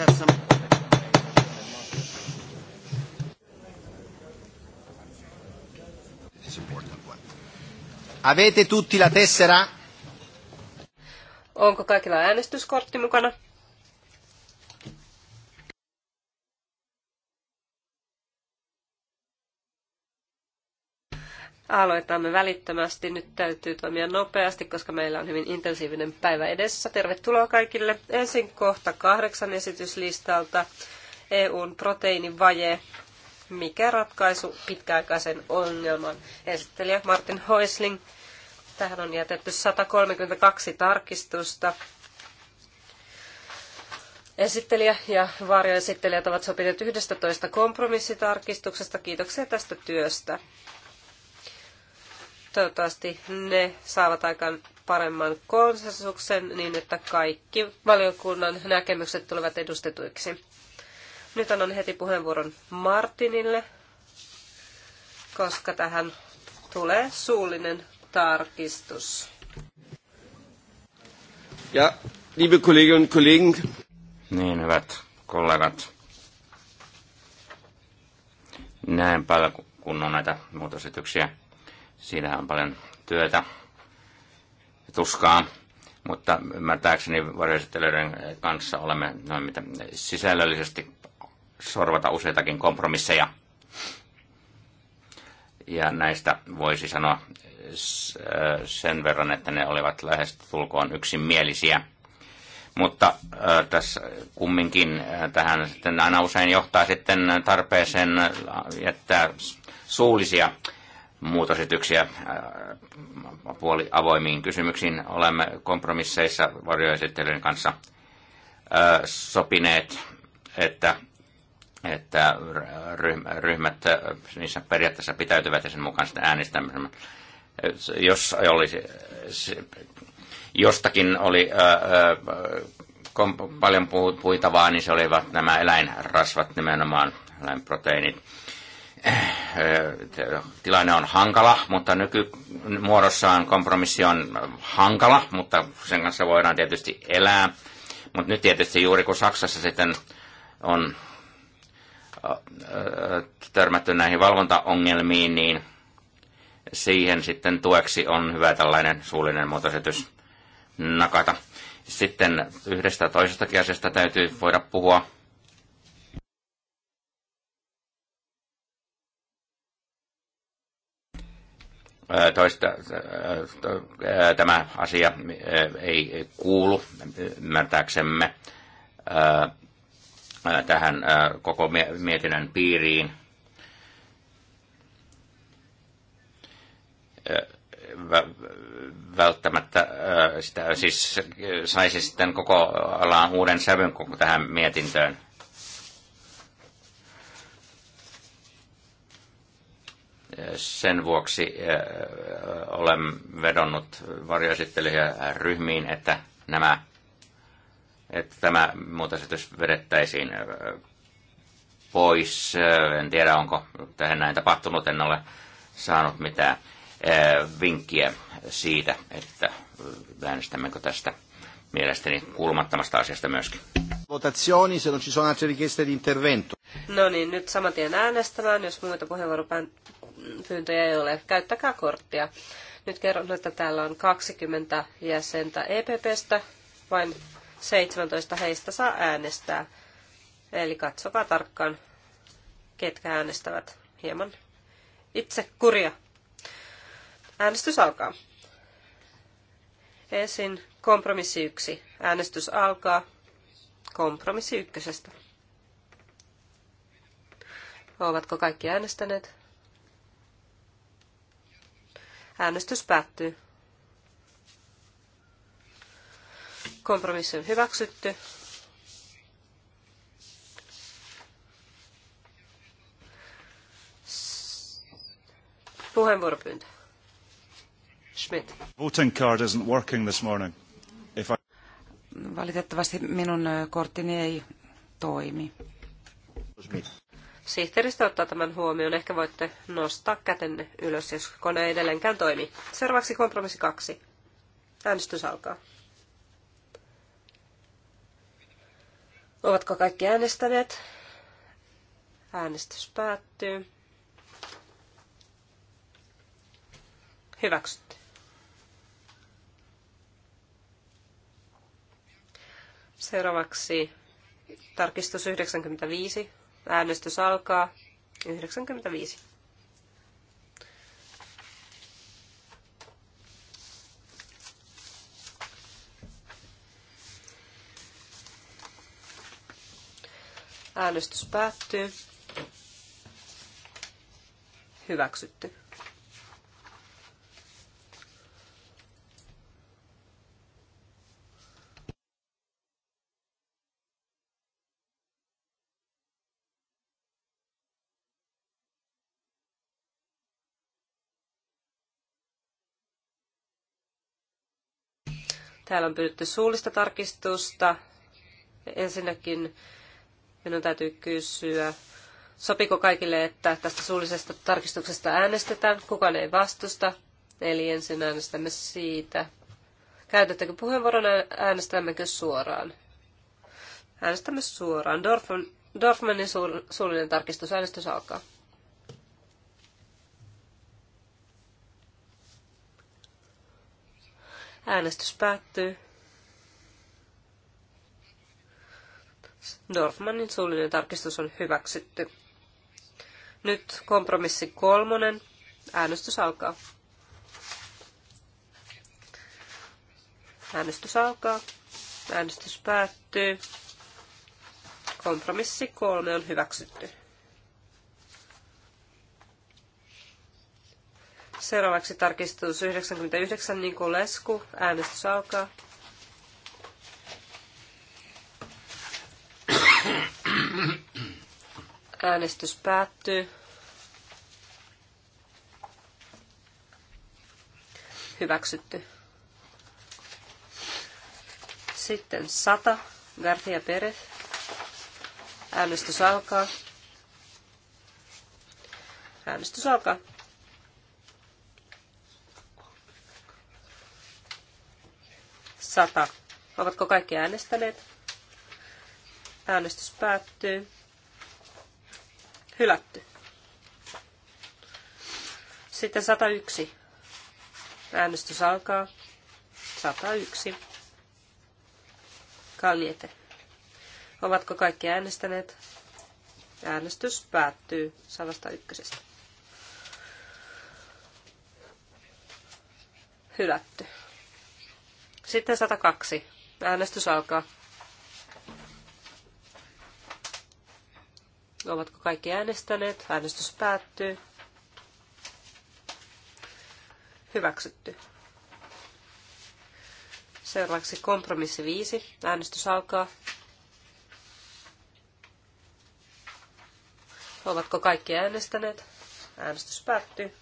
have some Avete tutti la tessera? Onko kaikilla äänestyskortti mukana? Aloitamme välittömästi. Nyt täytyy toimia nopeasti, koska meillä on hyvin intensiivinen päivä edessä. Tervetuloa kaikille. Ensin kohta kahdeksan esityslistalta EUn proteiinivaje. Mikä ratkaisu pitkäaikaisen ongelman? Esittelijä Martin Hoisling. Tähän on jätetty 132 tarkistusta. Esittelijä ja varjoesittelijät ovat sopineet 11 kompromissitarkistuksesta. Kiitoksia tästä työstä. Toivottavasti ne saavat aikaan paremman konsensuksen niin, että kaikki valiokunnan näkemykset tulevat edustetuiksi. Nyt annan heti puheenvuoron Martinille, koska tähän tulee suullinen tarkistus. Ja, liebe Kolleginnen und Kollegen. Niin, hyvät kollegat. Näin paljon, kun on näitä muutosityksiä Siinä on paljon työtä ja tuskaa, mutta ymmärtääkseni varjoisettelijöiden kanssa olemme noin mitä sisällöllisesti sorvata useitakin kompromisseja. Ja näistä voisi sanoa äh, sen verran, että ne olivat lähes tulkoon yksimielisiä. Mutta äh, tässä kumminkin äh, tähän sitten aina usein johtaa sitten tarpeeseen äh, jättää suullisia muutosityksiä äh, puoli avoimiin kysymyksiin. Olemme kompromisseissa varjoesittelyjen kanssa äh, sopineet, että, että ryhmät äh, niissä periaatteessa pitäytyvät ja sen mukaan sitä äänestämme. Jos olisi, jostakin oli paljon puitavaa, niin se olivat nämä eläinrasvat nimenomaan, eläinproteiinit Eh, tilanne on hankala, mutta nykymuodossaan kompromissi on hankala, mutta sen kanssa voidaan tietysti elää. Mutta nyt tietysti juuri kun Saksassa sitten on törmätty näihin valvontaongelmiin, niin siihen sitten tueksi on hyvä tällainen suullinen muotoisetys nakata. Sitten yhdestä toisestakin asiasta täytyy voida puhua toista, tämä asia ei kuulu ymmärtääksemme tähän koko mietinnän piiriin. välttämättä sitä, siis saisi sitten koko alan uuden sävyn koko tähän mietintöön. Sen vuoksi eh, olen vedonnut varjoesittelyjä ryhmiin, että nämä että tämä muutosesitys vedettäisiin eh, pois. Eh, en tiedä, onko tähän näin tapahtunut. En ole saanut mitään vinkkiä siitä, että äänestämmekö tästä mielestäni kulmattomasta asiasta myöskin. Votazioni, se non ci sono altre richieste di intervento. No niin, nyt saman tien äänestämään, jos muita puheenvuoropäin pyyntöjä ei ole. Käyttäkää korttia. Nyt kerron, että täällä on 20 jäsentä EPPstä, vain 17 heistä saa äänestää. Eli katsokaa tarkkaan, ketkä äänestävät. Hieman itse kuria. Äänestys alkaa. Ensin kompromissi yksi. Äänestys alkaa kompromissi ykkösestä. Ovatko kaikki äänestäneet? Äänestys päättyy. Kompromissi on hyväksytty. Puheenvuoropyyntö. Schmidt. Voting card isn't working this morning. If I... Valitettavasti minun korttini ei toimi. Schmidt. Sihteeristö ottaa tämän huomioon. Ehkä voitte nostaa kätenne ylös, jos kone ei edelleenkään toimi. Seuraavaksi kompromissi kaksi. Äänestys alkaa. Ovatko kaikki äänestäneet? Äänestys päättyy. Hyväksytty. Seuraavaksi tarkistus 95 Äänestys alkaa. 95. Äänestys päättyy. Hyväksytty. Täällä on pyydetty suullista tarkistusta. Ensinnäkin minun täytyy kysyä, sopiko kaikille, että tästä suullisesta tarkistuksesta äänestetään? Kukaan ei vastusta, eli ensin äänestämme siitä. Käytettekö puheenvuoron, äänestämmekö suoraan? Äänestämme suoraan. Dorfmanin suullinen tarkistus, äänestys alkaa. Äänestys päättyy. Dorfmanin suullinen tarkistus on hyväksytty. Nyt kompromissi kolmonen. Äänestys alkaa. Äänestys alkaa. Äänestys päättyy. Kompromissi kolme on hyväksytty. Seuraavaksi tarkistus 99 Niko Lesku. Äänestys alkaa. Äänestys päättyy. Hyväksytty. Sitten 100 Garcia Perez. Äänestys alkaa. Äänestys alkaa. 100. Ovatko kaikki äänestäneet? Äänestys päättyy. Hylätty. Sitten 101. Äänestys alkaa. 101. Kaljete. Ovatko kaikki äänestäneet? Äänestys päättyy 101. Hylätty. Sitten 102. Äänestys alkaa. Ovatko kaikki äänestäneet? Äänestys päättyy. Hyväksytty. Seuraavaksi kompromissi 5. Äänestys alkaa. Ovatko kaikki äänestäneet? Äänestys päättyy.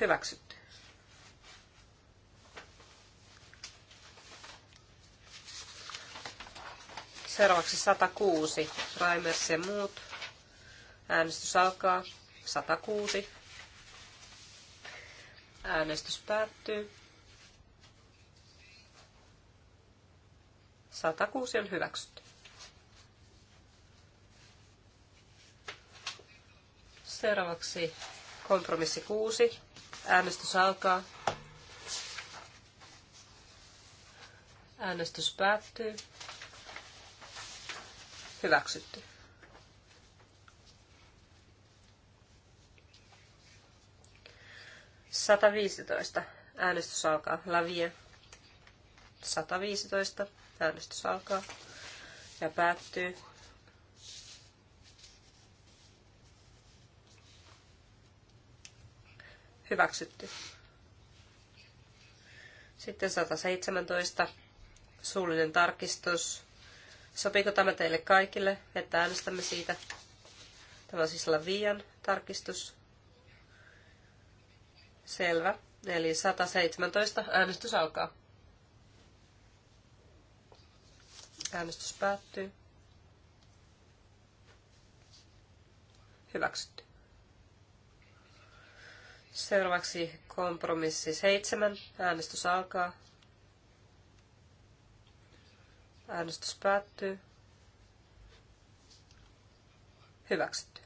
Hyväksytty. Seuraavaksi 106. Raimers ja muut. Äänestys alkaa. 106. Äänestys päättyy. 106 on hyväksytty. Seuraavaksi kompromissi 6. Äänestys alkaa. Äänestys päättyy. Hyväksytty. Sata viisitoista. Äänestys alkaa. Lavie. viisitoista. Äänestys alkaa ja päättyy. Hyväksytty. Sitten 117. Suullinen tarkistus Sopiiko tämä teille kaikille, että äänestämme siitä? Tämä on siis Lavian tarkistus. Selvä. Eli 117. Äänestys alkaa. Äänestys päättyy. Hyväksytty. Seuraavaksi kompromissi 7. Äänestys alkaa. Äänestys päättyy. Hyväksytty.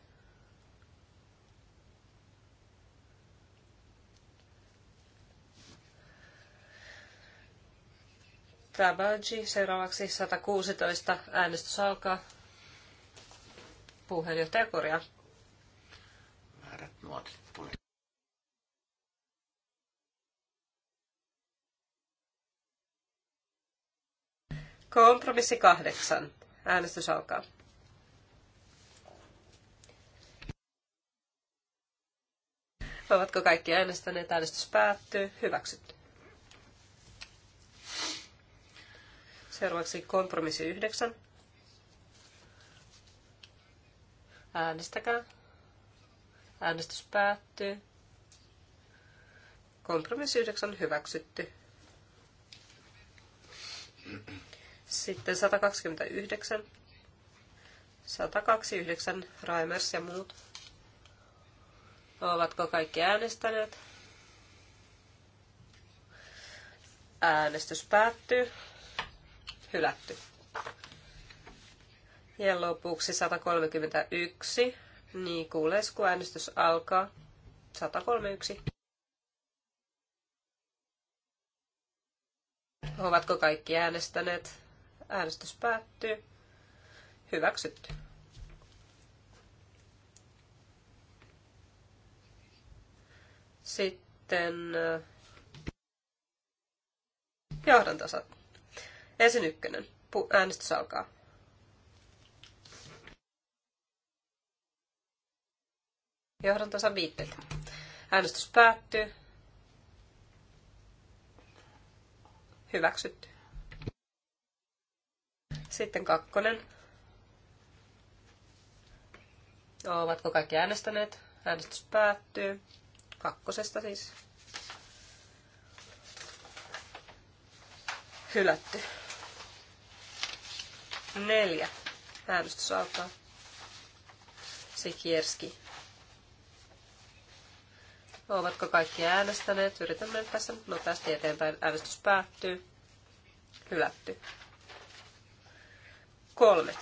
Tabaji, seuraavaksi 116. Äänestys alkaa. Puheenjohtaja korjaa. Määrät nuotit tuli. Kompromissi kahdeksan. Äänestys alkaa. Ovatko kaikki äänestäneet? Äänestys päättyy. Hyväksytty. Seuraavaksi kompromissi yhdeksän. Äänestäkää. Äänestys päättyy. Kompromissi yhdeksän hyväksytty. Sitten 129. 129 Raimers ja muut. Ovatko kaikki äänestäneet? Äänestys päättyy. Hylätty. Ja lopuksi 131. Niin kun äänestys alkaa. 131. Ovatko kaikki äänestäneet? Äänestys päättyy. Hyväksytty. Sitten äh, johdantasat. Ensin ykkönen. Äänestys alkaa. Johdantosa viitteitä. Äänestys päättyy. Hyväksytty. Sitten kakkonen. Ovatko kaikki äänestäneet? Äänestys päättyy. Kakkosesta siis. Hylätty. Neljä. Äänestys alkaa. Sikierski. Ovatko kaikki äänestäneet? Yritän mennä tässä nopeasti eteenpäin. Äänestys päättyy. Hylätty kolme.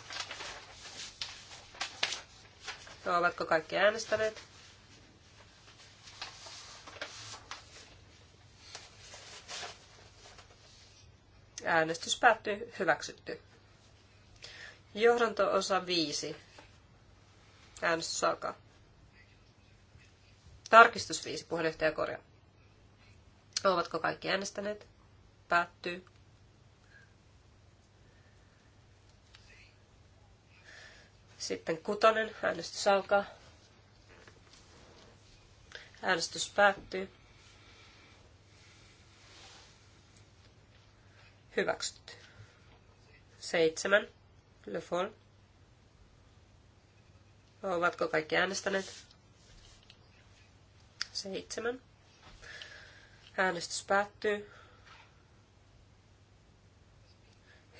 No, ovatko kaikki äänestäneet? Äänestys päättyy hyväksytty. Johdanto-osa 5. Äänestys alkaa. Tarkistus 5. Puheenjohtaja korjaa. Ovatko kaikki äänestäneet? Päättyy. Sitten kutonen, äänestys alkaa. Äänestys päättyy. Hyväksytty. Seitsemän. Le Fol. Ovatko kaikki äänestäneet? Seitsemän. Äänestys päättyy.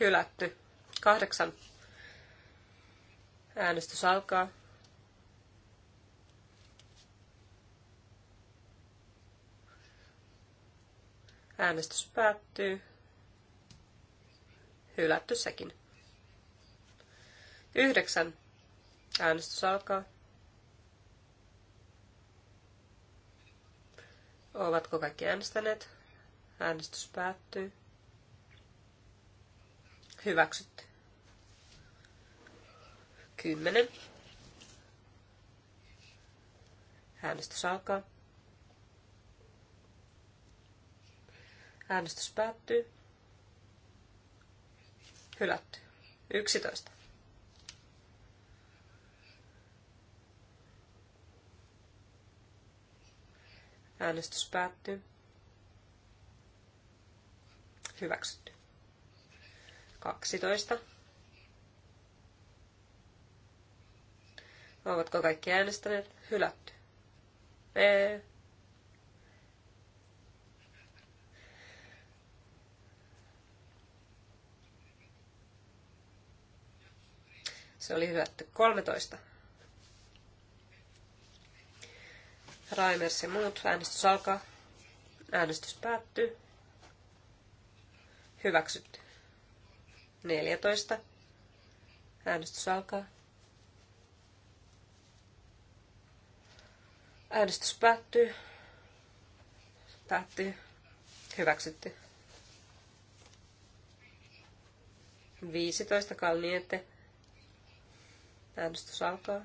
Hylätty. Kahdeksan. Äänestys alkaa. Äänestys päättyy. Hylätty sekin. Yhdeksän. Äänestys alkaa. Ovatko kaikki äänestäneet? Äänestys päättyy. Hyväksytty. 10. Äänestys alkaa. Äänestys päättyy. Hylätty. 11. Äänestys päättyy. Hyväksytty. 12. Ovatko kaikki äänestäneet? Hylätty. B. Se oli hylätty 13. Raimers ja muut. Äänestys alkaa. Äänestys päättyy. Hyväksytty. 14. Äänestys alkaa. Äänestys päättyy. Päättyy. Hyväksytty. 15 kalliette. Äänestys alkaa.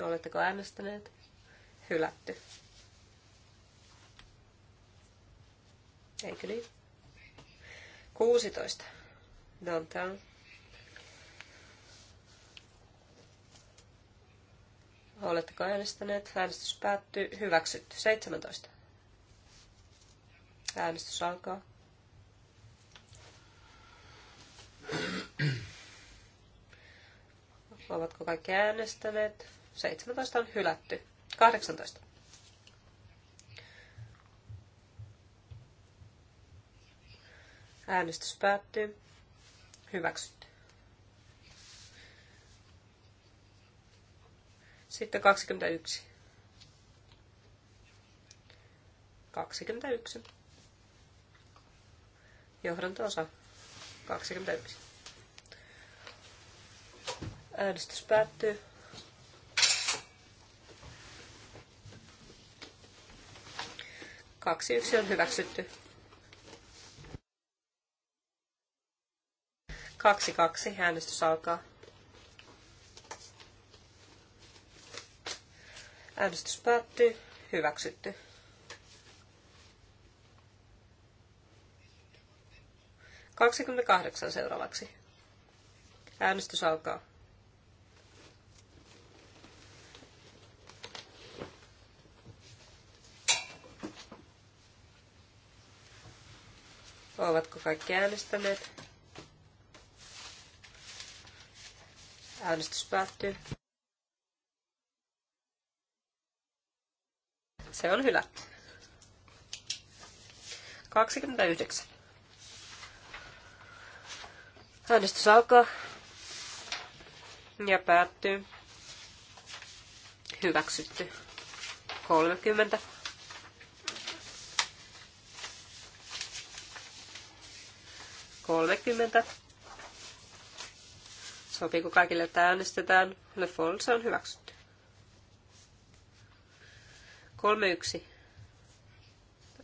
Oletteko äänestäneet? Hylätty. Eikö niin? 16. Downtown. Oletteko äänestäneet? Äänestys päättyy. Hyväksytty. 17. Äänestys alkaa. Ovatko kaikki äänestäneet? 17 on hylätty. 18. Äänestys päättyy. Hyväksytty. Sitten 21. 21. Johdanto-osa. 21. Äänestys päättyy. Kaksi yksi on hyväksytty. Kaksi kaksi. Äänestys alkaa. Äänestys päättyy. Hyväksytty. Kaksikymmentäkahdeksan seuraavaksi. Äänestys alkaa. Ovatko kaikki äänestäneet? Äänestys päättyy. Se on hyvä. 29. Äänestys alkaa ja päättyy. Hyväksytty. 30. Kolmekymmentä. Sopiiko kaikille, että äänestetään? Le Fols on hyväksytty. 31.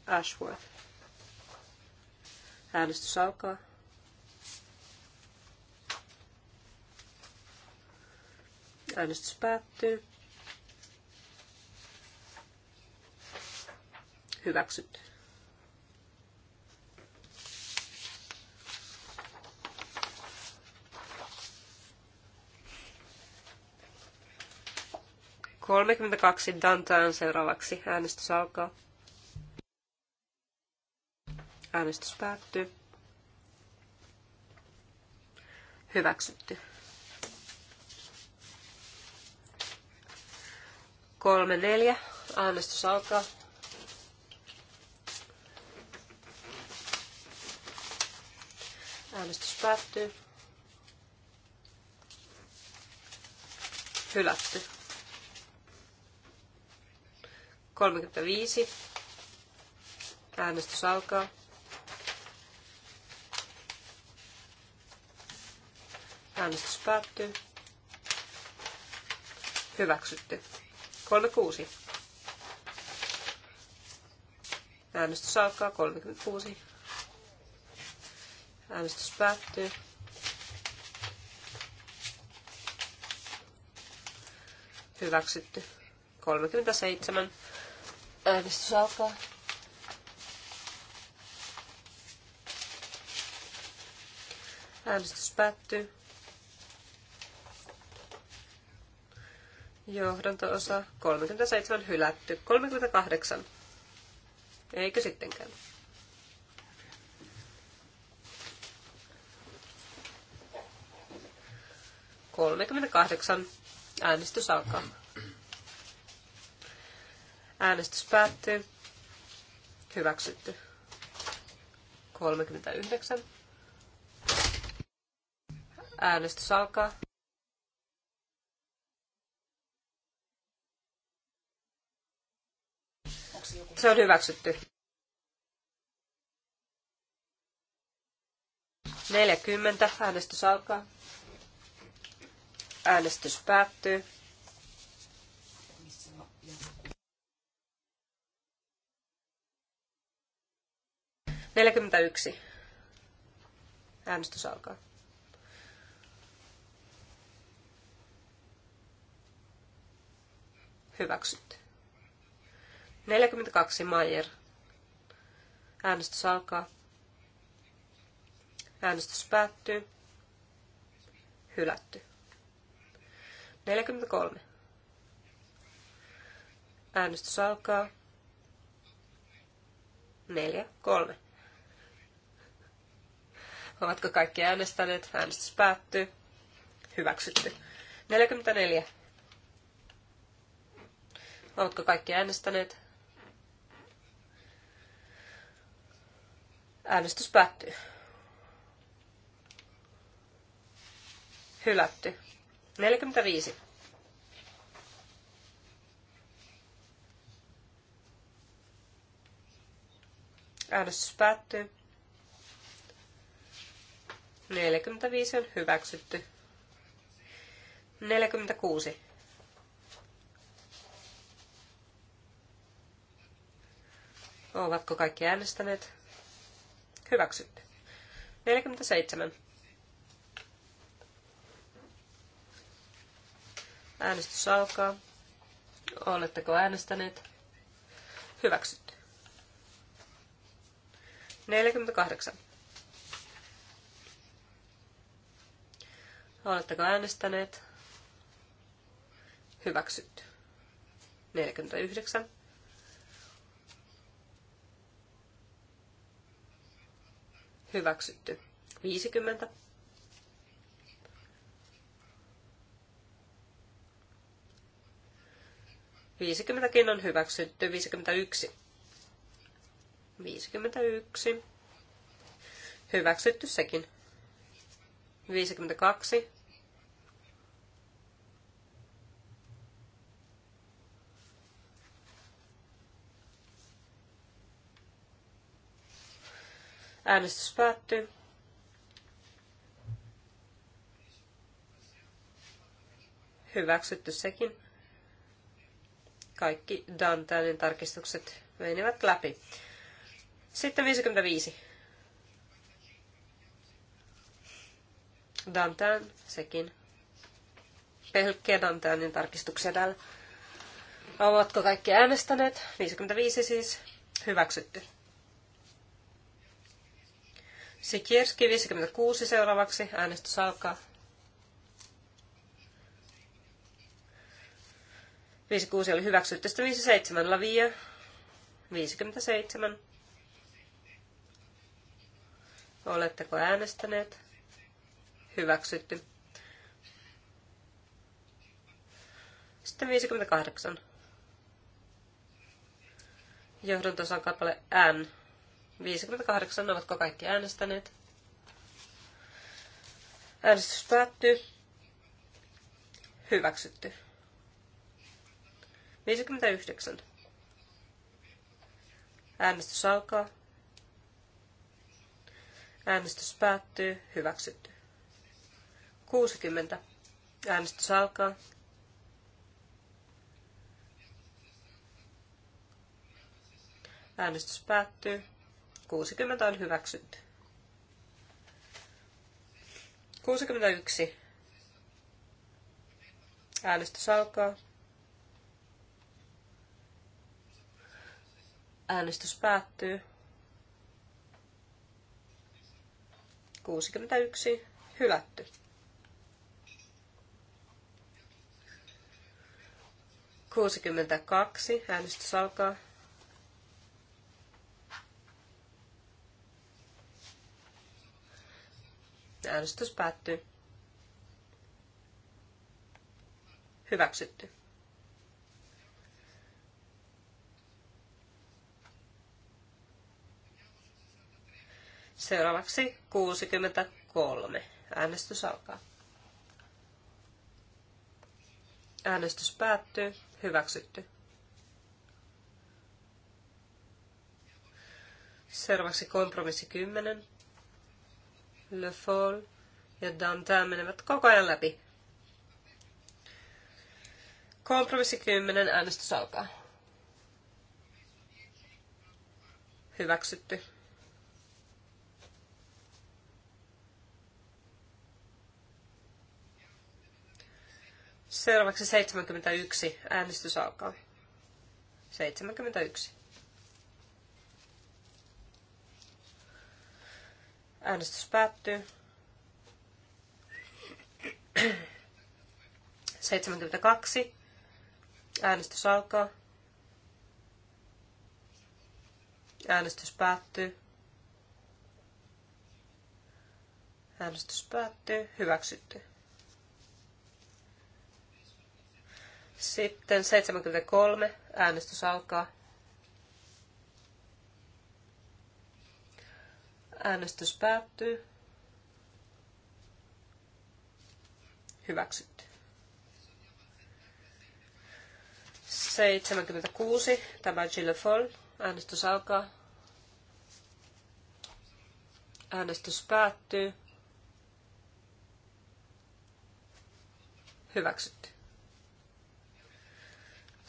Ashworth. Äänestys alkaa. Äänestys päättyy. Hyväksytty. 32 Dantaan seuraavaksi. Äänestys alkaa. Äänestys päättyy. Hyväksytty. 3-4. Äänestys alkaa. Äänestys päättyy. Hylätty. 35. Äänestys alkaa. Äänestys päättyy. Hyväksytty. 36. Äänestys alkaa 36. Äänestys päättyy. Hyväksytty. 37. Äänestys alkaa. Äänestys päättyy. Johdanto-osa 37 hylätty. 38. Eikö sittenkään? Kolmekymmentä kahdeksan. Äänestys alkaa. Äänestys päättyy. Hyväksytty. 39. Äänestys alkaa. Se on hyväksytty. 40. Äänestys alkaa. Äänestys päättyy. 41. Äänestys alkaa. Hyväksytty. 42. Mayer. Äänestys alkaa. Äänestys päättyy. Hylätty. 43. Äänestys alkaa. 4, 3. Ovatko kaikki äänestäneet? Äänestys päättyy. Hyväksytty. 44. Ovatko kaikki äänestäneet? Äänestys päättyy. Hylätty. 45. Äänestys päättyy. 45 on hyväksytty. 46. Ovatko kaikki äänestäneet? Hyväksytty. 47. Äänestys alkaa. Oletteko äänestäneet? Hyväksytty. 48. Oletteko äänestäneet? Hyväksytty. 49. Hyväksytty. 50. Viisikymmentäkin on hyväksytty. 51. 51. Hyväksytty sekin. 52. Äänestys päättyy. Hyväksytty sekin. Kaikki Dantanin tarkistukset menivät läpi. Sitten 55. Dantan, sekin. Pelkkiä Dantanin tarkistuksia täällä. Ovatko kaikki äänestäneet? 55 siis. Hyväksytty. Sikirski 56 seuraavaksi. Äänestys alkaa. 56 oli hyväksytty. Sitten 57 Lavia. 57. Oletteko äänestäneet? hyväksytty. Sitten 58. Johdantosan kappale N. 58, ovatko kaikki äänestäneet? Äänestys päättyy. Hyväksytty. 59. Äänestys alkaa. Äänestys päättyy. Hyväksytty. 60. Äänestys alkaa. Äänestys päättyy. 60 on hyväksytty. 61. Äänestys alkaa. Äänestys päättyy. 61. Hylätty. 62. Äänestys alkaa. Äänestys päättyy. Hyväksytty. Seuraavaksi 63. Äänestys alkaa. Äänestys päättyy. Hyväksytty. Seuraavaksi kompromissi 10. Le Fall ja Dantin menevät koko ajan läpi. Kompromissi 10. Äänestys alkaa. Hyväksytty. Seuraavaksi 71. Äänestys alkaa. 71. Äänestys päättyy. 72. Äänestys alkaa. Äänestys päättyy. Äänestys päättyy. Hyväksytty. Sitten 73. Äänestys alkaa. Äänestys päättyy. Hyväksytty. 76. Tämä Gillefol. Äänestys alkaa. Äänestys päättyy. Hyväksytty.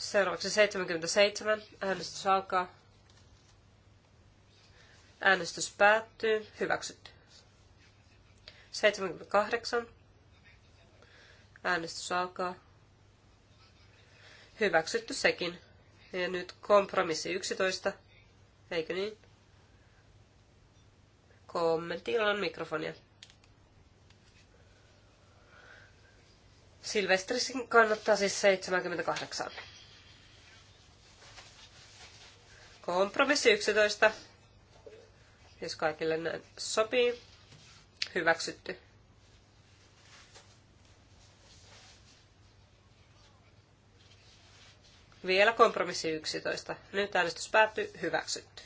Seuraavaksi 77. Äänestys alkaa. Äänestys päättyy. Hyväksytty. 78. Äänestys alkaa. Hyväksytty sekin. Ja nyt kompromissi 11. Eikö niin? Kommentilla on mikrofonia. Silvestrisin kannattaa siis 78. Kompromissi 11, jos kaikille näin sopii, hyväksytty. Vielä kompromissi 11. Nyt äänestys päättyy, hyväksytty.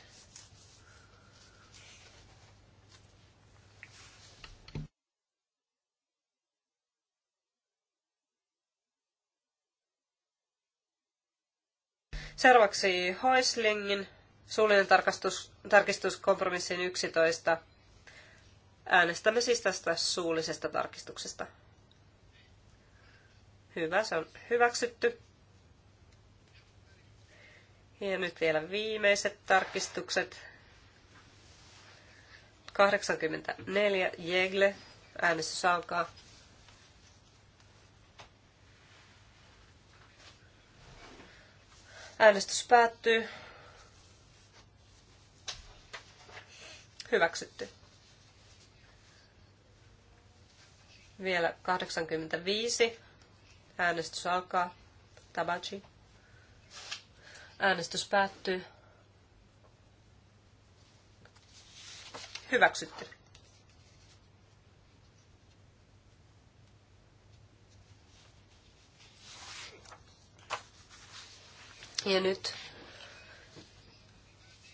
Seuraavaksi Häuslingin Suullinen tarkastus, tarkistus kompromissiin 11. Äänestämme siis tästä suullisesta tarkistuksesta. Hyvä, se on hyväksytty. Ja nyt vielä viimeiset tarkistukset. 84 Jegle. Äänestys alkaa. Äänestys päättyy. Hyväksytty. Vielä 85. Äänestys alkaa. Tabachi. Äänestys päättyy. Hyväksytty. Ja nyt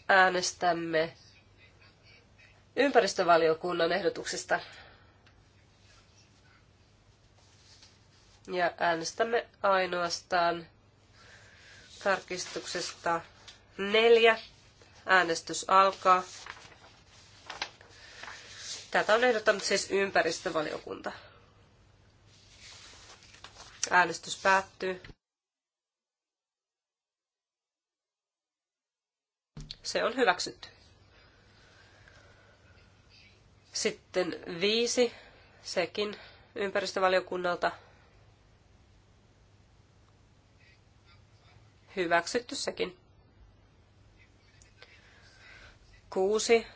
äänestämme ympäristövaliokunnan ehdotuksesta. Ja äänestämme ainoastaan tarkistuksesta neljä. Äänestys alkaa. Tätä on ehdottanut siis ympäristövaliokunta. Äänestys päättyy. Se on hyväksytty. Sitten viisi, sekin ympäristövaliokunnalta hyväksytty sekin. Kuusi.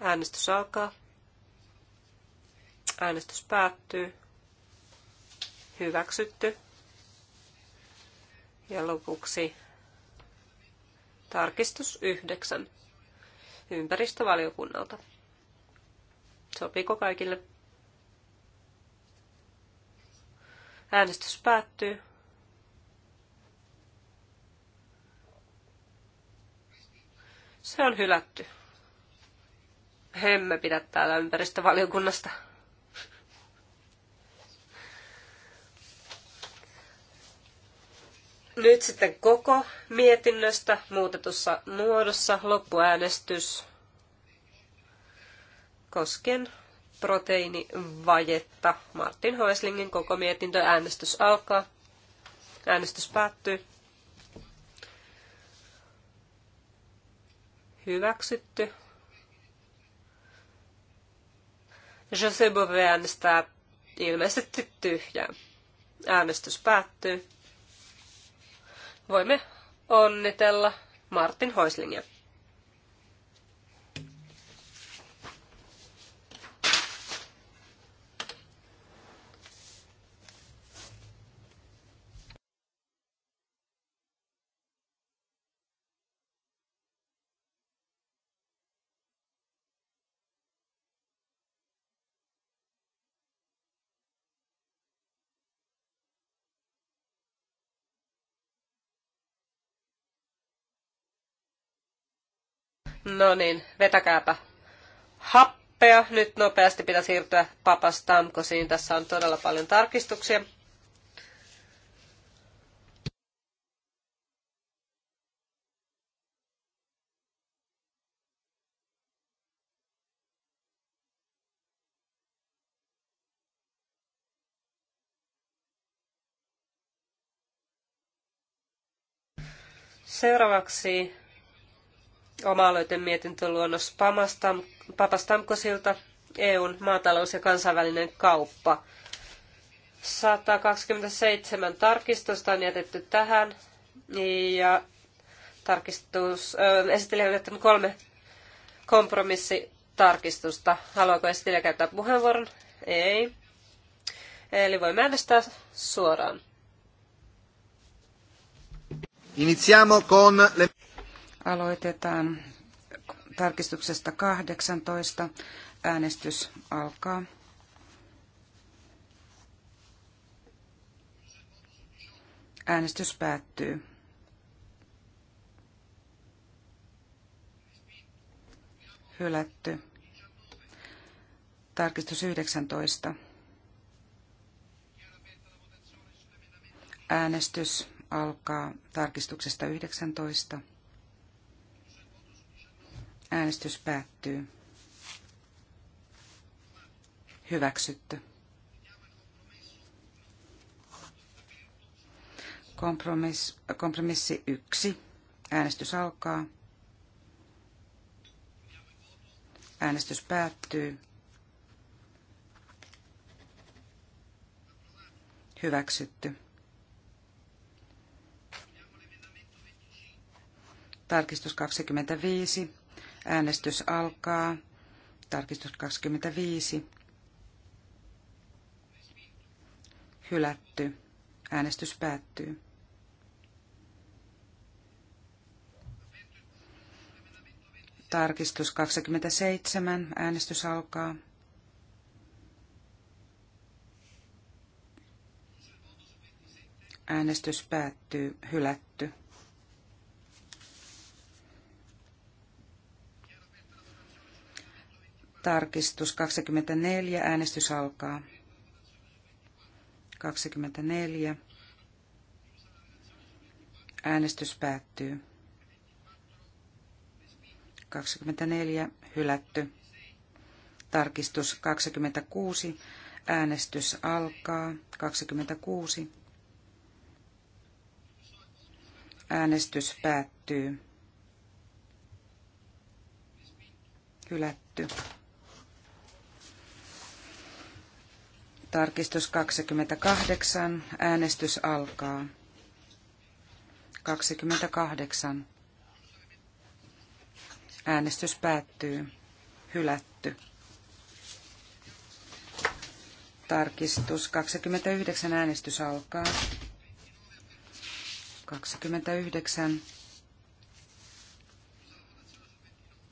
Äänestys alkaa. Äänestys päättyy. Hyväksytty. Ja lopuksi tarkistus yhdeksän ympäristövaliokunnalta. Sopiiko kaikille? Äänestys päättyy. Se on hylätty. Emme pidä täällä ympäristövaliokunnasta. Nyt sitten koko mietinnöstä muutetussa muodossa loppuäänestys koskien proteiinivajetta. Martin Hoeslingin koko mietintö äänestys alkaa. Äänestys päättyy. Hyväksytty. Jose Bove äänestää ilmeisesti tyhjää. Äänestys päättyy voimme onnitella Martin Hoislingia. No niin, vetäkääpä happea. Nyt nopeasti pitää siirtyä papastamkosiin. Tässä on todella paljon tarkistuksia. Seuraavaksi Oma-aloiten mietintöluonnos Pamastam, Papastamkosilta, EUn maatalous ja kansainvälinen kauppa. 127 tarkistusta on jätetty tähän ja tarkistus, äh, esittelijä on jättänyt kolme kompromissitarkistusta. Haluaako esittelijä käyttää puheenvuoron? Ei. Eli voimme äänestää suoraan. Iniziamo con le... Aloitetaan tarkistuksesta 18. Äänestys alkaa. Äänestys päättyy. Hylätty. Tarkistus 19. Äänestys alkaa tarkistuksesta 19. Äänestys päättyy. Hyväksytty. Kompromiss, kompromissi yksi. Äänestys alkaa. Äänestys päättyy. Hyväksytty. Tarkistus 25. Äänestys alkaa. Tarkistus 25. Hylätty. Äänestys päättyy. Tarkistus 27. Äänestys alkaa. Äänestys päättyy. Hylätty. Tarkistus 24. Äänestys alkaa. 24. Äänestys päättyy. 24. Hylätty. Tarkistus 26. Äänestys alkaa. 26. Äänestys päättyy. Hylätty. Tarkistus 28. Äänestys alkaa. 28. Äänestys päättyy. Hylätty. Tarkistus 29. Äänestys alkaa. 29.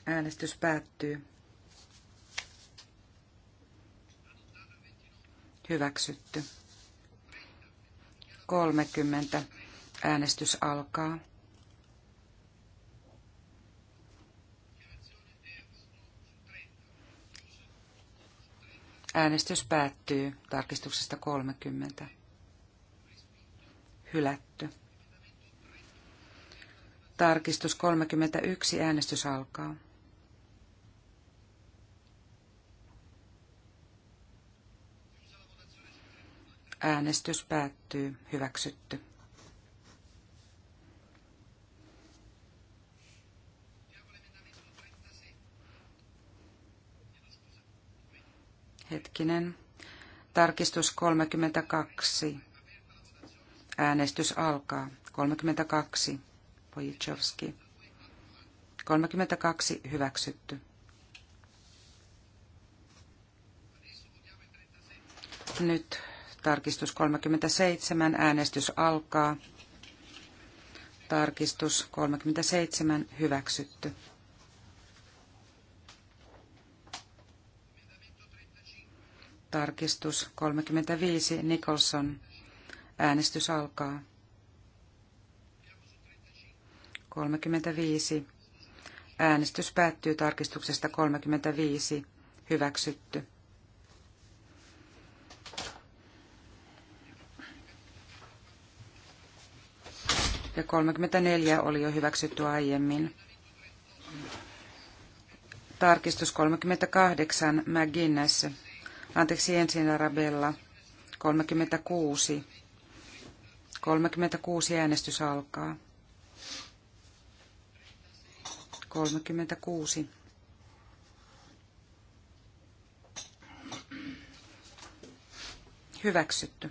Äänestys päättyy. Hyväksytty. 30. Äänestys alkaa. Äänestys päättyy tarkistuksesta 30. Hylätty. Tarkistus 31. Äänestys alkaa. Äänestys päättyy. Hyväksytty. Hetkinen. Tarkistus 32. Äänestys alkaa. 32. Pojitsovski. 32. Hyväksytty. Nyt Tarkistus 37. Äänestys alkaa. Tarkistus 37. Hyväksytty. Tarkistus 35. Nicholson. Äänestys alkaa. 35. Äänestys päättyy tarkistuksesta 35. Hyväksytty. ja 34 oli jo hyväksytty aiemmin. Tarkistus 38, McGuinness. Anteeksi, ensin Arabella. 36. 36 äänestys alkaa. 36. Hyväksytty.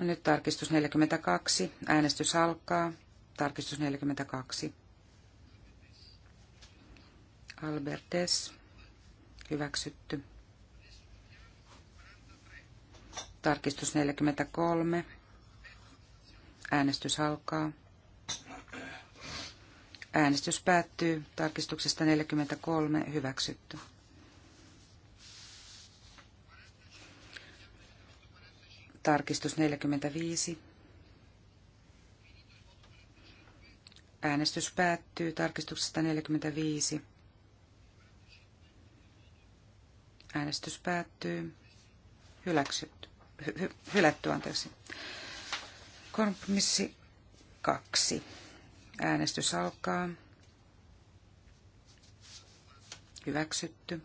Nyt tarkistus 42. Äänestys alkaa. Tarkistus 42. Albertes. Hyväksytty. Tarkistus 43. Äänestys alkaa. Äänestys päättyy. Tarkistuksesta 43. Hyväksytty. Tarkistus 45. Äänestys päättyy tarkistuksesta 45. Äänestys päättyy. Hyläksyt. Hy- hy- hylätty, anteeksi. Kompromissi 2. Äänestys alkaa. Hyväksytty.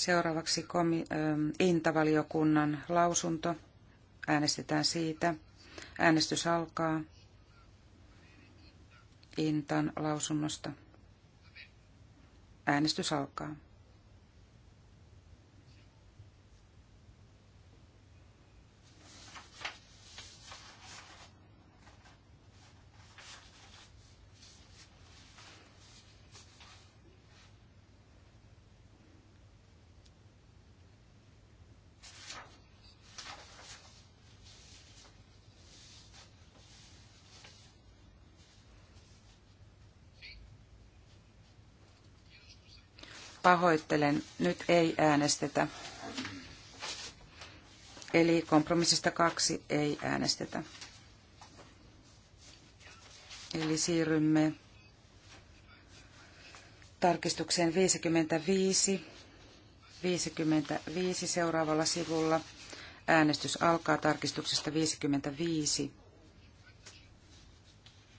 Seuraavaksi komi- ähm, Intavaliokunnan lausunto. Äänestetään siitä. Äänestys alkaa Intan lausunnosta. Äänestys alkaa. Pahoittelen, nyt ei äänestetä. Eli kompromissista kaksi ei äänestetä. Eli siirrymme tarkistukseen 55. 55 seuraavalla sivulla. Äänestys alkaa tarkistuksesta 55.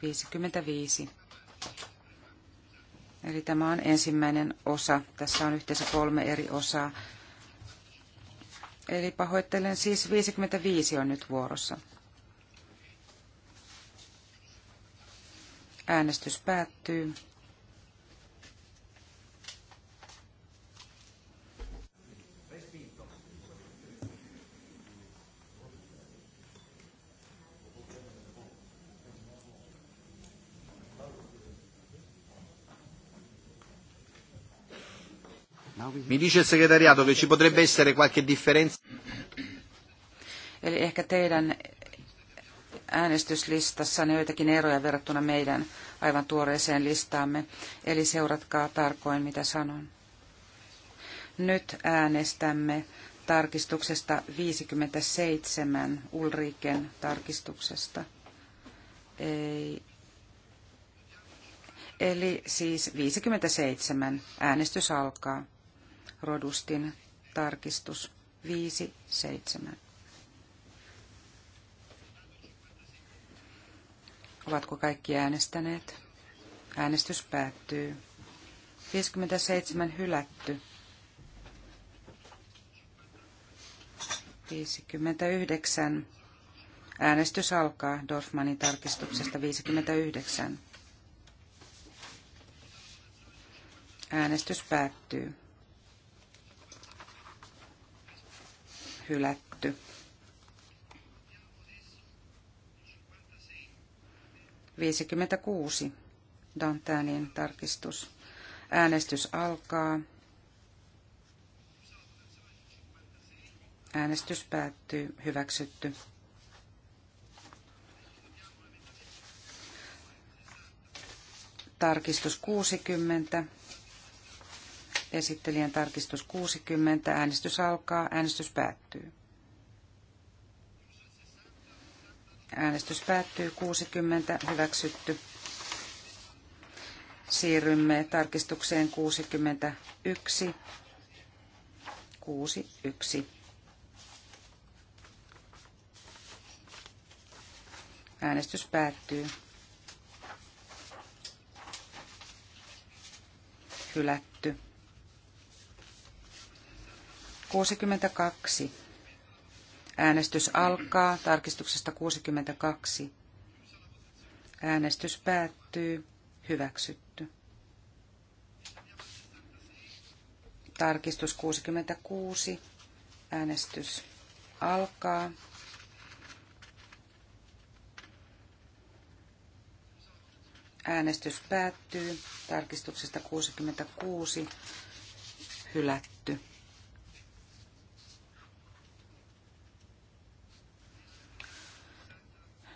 55. Eli tämä on ensimmäinen osa. Tässä on yhteensä kolme eri osaa. Eli pahoittelen, siis 55 on nyt vuorossa. Äänestys päättyy. dice il segretariato che ci potrebbe essere qualche differenza. Eli ehkä teidän äänestyslistassa on joitakin eroja verrattuna meidän aivan tuoreeseen listaamme. Eli seuratkaa tarkoin, mitä sanon. Nyt äänestämme tarkistuksesta 57 Ulriken tarkistuksesta. Ei. Eli siis 57 äänestys alkaa. Rodustin tarkistus 5.7. Ovatko kaikki äänestäneet? Äänestys päättyy. 57 hylätty. 59. Äänestys alkaa Dorfmanin tarkistuksesta 59. Äänestys päättyy. hylätty. 56. Dantanin tarkistus. Äänestys alkaa. Äänestys päättyy. Hyväksytty. Tarkistus 60 Esittelijän tarkistus 60. Äänestys alkaa. Äänestys päättyy. Äänestys päättyy 60. Hyväksytty. Siirrymme tarkistukseen 61. 61. Äänestys päättyy. Hylätty. 62. Äänestys alkaa tarkistuksesta 62. Äänestys päättyy. Hyväksytty. Tarkistus 66. Äänestys alkaa. Äänestys päättyy. Tarkistuksesta 66. Hylätty.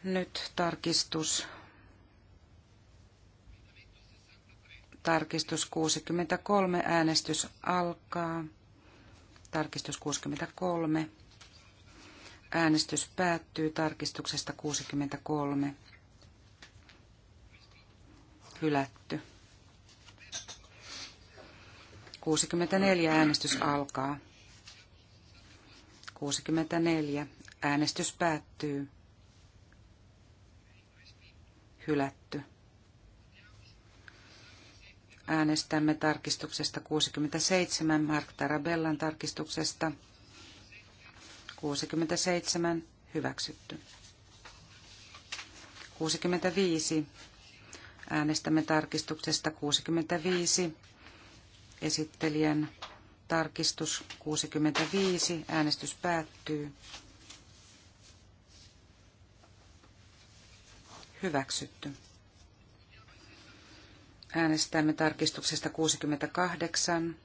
Nyt tarkistus. Tarkistus 63. Äänestys alkaa. Tarkistus 63. Äänestys päättyy tarkistuksesta 63. Hylätty. 64 äänestys alkaa. 64. Äänestys päättyy hylätty. Äänestämme tarkistuksesta 67, Mark Tarabellan tarkistuksesta 67, hyväksytty. 65. Äänestämme tarkistuksesta 65. Esittelijän tarkistus 65. Äänestys päättyy. Hyväksytty. Äänestämme tarkistuksesta 68.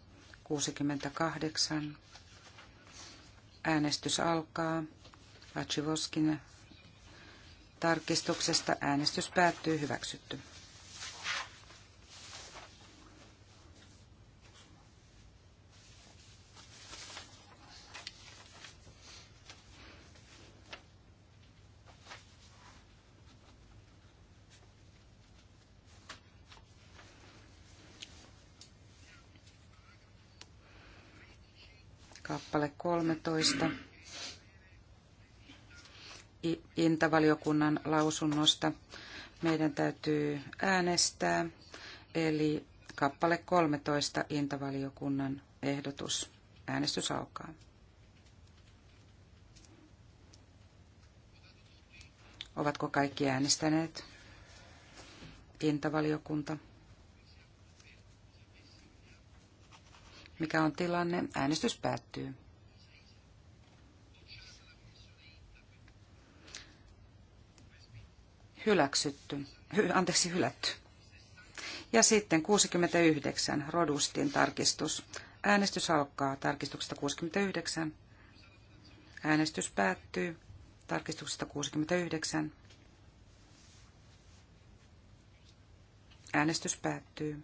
68. Äänestys alkaa. Vachivoskinen. Tarkistuksesta äänestys päättyy hyväksytty. kappale 13 Intavaliokunnan lausunnosta. Meidän täytyy äänestää, eli kappale 13 Intavaliokunnan ehdotus. Äänestys alkaa. Ovatko kaikki äänestäneet? Intavaliokunta. Mikä on tilanne? Äänestys päättyy. hyläksytty, hy, anteeksi, hylätty. Ja sitten 69, Rodustin tarkistus. Äänestys alkaa tarkistuksesta 69. Äänestys päättyy tarkistuksesta 69. Äänestys päättyy.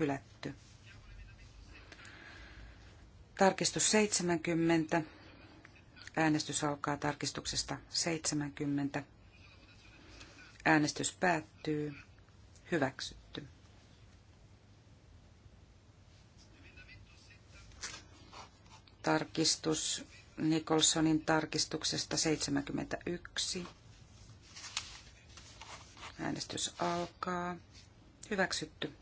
Hylätty. Tarkistus 70. Äänestys alkaa tarkistuksesta 70. Äänestys päättyy. Hyväksytty. Tarkistus Nicholsonin tarkistuksesta 71. Äänestys alkaa. Hyväksytty.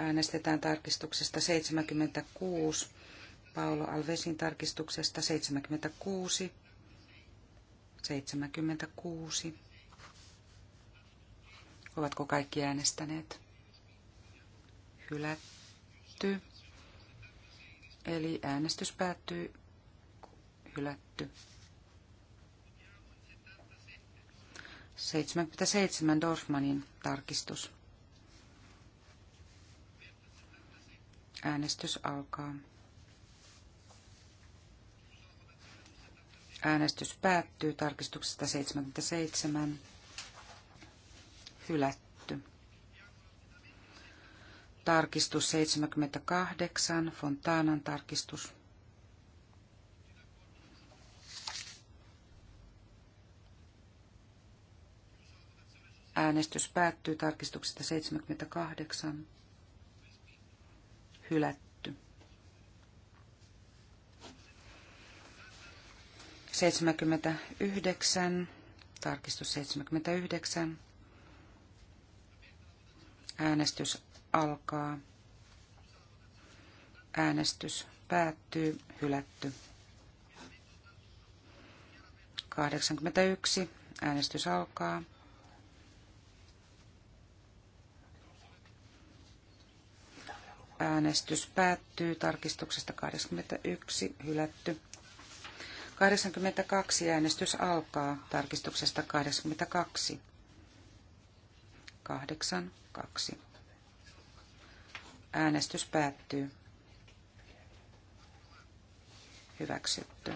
Äänestetään tarkistuksesta 76, Paolo Alvesin tarkistuksesta 76, 76. Ovatko kaikki äänestäneet? Hylätty. Eli äänestys päättyy hylätty. 77 Dorfmanin tarkistus. Äänestys alkaa. Äänestys päättyy tarkistuksesta 77. Hylätty. Tarkistus 78, Fontaanan tarkistus. Äänestys päättyy tarkistuksesta 78 hylätty. 79, tarkistus 79. Äänestys alkaa. Äänestys päättyy, hylätty. 81. Äänestys alkaa. Äänestys päättyy tarkistuksesta 81 hylätty. 82 äänestys alkaa tarkistuksesta 82. 8, 2. Äänestys päättyy. Hyväksytty.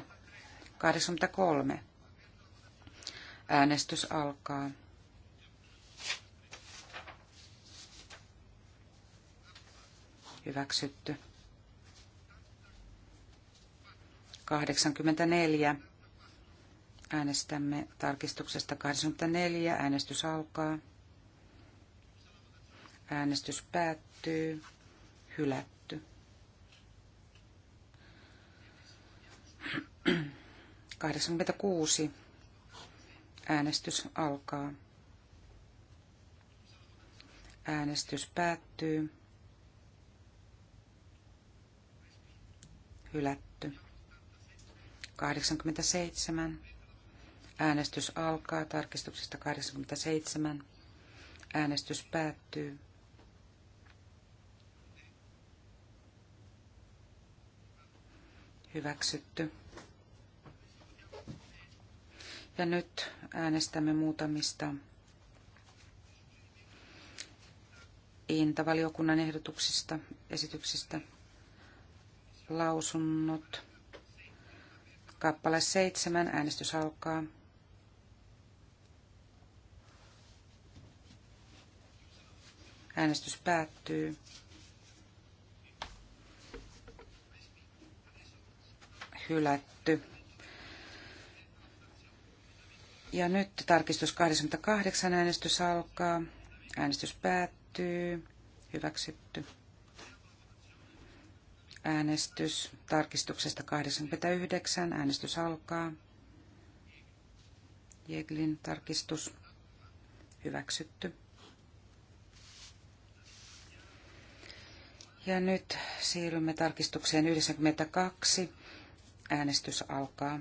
83. Äänestys alkaa. Hyväksytty. 84. Äänestämme tarkistuksesta 84. Äänestys alkaa. Äänestys päättyy. Hylätty. 86. Äänestys alkaa. Äänestys päättyy. hylätty. 87. Äänestys alkaa tarkistuksesta 87. Äänestys päättyy. Hyväksytty. Ja nyt äänestämme muutamista Intavaliokunnan ehdotuksista, esityksistä lausunnot. Kappale seitsemän, äänestys alkaa. Äänestys päättyy. Hylätty. Ja nyt tarkistus 88 äänestys alkaa. Äänestys päättyy. Hyväksytty. Äänestys tarkistuksesta 89. Äänestys alkaa. Jeglin tarkistus hyväksytty. Ja nyt siirrymme tarkistukseen 92. Äänestys alkaa.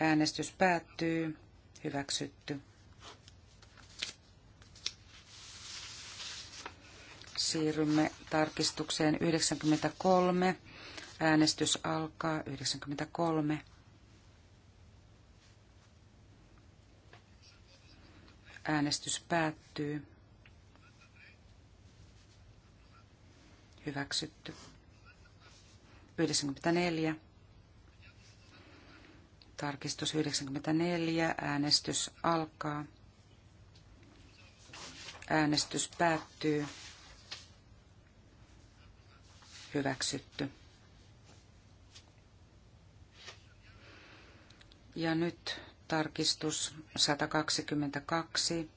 Äänestys päättyy. Hyväksytty. siirrymme tarkistukseen 93. Äänestys alkaa 93. Äänestys päättyy. Hyväksytty. 94. Tarkistus 94. Äänestys alkaa. Äänestys päättyy hyväksytty. Ja nyt tarkistus 122.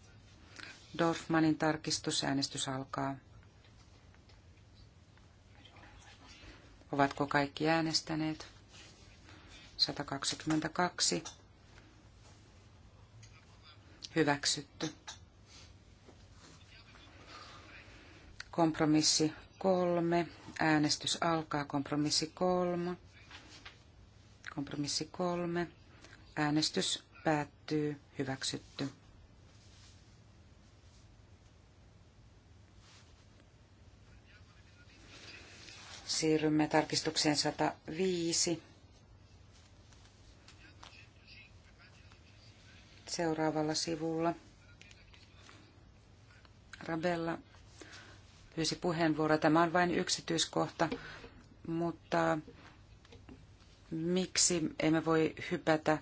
Dorfmanin tarkistusäänestys alkaa. Ovatko kaikki äänestäneet? 122. Hyväksytty. Kompromissi kolme Äänestys alkaa. Kompromissi kolme. Kompromissi kolme. Äänestys päättyy. Hyväksytty. Siirrymme tarkistukseen 105. Seuraavalla sivulla. Rabella pyysi puheenvuoroa. Tämä on vain yksityiskohta, mutta miksi emme voi hypätä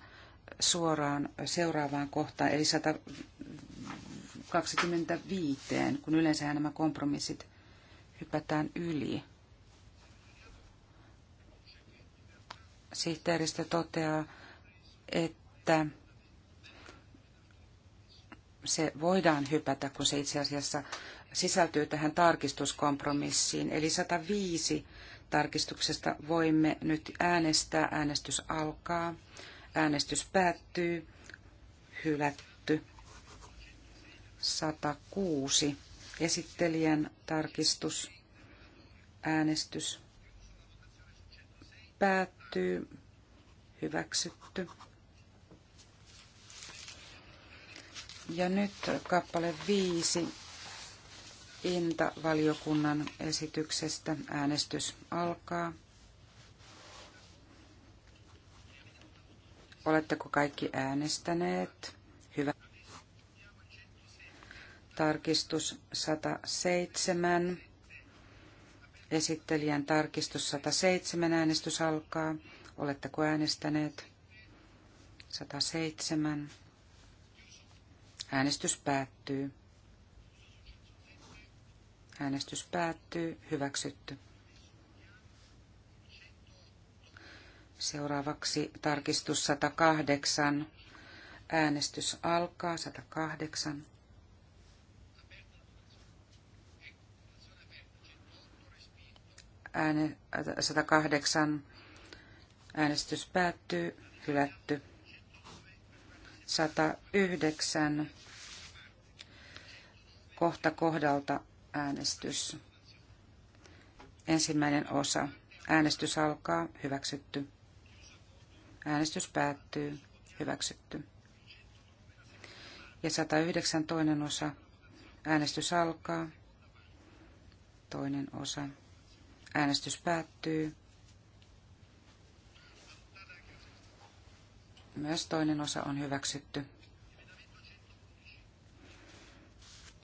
suoraan seuraavaan kohtaan, eli 125, kun yleensä nämä kompromissit hypätään yli. Sihteeristö toteaa, että se voidaan hypätä, kun se itse asiassa sisältyy tähän tarkistuskompromissiin, eli 105 tarkistuksesta voimme nyt äänestää. Äänestys alkaa. Äänestys päättyy. Hylätty. 106. Esittelijän tarkistus. Äänestys päättyy. Hyväksytty. Ja nyt kappale 5 Inta-valiokunnan esityksestä. Äänestys alkaa. Oletteko kaikki äänestäneet? Hyvä. Tarkistus 107. Esittelijän tarkistus 107. Äänestys alkaa. Oletteko äänestäneet? 107. Äänestys päättyy. Äänestys päättyy. Hyväksytty. Seuraavaksi tarkistus 108. Äänestys alkaa 108. Ääne, 108. Äänestys päättyy. Hylätty. 109. Kohta kohdalta äänestys. Ensimmäinen osa. Äänestys alkaa. Hyväksytty. Äänestys päättyy. Hyväksytty. Ja 109 toinen osa. Äänestys alkaa. Toinen osa. Äänestys päättyy. Myös toinen osa on hyväksytty.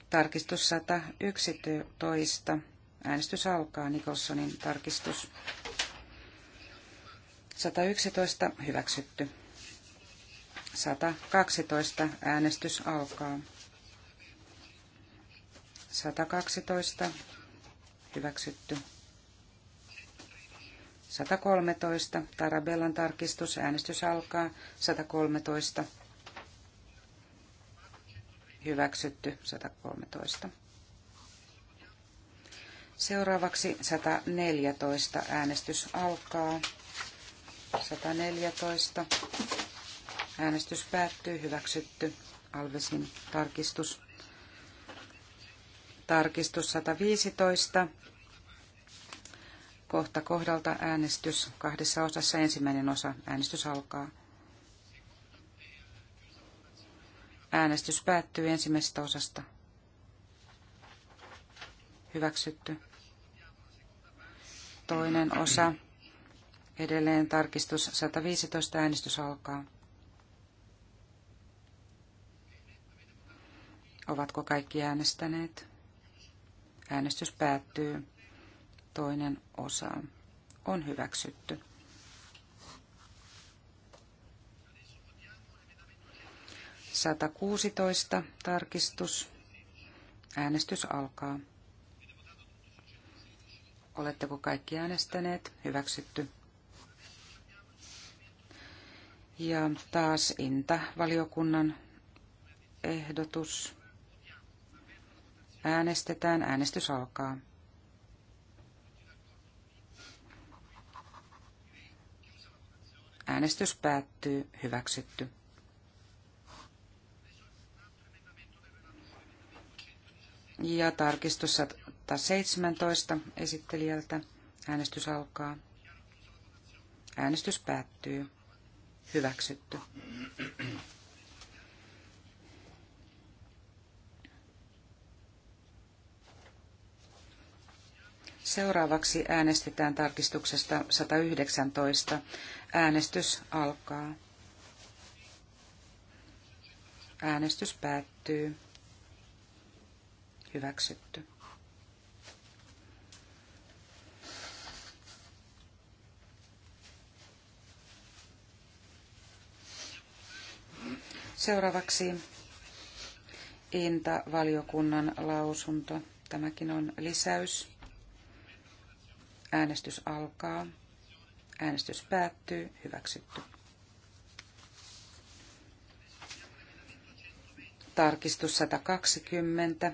Tarkistus 111. Äänestys alkaa. Nikolsonin tarkistus. 111. Hyväksytty. 112. Äänestys alkaa. 112. Hyväksytty. 113. Tarabellan tarkistus. Äänestys alkaa. 113 hyväksytty 113. Seuraavaksi 114 äänestys alkaa. 114. Äänestys päättyy. Hyväksytty. Alvesin tarkistus. Tarkistus 115. Kohta kohdalta äänestys kahdessa osassa. Ensimmäinen osa. Äänestys alkaa. Äänestys päättyy ensimmäisestä osasta. Hyväksytty. Toinen osa. Edelleen tarkistus 115. Äänestys alkaa. Ovatko kaikki äänestäneet? Äänestys päättyy. Toinen osa on hyväksytty. 116 tarkistus. Äänestys alkaa. Oletteko kaikki äänestäneet? Hyväksytty. Ja taas Inta valiokunnan ehdotus. Äänestetään. Äänestys alkaa. Äänestys päättyy. Hyväksytty. Ja tarkistus 117 esittelijältä. Äänestys alkaa. Äänestys päättyy. Hyväksytty. Seuraavaksi äänestetään tarkistuksesta 119. Äänestys alkaa. Äänestys päättyy. Hyväksytty. Seuraavaksi Inta-valiokunnan lausunto. Tämäkin on lisäys. Äänestys alkaa. Äänestys päättyy. Hyväksytty. Tarkistus 120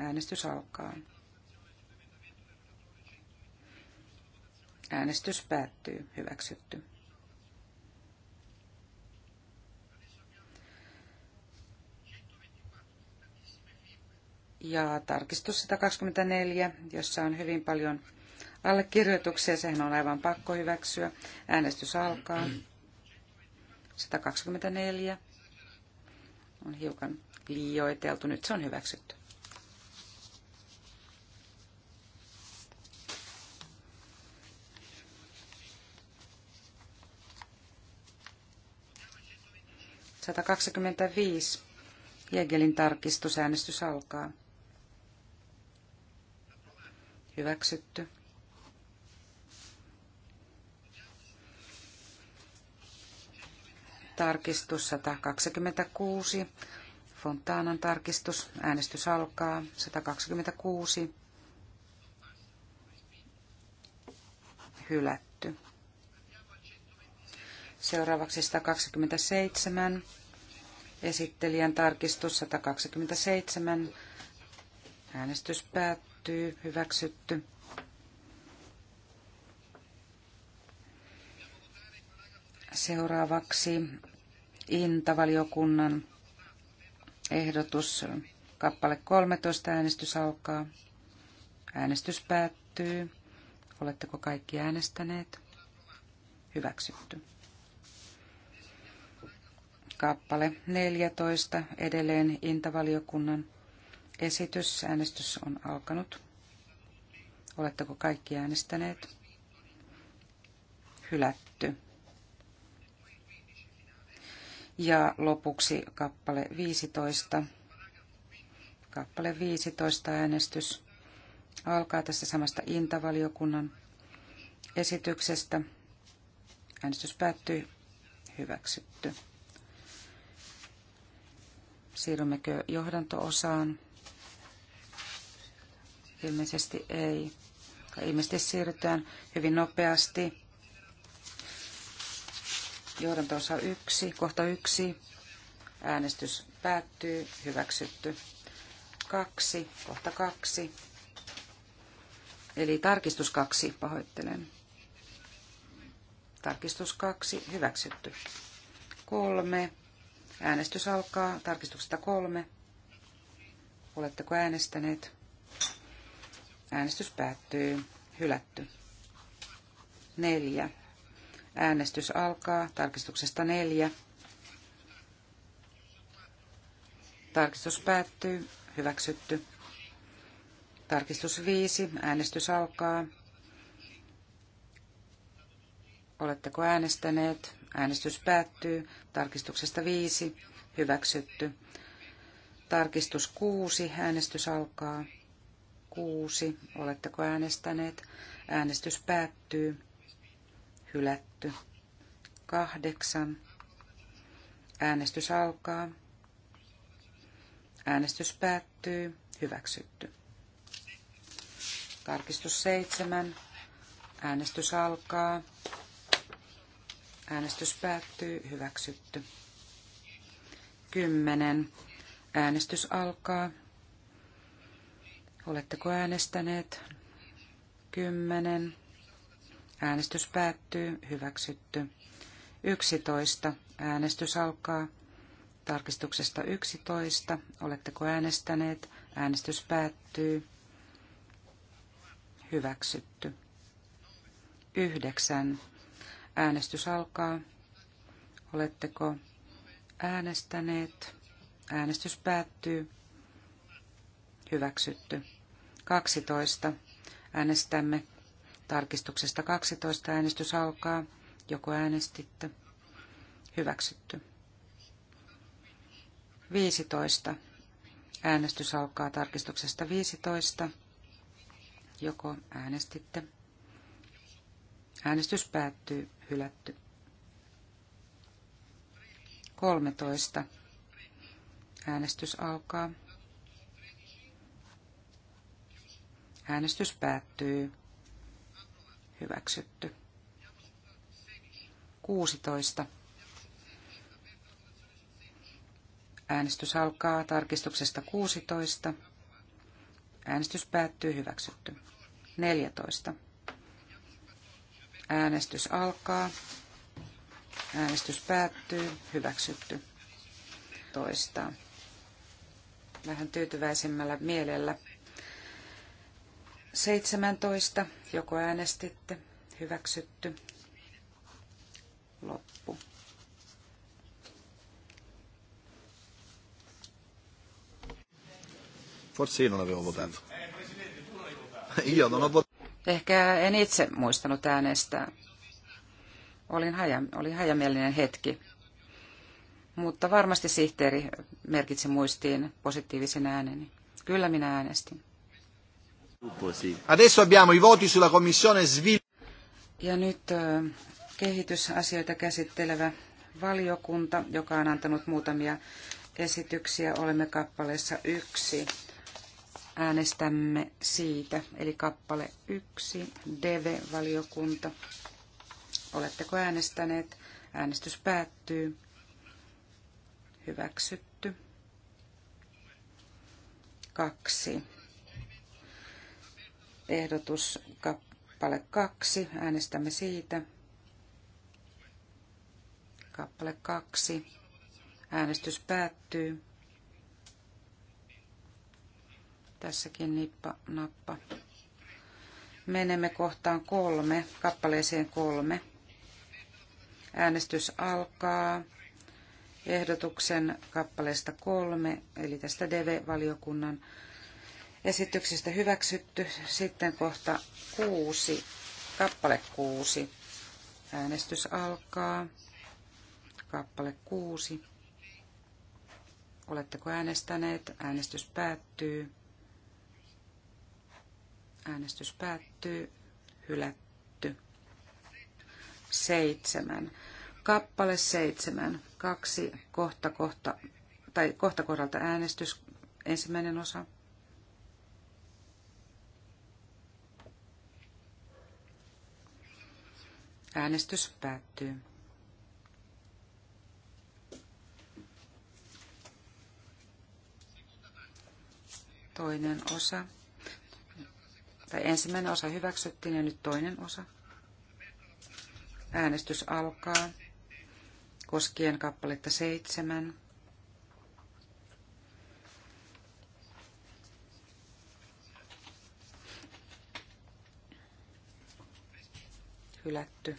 Äänestys alkaa. Äänestys päättyy. Hyväksytty. Ja tarkistus 124, jossa on hyvin paljon allekirjoituksia. Sehän on aivan pakko hyväksyä. Äänestys alkaa. 124 on hiukan liioiteltu. Nyt se on hyväksytty. 125. Jegelin tarkistusäänestys alkaa. Hyväksytty. Tarkistus 126. Fontaanan tarkistus. Äänestys alkaa. 126. Hylätty. Seuraavaksi 127 Esittelijän tarkistus 127. Äänestys päättyy. Hyväksytty. Seuraavaksi Intavaliokunnan ehdotus kappale 13 äänestys alkaa. Äänestys päättyy. Oletteko kaikki äänestäneet? Hyväksytty kappale 14, edelleen intavaliokunnan esitys. Äänestys on alkanut. Oletteko kaikki äänestäneet? Hylätty. Ja lopuksi kappale 15. Kappale 15 äänestys alkaa tästä samasta intavaliokunnan esityksestä. Äänestys päättyy hyväksytty. Siirrymmekö johdanto-osaan? Ilmeisesti ei. Ilmeisesti siirrytään hyvin nopeasti. Johdanto-osa 1, kohta 1. Äänestys päättyy. Hyväksytty. 2, kohta 2. Eli tarkistus 2, pahoittelen. Tarkistus 2, hyväksytty. 3, Äänestys alkaa tarkistuksesta kolme. Oletteko äänestäneet? Äänestys päättyy. Hylätty. Neljä. Äänestys alkaa tarkistuksesta neljä. Tarkistus päättyy. Hyväksytty. Tarkistus viisi. Äänestys alkaa. Oletteko äänestäneet? Äänestys päättyy. Tarkistuksesta 5. Hyväksytty. Tarkistus 6. Äänestys alkaa. 6. Oletteko äänestäneet? Äänestys päättyy. Hylätty. 8. Äänestys alkaa. Äänestys päättyy. Hyväksytty. Tarkistus 7. Äänestys alkaa. Äänestys päättyy. Hyväksytty. 10. Äänestys alkaa. Oletteko äänestäneet? 10. Äänestys päättyy. Hyväksytty. 11. Äänestys alkaa. Tarkistuksesta 11. Oletteko äänestäneet? Äänestys päättyy. Hyväksytty. 9. Äänestys alkaa. Oletteko äänestäneet? Äänestys päättyy. Hyväksytty. 12. Äänestämme tarkistuksesta 12. Äänestys alkaa. Joko äänestitte? Hyväksytty. 15. Äänestys alkaa tarkistuksesta 15. Joko äänestitte? Äänestys päättyy. Hylätty. 13. Äänestys alkaa. Äänestys päättyy. Hyväksytty. 16. Äänestys alkaa tarkistuksesta 16. Äänestys päättyy hyväksytty. 14. Äänestys alkaa. Äänestys päättyy. Hyväksytty. Toistaa. Vähän tyytyväisemmällä mielellä. 17. Joko äänestitte? Hyväksytty. Loppu. Forse io non avevo votato. Io non ho votato. Ehkä en itse muistanut äänestää. Olin haja, oli hajamielinen hetki. Mutta varmasti sihteeri merkitsi muistiin positiivisen ääneni. Kyllä minä äänestin. Adesso abbiamo i voti sulla commissione svil. Ja nyt kehitysasioita käsittelevä valiokunta, joka on antanut muutamia esityksiä. Olemme kappaleessa yksi äänestämme siitä, eli kappale 1, DV-valiokunta. Oletteko äänestäneet? Äänestys päättyy. Hyväksytty. Kaksi. Ehdotus kappale kaksi. Äänestämme siitä. Kappale kaksi. Äänestys päättyy. Tässäkin nippa nappa. Menemme kohtaan kolme, kappaleeseen kolme. Äänestys alkaa ehdotuksen kappaleesta kolme, eli tästä DV-valiokunnan esityksestä hyväksytty. Sitten kohta kuusi, kappale kuusi. Äänestys alkaa. Kappale kuusi. Oletteko äänestäneet? Äänestys päättyy. Äänestys päättyy. Hylätty. Seitsemän. Kappale seitsemän. Kaksi kohta kohta, tai kohta kohdalta äänestys. Ensimmäinen osa. Äänestys päättyy. Toinen osa tai ensimmäinen osa hyväksyttiin ja nyt toinen osa. Äänestys alkaa koskien kappaletta seitsemän. Hylätty.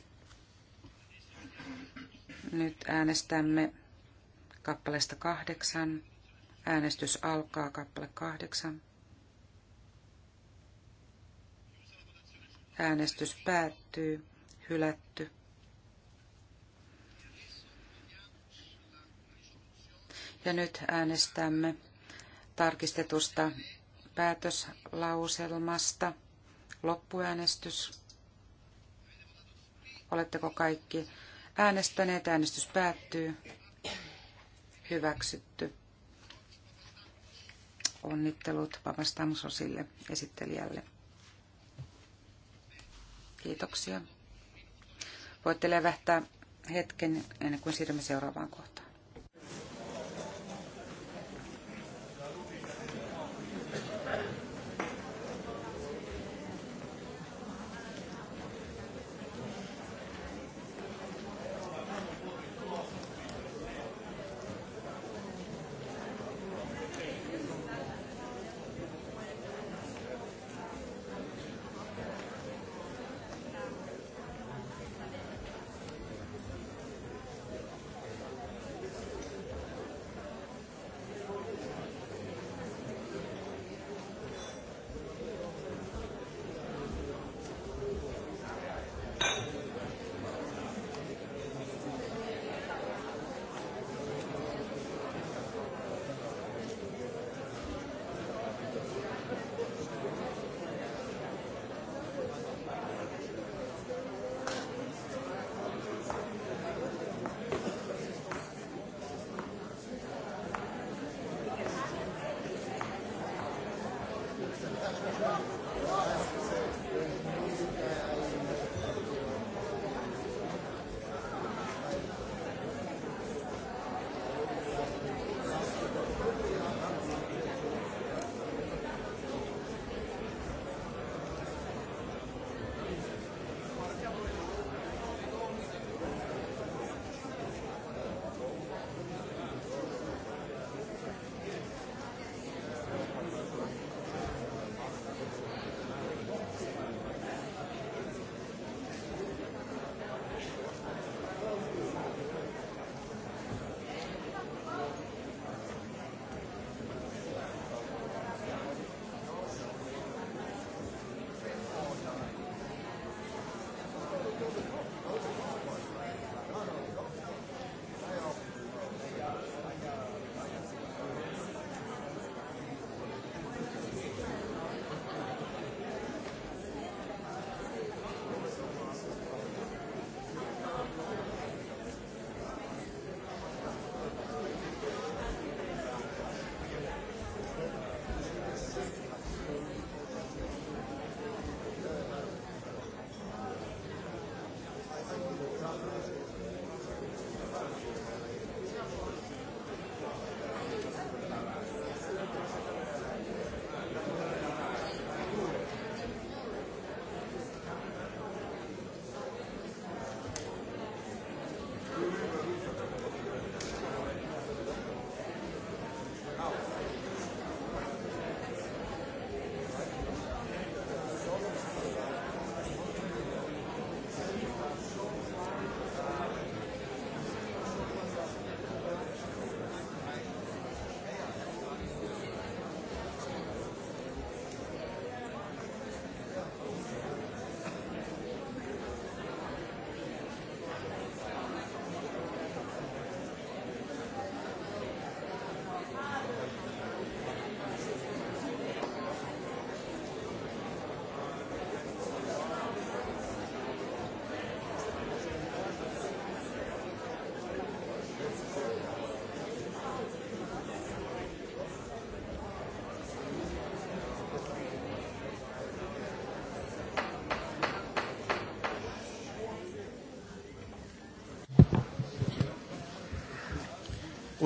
Nyt äänestämme kappaleesta kahdeksan. Äänestys alkaa kappale kahdeksan. Äänestys päättyy. Hylätty. Ja nyt äänestämme tarkistetusta päätöslauselmasta. Loppuäänestys. Oletteko kaikki äänestäneet? Äänestys päättyy. Hyväksytty. Onnittelut Papastamsosille esittelijälle. Kiitoksia. Voitte levähtää hetken ennen kuin siirrymme seuraavaan kohtaan.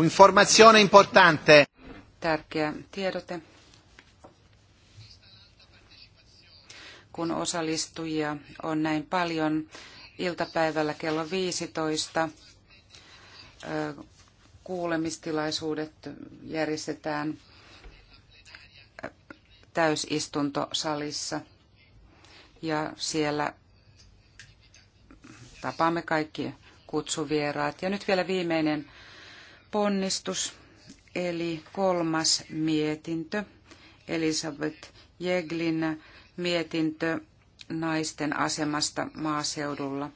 Informazione importante. Tärkeä tiedote. Kun osallistujia on näin paljon, iltapäivällä kello 15 kuulemistilaisuudet järjestetään täysistuntosalissa ja siellä tapaamme kaikki kutsuvieraat. Ja nyt vielä viimeinen ponnistus, eli kolmas mietintö, Elisabeth Jeglin mietintö naisten asemasta maaseudulla.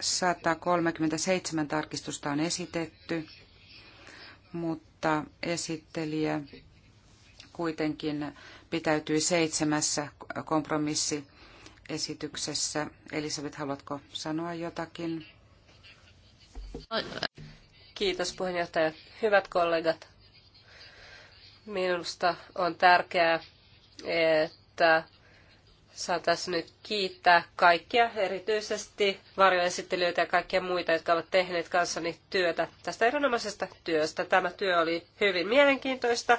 137 tarkistusta on esitetty, mutta esittelijä kuitenkin pitäytyi seitsemässä kompromissiesityksessä. Elisabeth, haluatko sanoa jotakin? Kiitos puheenjohtaja. Hyvät kollegat, minusta on tärkeää, että saan tässä nyt kiittää kaikkia, erityisesti varjoesittelijöitä ja kaikkia muita, jotka ovat tehneet kanssani työtä tästä erinomaisesta työstä. Tämä työ oli hyvin mielenkiintoista.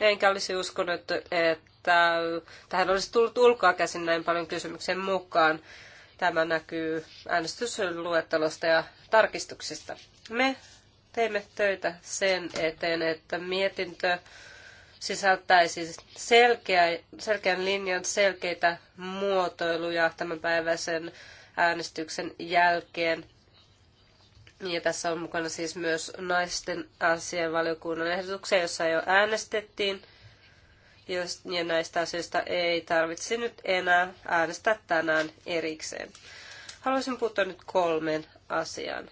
Enkä olisi uskonut, että tähän olisi tullut ulkoa käsin näin paljon kysymyksen mukaan. Tämä näkyy äänestysluettelosta ja tarkistuksista. Me teimme töitä sen eteen, että mietintö sisältäisi selkeä, selkeän linjan selkeitä muotoiluja tämänpäiväisen äänestyksen jälkeen. Ja tässä on mukana siis myös naisten asianvaliokunnan ehdotuksia, jossa jo äänestettiin – jos ja näistä asioista ei tarvitse nyt enää äänestää tänään erikseen. Haluaisin puuttua nyt kolmen asiaan.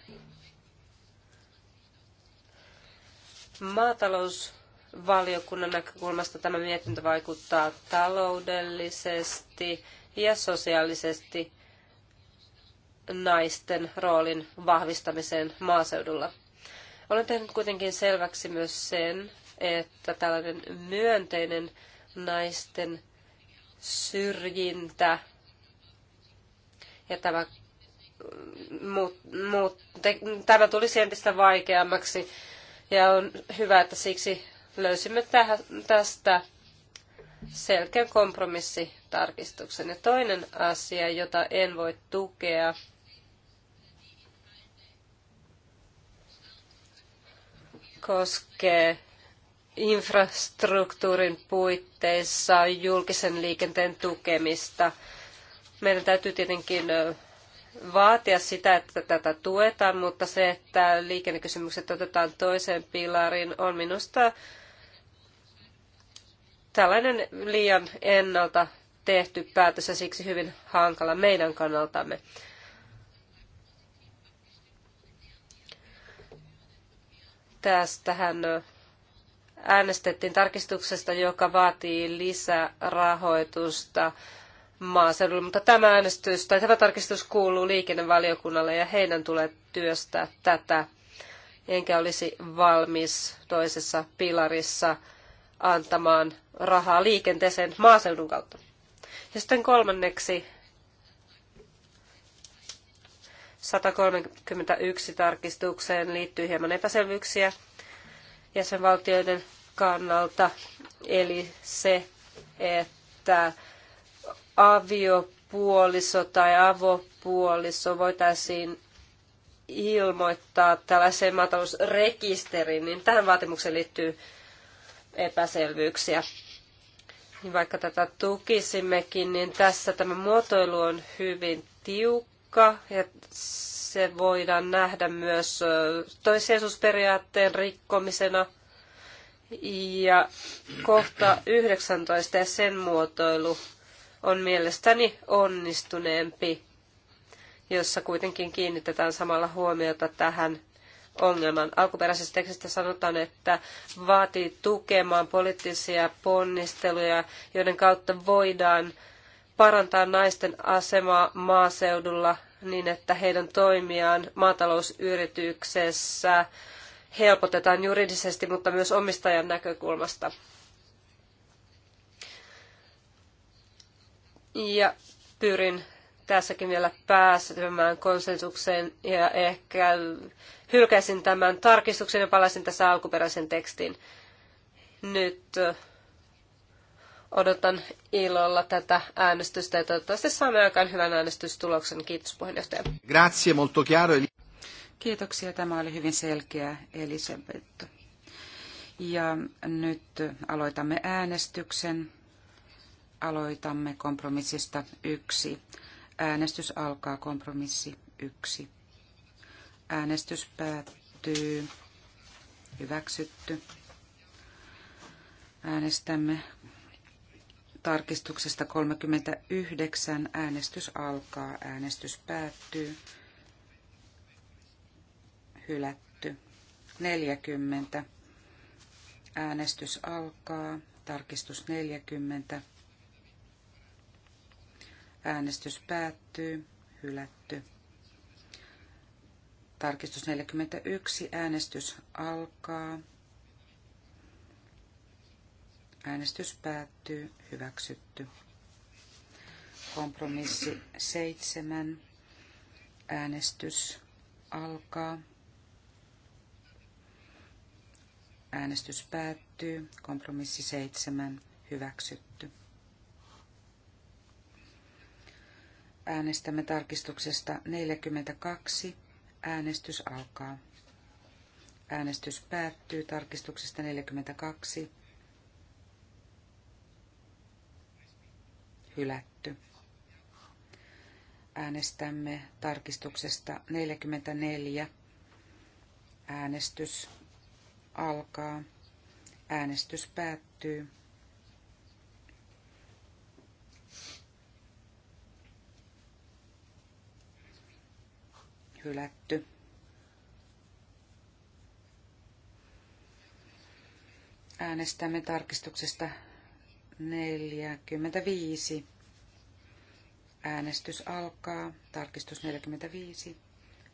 Maatalousvaliokunnan näkökulmasta tämä mietintö vaikuttaa taloudellisesti ja sosiaalisesti naisten roolin vahvistamiseen maaseudulla. Olen tehnyt kuitenkin selväksi myös sen, että tällainen myönteinen naisten syrjintä ja tämä, muut, muut, te, tämä tuli entistä vaikeammaksi. Ja on hyvä, että siksi löysimme tähän, tästä selkeän kompromissitarkistuksen. Ja toinen asia, jota en voi tukea, koskee infrastruktuurin puitteissa julkisen liikenteen tukemista. Meidän täytyy tietenkin vaatia sitä, että tätä tuetaan, mutta se, että liikennekysymykset otetaan toiseen pilariin, on minusta tällainen liian ennalta tehty päätös ja siksi hyvin hankala meidän kannaltamme. Tästähän äänestettiin tarkistuksesta, joka vaatii lisärahoitusta maaseudulle, mutta tämä äänestys tai tämä tarkistus kuuluu liikennevaliokunnalle ja heidän tulee työstää tätä. Enkä olisi valmis toisessa pilarissa antamaan rahaa liikenteeseen maaseudun kautta. Ja sitten kolmanneksi 131 tarkistukseen liittyy hieman epäselvyyksiä jäsenvaltioiden kannalta, eli se, että aviopuoliso tai avopuoliso voitaisiin ilmoittaa tällaiseen maatalousrekisteriin, niin tähän vaatimukseen liittyy epäselvyyksiä. Niin vaikka tätä tukisimmekin, niin tässä tämä muotoilu on hyvin tiukka ja se voidaan nähdä myös toissijaisuusperiaatteen rikkomisena. Ja kohta 19 ja sen muotoilu on mielestäni onnistuneempi, jossa kuitenkin kiinnitetään samalla huomiota tähän ongelman. Alkuperäisessä tekstissä sanotaan, että vaatii tukemaan poliittisia ponnisteluja, joiden kautta voidaan parantaa naisten asemaa maaseudulla niin, että heidän toimiaan maatalousyrityksessä helpotetaan juridisesti, mutta myös omistajan näkökulmasta. Ja pyrin tässäkin vielä pääsemään konsensukseen ja ehkä hylkäisin tämän tarkistuksen ja palasin tässä alkuperäisen tekstiin. Nyt Odotan ilolla tätä äänestystä ja toivottavasti saamme aikaan hyvän äänestystuloksen. Kiitos puheenjohtaja. Grazie, molto chiaro. Kiitoksia, tämä oli hyvin selkeä Elisabeth. Ja nyt aloitamme äänestyksen. Aloitamme kompromissista yksi. Äänestys alkaa kompromissi yksi. Äänestys päättyy. Hyväksytty. Äänestämme Tarkistuksesta 39 äänestys alkaa, äänestys päättyy. Hylätty. 40. Äänestys alkaa, tarkistus 40. Äänestys päättyy, hylätty. Tarkistus 41, äänestys alkaa. Äänestys päättyy. Hyväksytty. Kompromissi seitsemän. Äänestys alkaa. Äänestys päättyy. Kompromissi seitsemän. Hyväksytty. Äänestämme tarkistuksesta 42. Äänestys alkaa. Äänestys päättyy tarkistuksesta 42. hylätty. Äänestämme tarkistuksesta 44. Äänestys alkaa. Äänestys päättyy. Hylätty. Äänestämme tarkistuksesta 45. Äänestys alkaa. Tarkistus 45.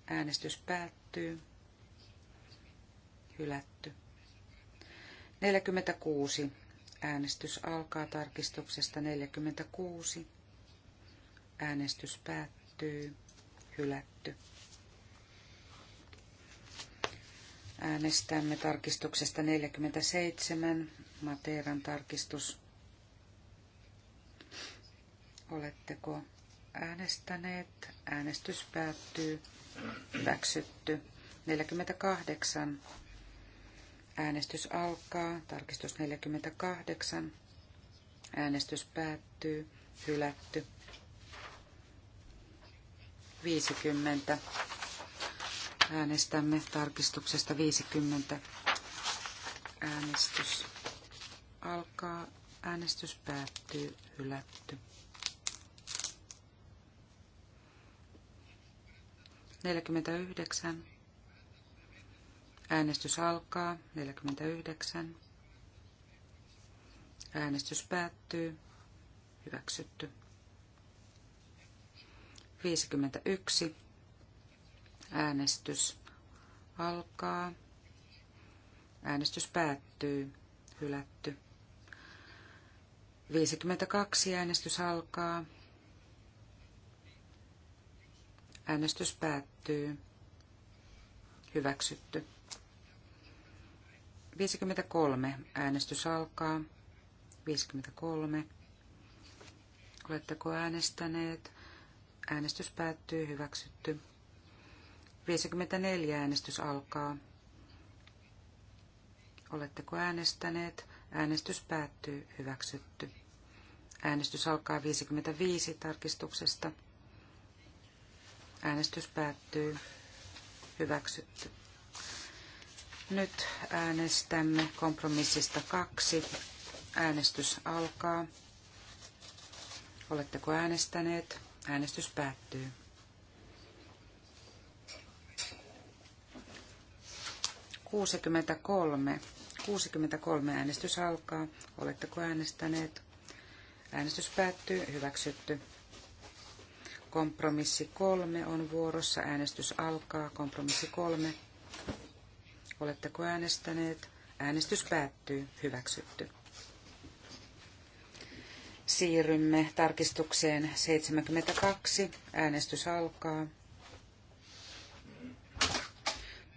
Äänestys päättyy. Hylätty. 46. Äänestys alkaa tarkistuksesta 46. Äänestys päättyy. Hylätty. Äänestämme tarkistuksesta 47. Materan tarkistus Oletteko äänestäneet? Äänestys päättyy. Hyväksytty. 48. Äänestys alkaa. Tarkistus 48. Äänestys päättyy. Hylätty. 50. Äänestämme tarkistuksesta 50. Äänestys alkaa. Äänestys päättyy. Hylätty. 49. Äänestys alkaa. 49. Äänestys päättyy. Hyväksytty. 51. Äänestys alkaa. Äänestys päättyy. Hylätty. 52. Äänestys alkaa. Äänestys päättyy. Hyväksytty. 53. Äänestys alkaa. 53. Oletteko äänestäneet? Äänestys päättyy. Hyväksytty. 54. Äänestys alkaa. Oletteko äänestäneet? Äänestys päättyy. Hyväksytty. Äänestys alkaa 55 tarkistuksesta. Äänestys päättyy. Hyväksytty. Nyt äänestämme kompromissista kaksi. Äänestys alkaa. Oletteko äänestäneet? Äänestys päättyy. Kuusikymmentäkolme. 63 äänestys alkaa. Oletteko äänestäneet? Äänestys päättyy. Hyväksytty. Kompromissi kolme on vuorossa. Äänestys alkaa. Kompromissi kolme. Oletteko äänestäneet? Äänestys päättyy. Hyväksytty. Siirrymme tarkistukseen 72. Äänestys alkaa.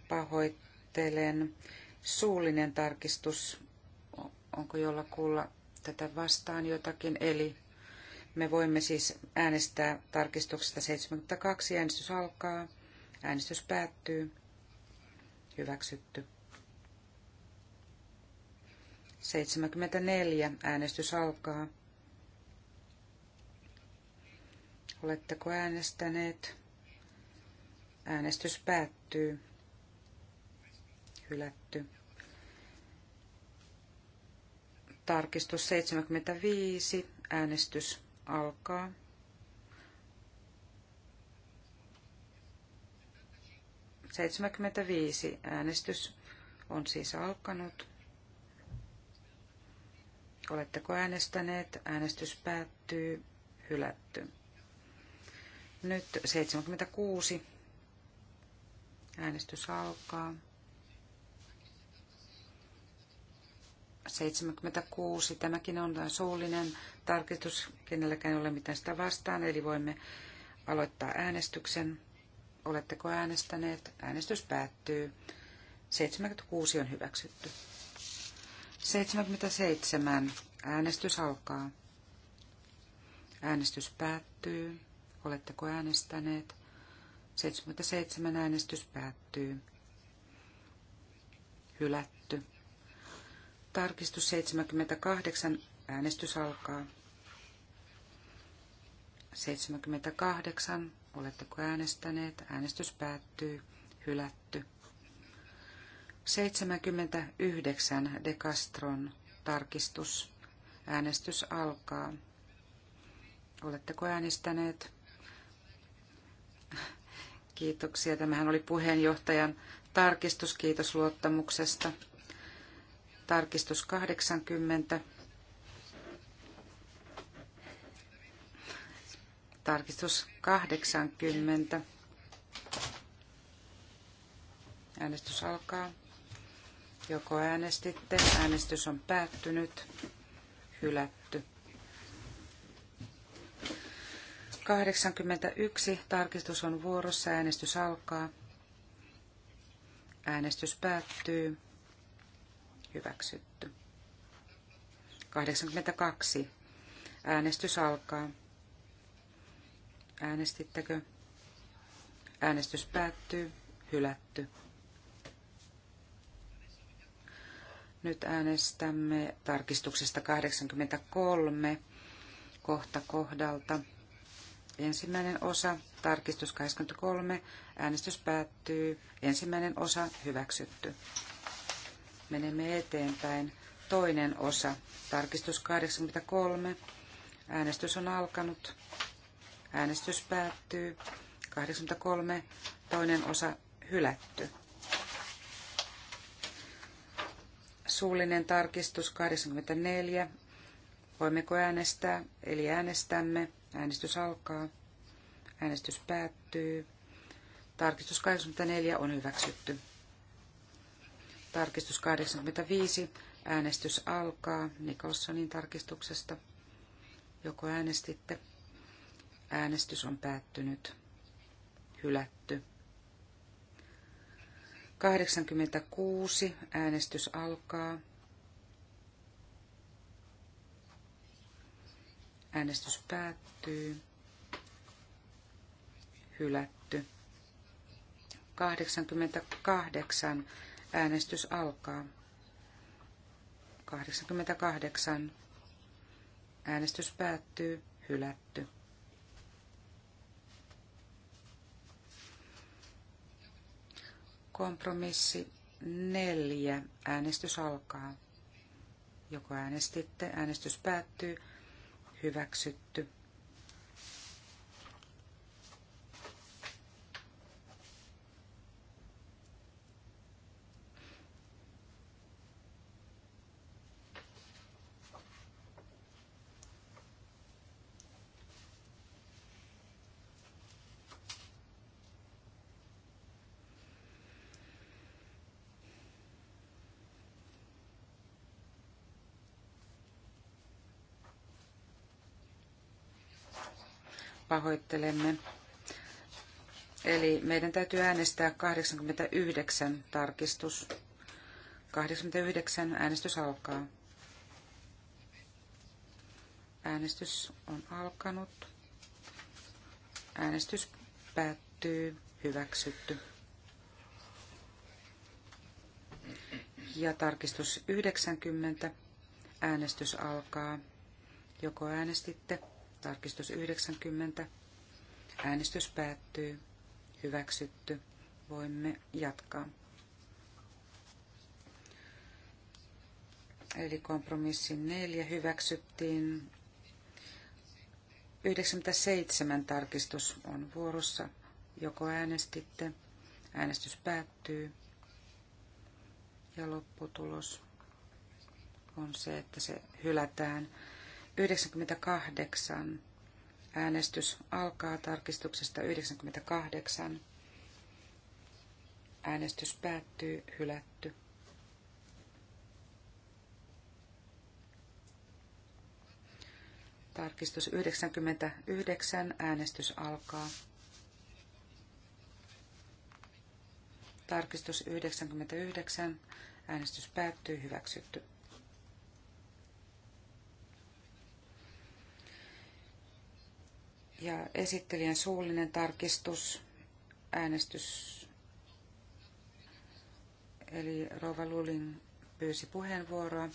Pahoittelen. Suullinen tarkistus. Onko jollakulla tätä vastaan jotakin? Eli me voimme siis äänestää tarkistuksesta 72. Äänestys alkaa. Äänestys päättyy. Hyväksytty. 74. Äänestys alkaa. Oletteko äänestäneet? Äänestys päättyy. Hylätty. Tarkistus 75. Äänestys alkaa. viisi äänestys on siis alkanut. Oletteko äänestäneet? Äänestys päättyy. Hylätty. Nyt 76. Äänestys alkaa. 76. Tämäkin on suullinen tarkistus, kenelläkään ei ole mitään sitä vastaan, eli voimme aloittaa äänestyksen. Oletteko äänestäneet? Äänestys päättyy. 76 on hyväksytty. 77. Äänestys alkaa. Äänestys päättyy. Oletteko äänestäneet? 77 äänestys päättyy. Hylätty. Tarkistus 78 Äänestys alkaa. 78. Oletteko äänestäneet? Äänestys päättyy. Hylätty. 79. De Castron tarkistus. Äänestys alkaa. Oletteko äänestäneet? Kiitoksia. Tämähän oli puheenjohtajan tarkistus. Kiitos luottamuksesta. Tarkistus 80. Tarkistus 80. Äänestys alkaa. Joko äänestitte? Äänestys on päättynyt. Hylätty. 81. Tarkistus on vuorossa. Äänestys alkaa. Äänestys päättyy. Hyväksytty. 82. Äänestys alkaa. Äänestittekö? Äänestys päättyy. Hylätty. Nyt äänestämme tarkistuksesta 83 kohta kohdalta. Ensimmäinen osa, tarkistus 83, äänestys päättyy. Ensimmäinen osa hyväksytty. Menemme eteenpäin. Toinen osa, tarkistus 83, äänestys on alkanut. Äänestys päättyy. 83. Toinen osa hylätty. Suullinen tarkistus 84. Voimmeko äänestää? Eli äänestämme. Äänestys alkaa. Äänestys päättyy. Tarkistus 84 on hyväksytty. Tarkistus 85. Äänestys alkaa Nikolsonin tarkistuksesta. Joko äänestitte? Äänestys on päättynyt. Hylätty. 86. Äänestys alkaa. Äänestys päättyy. Hylätty. 88. Äänestys alkaa. 88. Äänestys päättyy. Hylätty. Kompromissi neljä. Äänestys alkaa. Joko äänestitte, äänestys päättyy, hyväksytty. pahoittelemme. Eli meidän täytyy äänestää 89 tarkistus. 89 äänestys alkaa. Äänestys on alkanut. Äänestys päättyy. Hyväksytty. Ja tarkistus 90. Äänestys alkaa. Joko äänestitte? Tarkistus 90. Äänestys päättyy. Hyväksytty. Voimme jatkaa. Eli kompromissi 4 hyväksyttiin. 97 tarkistus on vuorossa. Joko äänestitte? Äänestys päättyy. Ja lopputulos on se, että se hylätään. 98. Äänestys alkaa tarkistuksesta 98. Äänestys päättyy, hylätty. Tarkistus 99. Äänestys alkaa. Tarkistus 99. Äänestys päättyy, hyväksytty. Ja esittelijän suullinen tarkistus, äänestys. Eli Rova Lulin pyysi puheenvuoroa.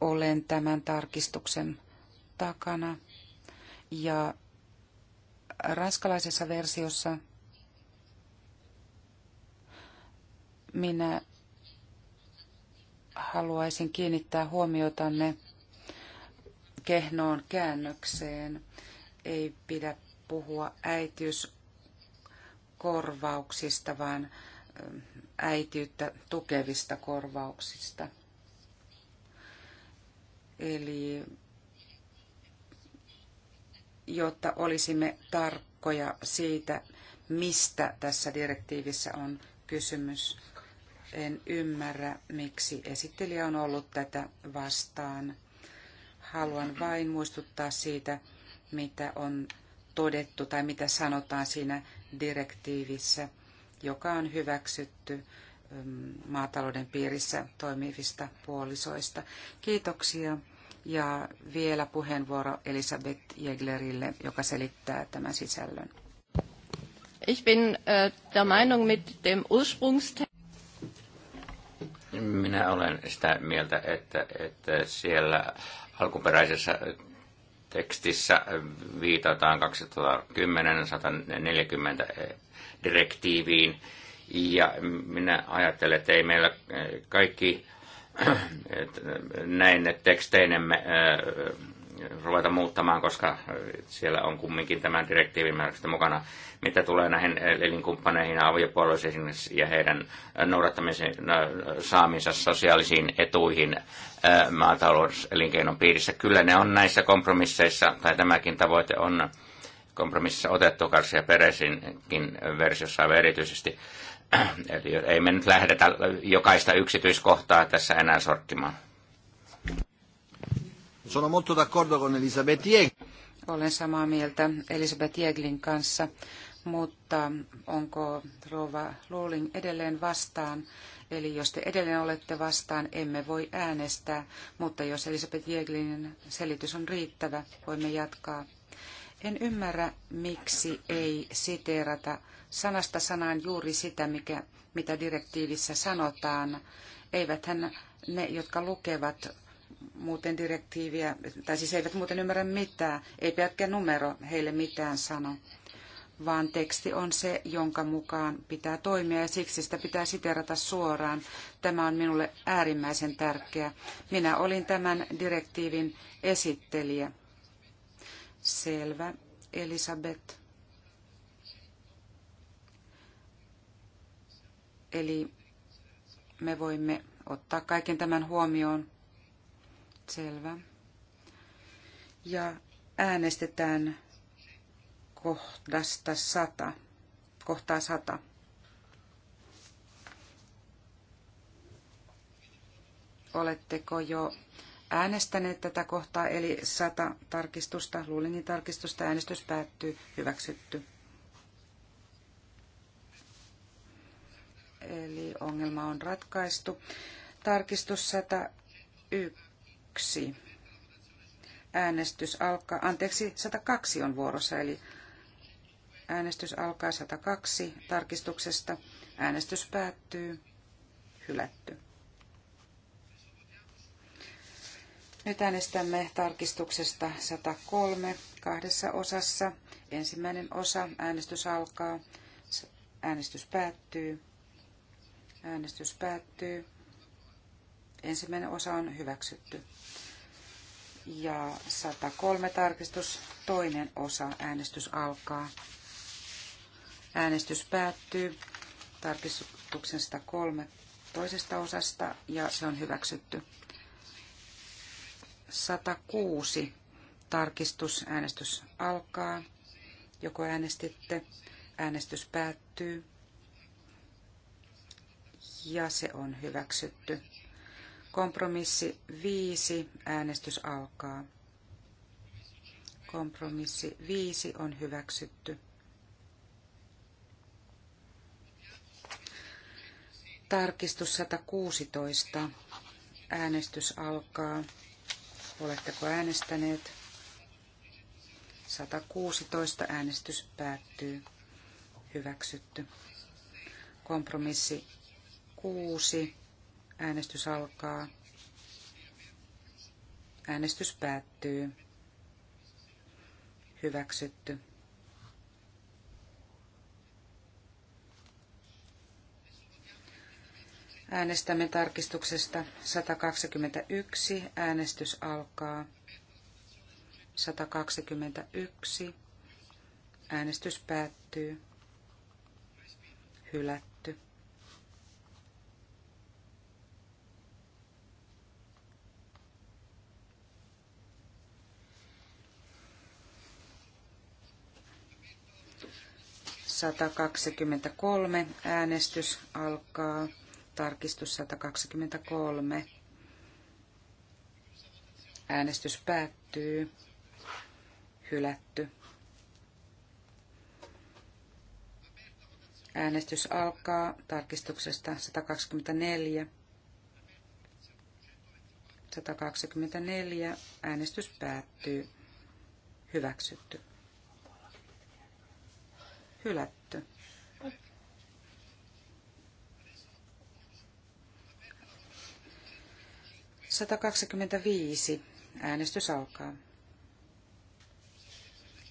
Olen tämän tarkistuksen takana. Ja ranskalaisessa versiossa minä haluaisin kiinnittää huomiotanne kehnoon käännökseen ei pidä puhua äitiyskorvauksista, vaan ähm, äitiyttä tukevista korvauksista. Eli jotta olisimme tarkkoja siitä, mistä tässä direktiivissä on kysymys. En ymmärrä, miksi esittelijä on ollut tätä vastaan. Haluan vain muistuttaa siitä, mitä on todettu tai mitä sanotaan siinä direktiivissä, joka on hyväksytty mm, maatalouden piirissä toimivista puolisoista. Kiitoksia. Ja vielä puheenvuoro Elisabeth Jeglerille, joka selittää tämän sisällön. Ich bin äh, der Meinung mit dem Ursprungstext. Minä olen sitä mieltä, että, että siellä alkuperäisessä tekstissä viitataan 2010-140 direktiiviin. Ja minä ajattelen, että ei meillä kaikki näin teksteinemme ruveta muuttamaan, koska siellä on kumminkin tämän direktiivin määräykset mukana. Mitä tulee näihin e, elinkumppaneihin ja aviopuolueisiin ja heidän noudattamisen saamisessa sosiaalisiin etuihin maatalouselinkeinon piirissä, kyllä ne on näissä kompromisseissa, tai tämäkin tavoite on kompromississa otettu Karsia Peresinkin versiossa erityisesti. Eli ei me nyt lähdetä jokaista yksityiskohtaa tässä enää sorttimaan. Sono molto d'accordo con Elisabeth Olen samaa mieltä Elisabeth Jäglin kanssa, mutta onko Rova Luuling edelleen vastaan? Eli jos te edelleen olette vastaan, emme voi äänestää, mutta jos Elisabeth Jäglin selitys on riittävä, voimme jatkaa. En ymmärrä, miksi ei siteerata sanasta sanaan juuri sitä, mikä, mitä direktiivissä sanotaan. Eiväthän ne, jotka lukevat muuten direktiiviä, tai siis eivät muuten ymmärrä mitään, ei pelkkä numero heille mitään sano, vaan teksti on se, jonka mukaan pitää toimia ja siksi sitä pitää siterata suoraan. Tämä on minulle äärimmäisen tärkeä. Minä olin tämän direktiivin esittelijä. Selvä, Elisabeth. Eli me voimme ottaa kaiken tämän huomioon Selvä. Ja äänestetään kohdasta 100. Kohtaa 100. Oletteko jo äänestäneet tätä kohtaa, eli 100 tarkistusta, luulinin niin tarkistusta, äänestys päättyy, hyväksytty. Eli ongelma on ratkaistu. Tarkistus 101 101 äänestys alkaa, anteeksi, 102 on vuorossa, eli äänestys alkaa 102 tarkistuksesta, äänestys päättyy, hylätty. Nyt äänestämme tarkistuksesta 103 kahdessa osassa. Ensimmäinen osa, äänestys alkaa, äänestys päättyy, äänestys päättyy, Ensimmäinen osa on hyväksytty. Ja 103 tarkistus, toinen osa, äänestys alkaa. Äänestys päättyy tarkistuksen 103 toisesta osasta ja se on hyväksytty. 106 tarkistus, äänestys alkaa. Joko äänestitte, äänestys päättyy ja se on hyväksytty. Kompromissi 5. Äänestys alkaa. Kompromissi 5 on hyväksytty. Tarkistus 116. Äänestys alkaa. Oletteko äänestäneet? 116 äänestys päättyy. Hyväksytty. Kompromissi 6. Äänestys alkaa. Äänestys päättyy. Hyväksytty. Äänestämme tarkistuksesta 121. Äänestys alkaa. 121. Äänestys päättyy. Hylätty. 123. Äänestys alkaa. Tarkistus 123. Äänestys päättyy. Hylätty. Äänestys alkaa tarkistuksesta 124. 124. Äänestys päättyy. Hyväksytty hylätty. Satakaksikymmentäviisi. Äänestys alkaa.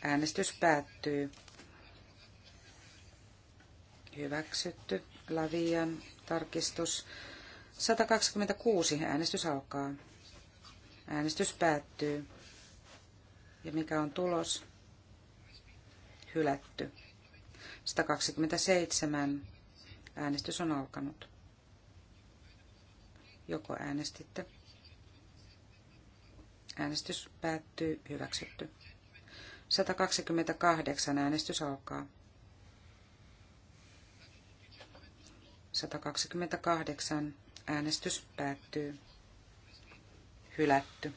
Äänestys päättyy. Hyväksytty. Lavian tarkistus. 126. Äänestys alkaa. Äänestys päättyy. Ja mikä on tulos? Hylätty. 127. Äänestys on alkanut. Joko äänestitte? Äänestys päättyy. Hyväksytty. 128. Äänestys alkaa. 128. Äänestys päättyy. Hylätty.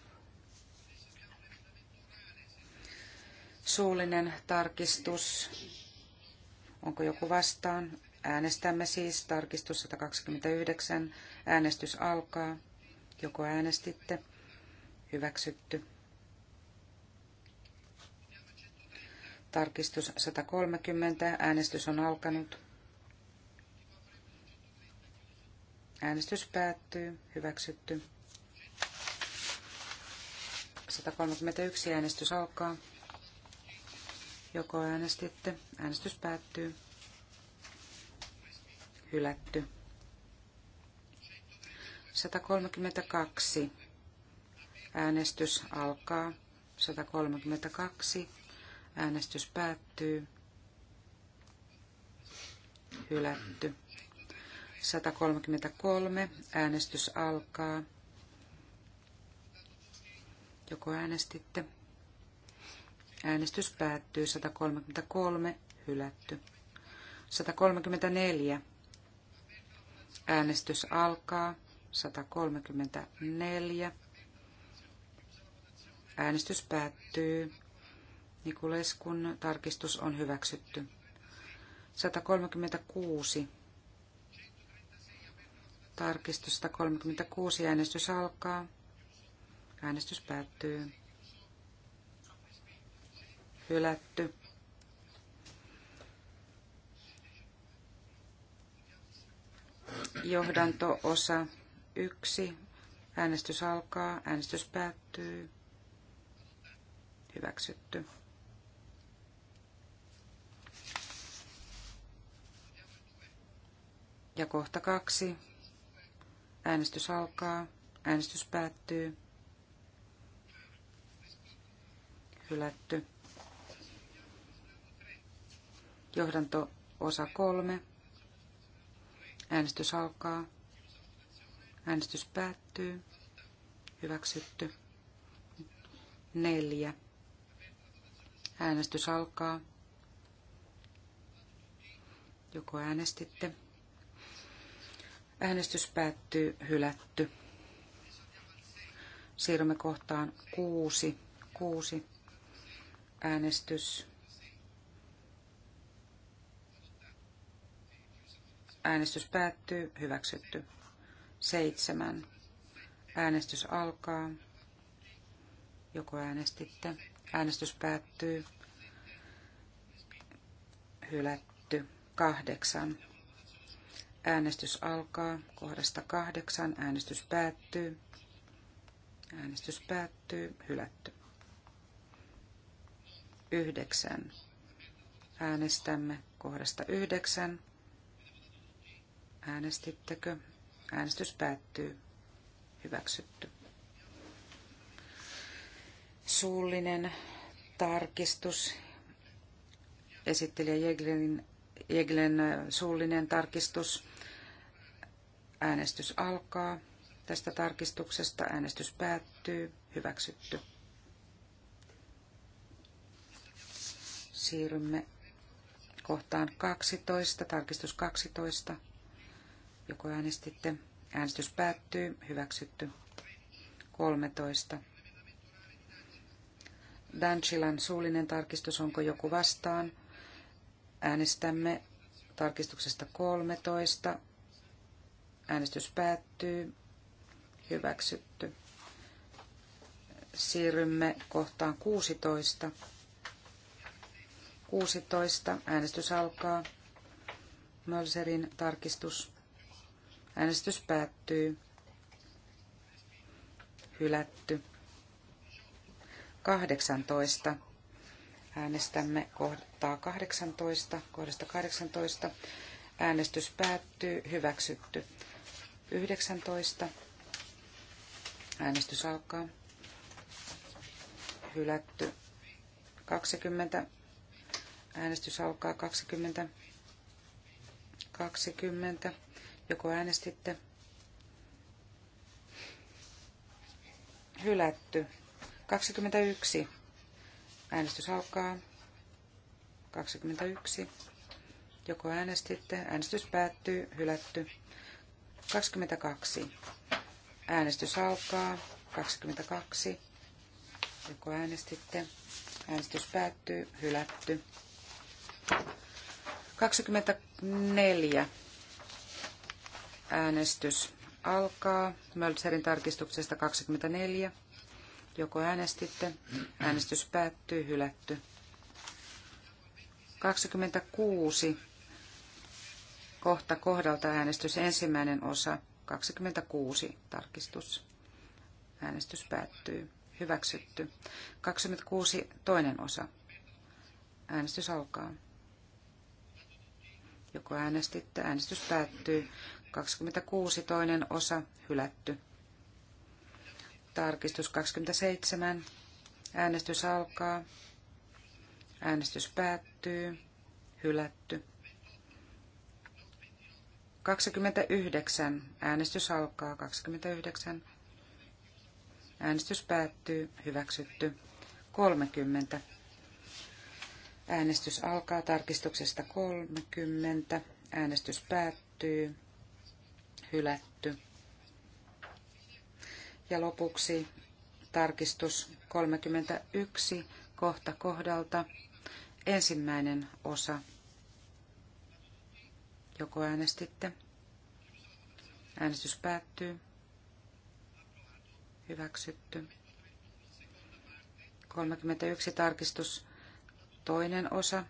Suullinen tarkistus Onko joku vastaan? Äänestämme siis. Tarkistus 129. Äänestys alkaa. Joko äänestitte? Hyväksytty. Tarkistus 130. Äänestys on alkanut. Äänestys päättyy. Hyväksytty. 131. Äänestys alkaa. Joko äänestitte? Äänestys päättyy. Hylätty. 132. Äänestys alkaa. 132. Äänestys päättyy. Hylätty. 133. Äänestys alkaa. Joko äänestitte? Äänestys päättyy 133 hylätty. 134. Äänestys alkaa 134. Äänestys päättyy. Nikuleskun tarkistus on hyväksytty. 136. Tarkistus 136. Äänestys alkaa. Äänestys päättyy hylätty. Johdanto-osa 1. Äänestys alkaa, äänestys päättyy. Hyväksytty. Ja kohta kaksi. Äänestys alkaa, äänestys päättyy. Hylätty. Johdanto osa kolme. Äänestys alkaa. Äänestys päättyy. Hyväksytty. Neljä. Äänestys alkaa. Joko äänestitte? Äänestys päättyy hylätty. Siirrymme kohtaan kuusi. Kuusi. Äänestys Äänestys päättyy. Hyväksytty. Seitsemän. Äänestys alkaa. Joko äänestitte? Äänestys päättyy. Hylätty. Kahdeksan. Äänestys alkaa. Kohdasta kahdeksan. Äänestys päättyy. Äänestys päättyy. Hylätty. Yhdeksän. Äänestämme kohdasta yhdeksän. Äänestittekö? Äänestys päättyy. Hyväksytty. Suullinen tarkistus. Esittelijä Jeglen, Jeglen suullinen tarkistus. Äänestys alkaa. Tästä tarkistuksesta äänestys päättyy. Hyväksytty. Siirrymme kohtaan 12, tarkistus 12 joko äänestitte. Äänestys päättyy. Hyväksytty. 13. Danchilan suullinen tarkistus, onko joku vastaan? Äänestämme tarkistuksesta 13. Äänestys päättyy. Hyväksytty. Siirrymme kohtaan 16. 16. Äänestys alkaa. Mölserin tarkistus. Äänestys päättyy. Hylätty. 18. Äänestämme kohtaa 18, kohdasta 18. Äänestys päättyy. Hyväksytty. 19. Äänestys alkaa. Hylätty. 20. Äänestys alkaa 20. 20. Joko äänestitte? Hylätty. 21. Äänestys alkaa. 21. Joko äänestitte? Äänestys päättyy. Hylätty. 22. Äänestys alkaa. 22. Joko äänestitte? Äänestys päättyy. Hylätty. 24. Äänestys alkaa. Möltserin tarkistuksesta 24. Joko äänestitte? Äänestys päättyy. Hylätty. 26. Kohta kohdalta äänestys. Ensimmäinen osa. 26. Tarkistus. Äänestys päättyy. Hyväksytty. 26. Toinen osa. Äänestys alkaa. Joko äänestitte? Äänestys päättyy. 26 toinen osa hylätty. Tarkistus 27. Äänestys alkaa. Äänestys päättyy. Hylätty. 29. Äänestys alkaa. 29. Äänestys päättyy. Hyväksytty. 30. Äänestys alkaa tarkistuksesta 30. Äänestys päättyy hylätty. Ja lopuksi tarkistus 31 kohta kohdalta ensimmäinen osa. Joko äänestitte? Äänestys päättyy. Hyväksytty. 31 tarkistus toinen osa.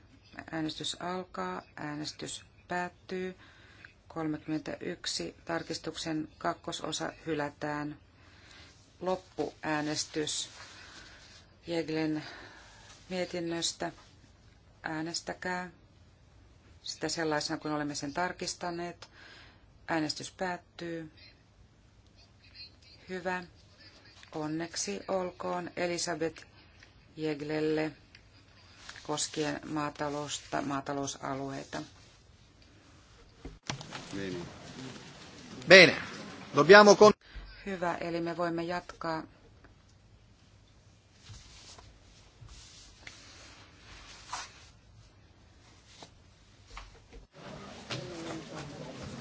Äänestys alkaa. Äänestys päättyy. 31. Tarkistuksen kakkososa hylätään. Loppuäänestys Jeglin mietinnöstä. Äänestäkää sitä sellaisena, kuin olemme sen tarkistaneet. Äänestys päättyy. Hyvä. Onneksi olkoon Elisabeth Jeglelle koskien maatalousta, maatalousalueita. Bene. Dobbiamo con... Hyvä, eli me voimme jatkaa.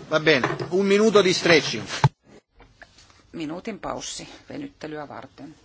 Va bene, un minuto di stretching. Minuutin paussi venyttelyä varten.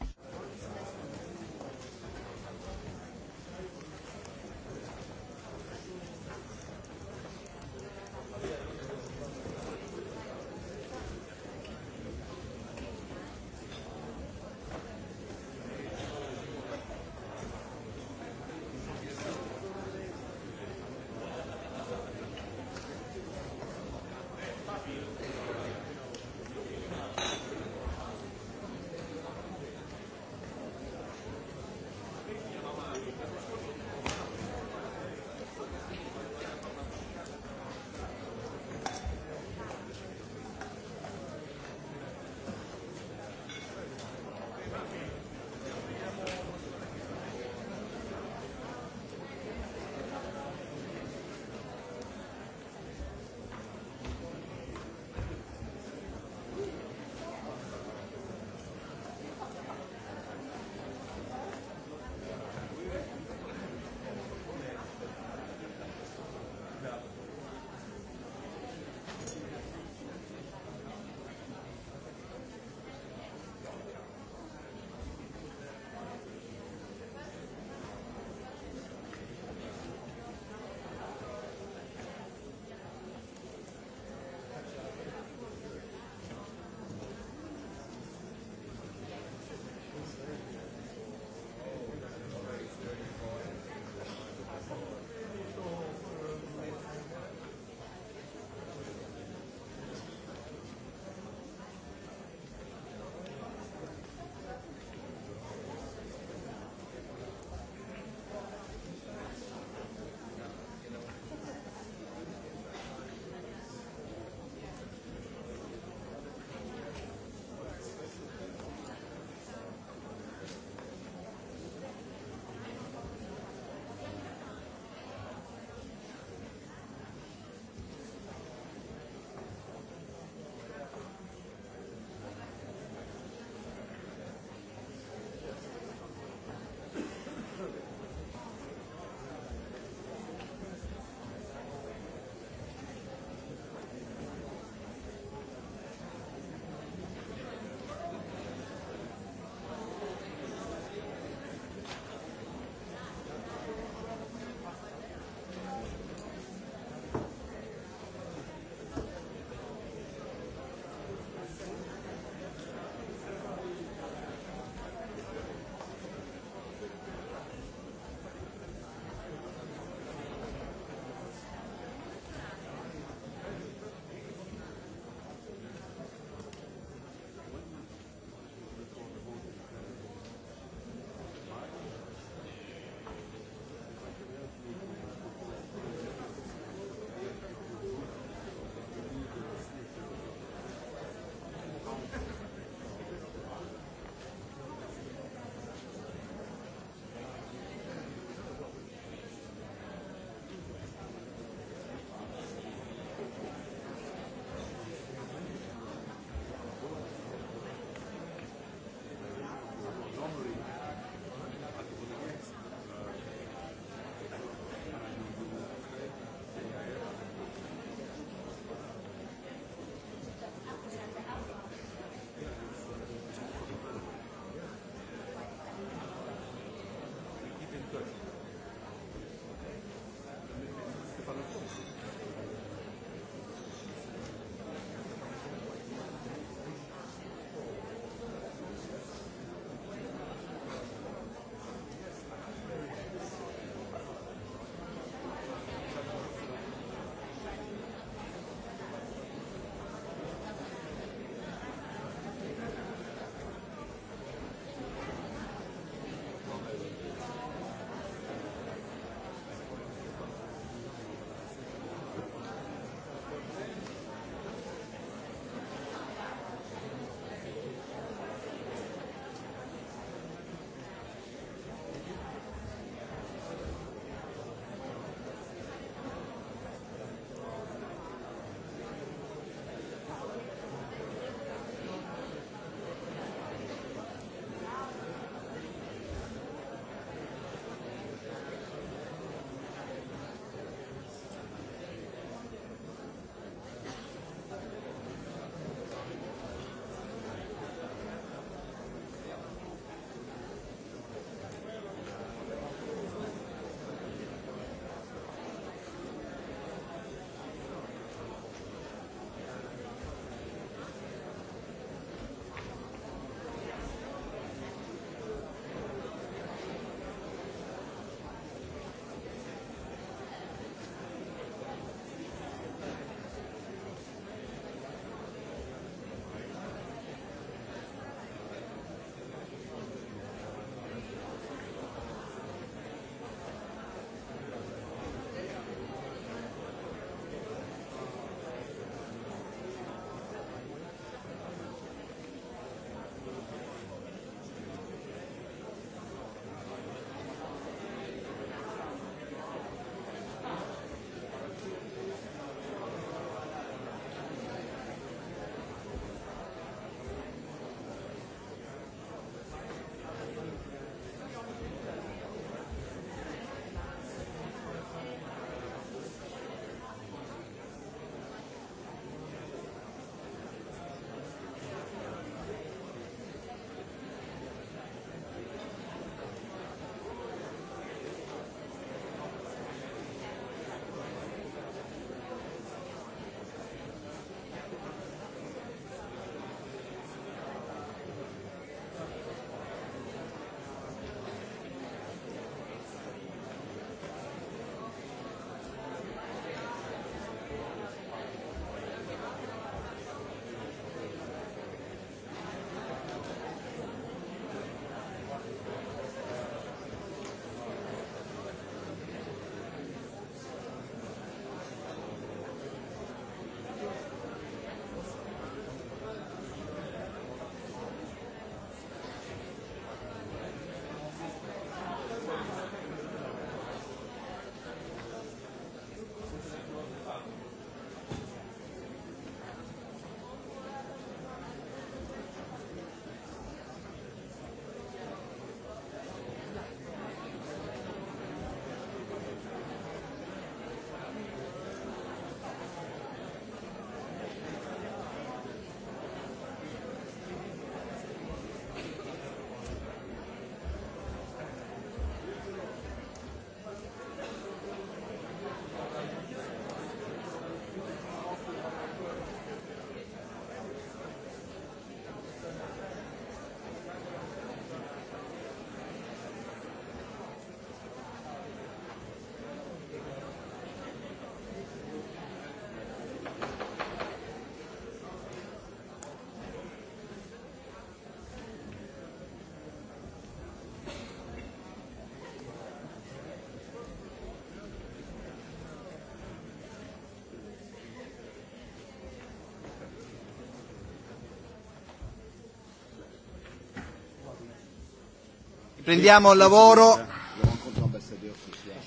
Prendiamo il lavoro.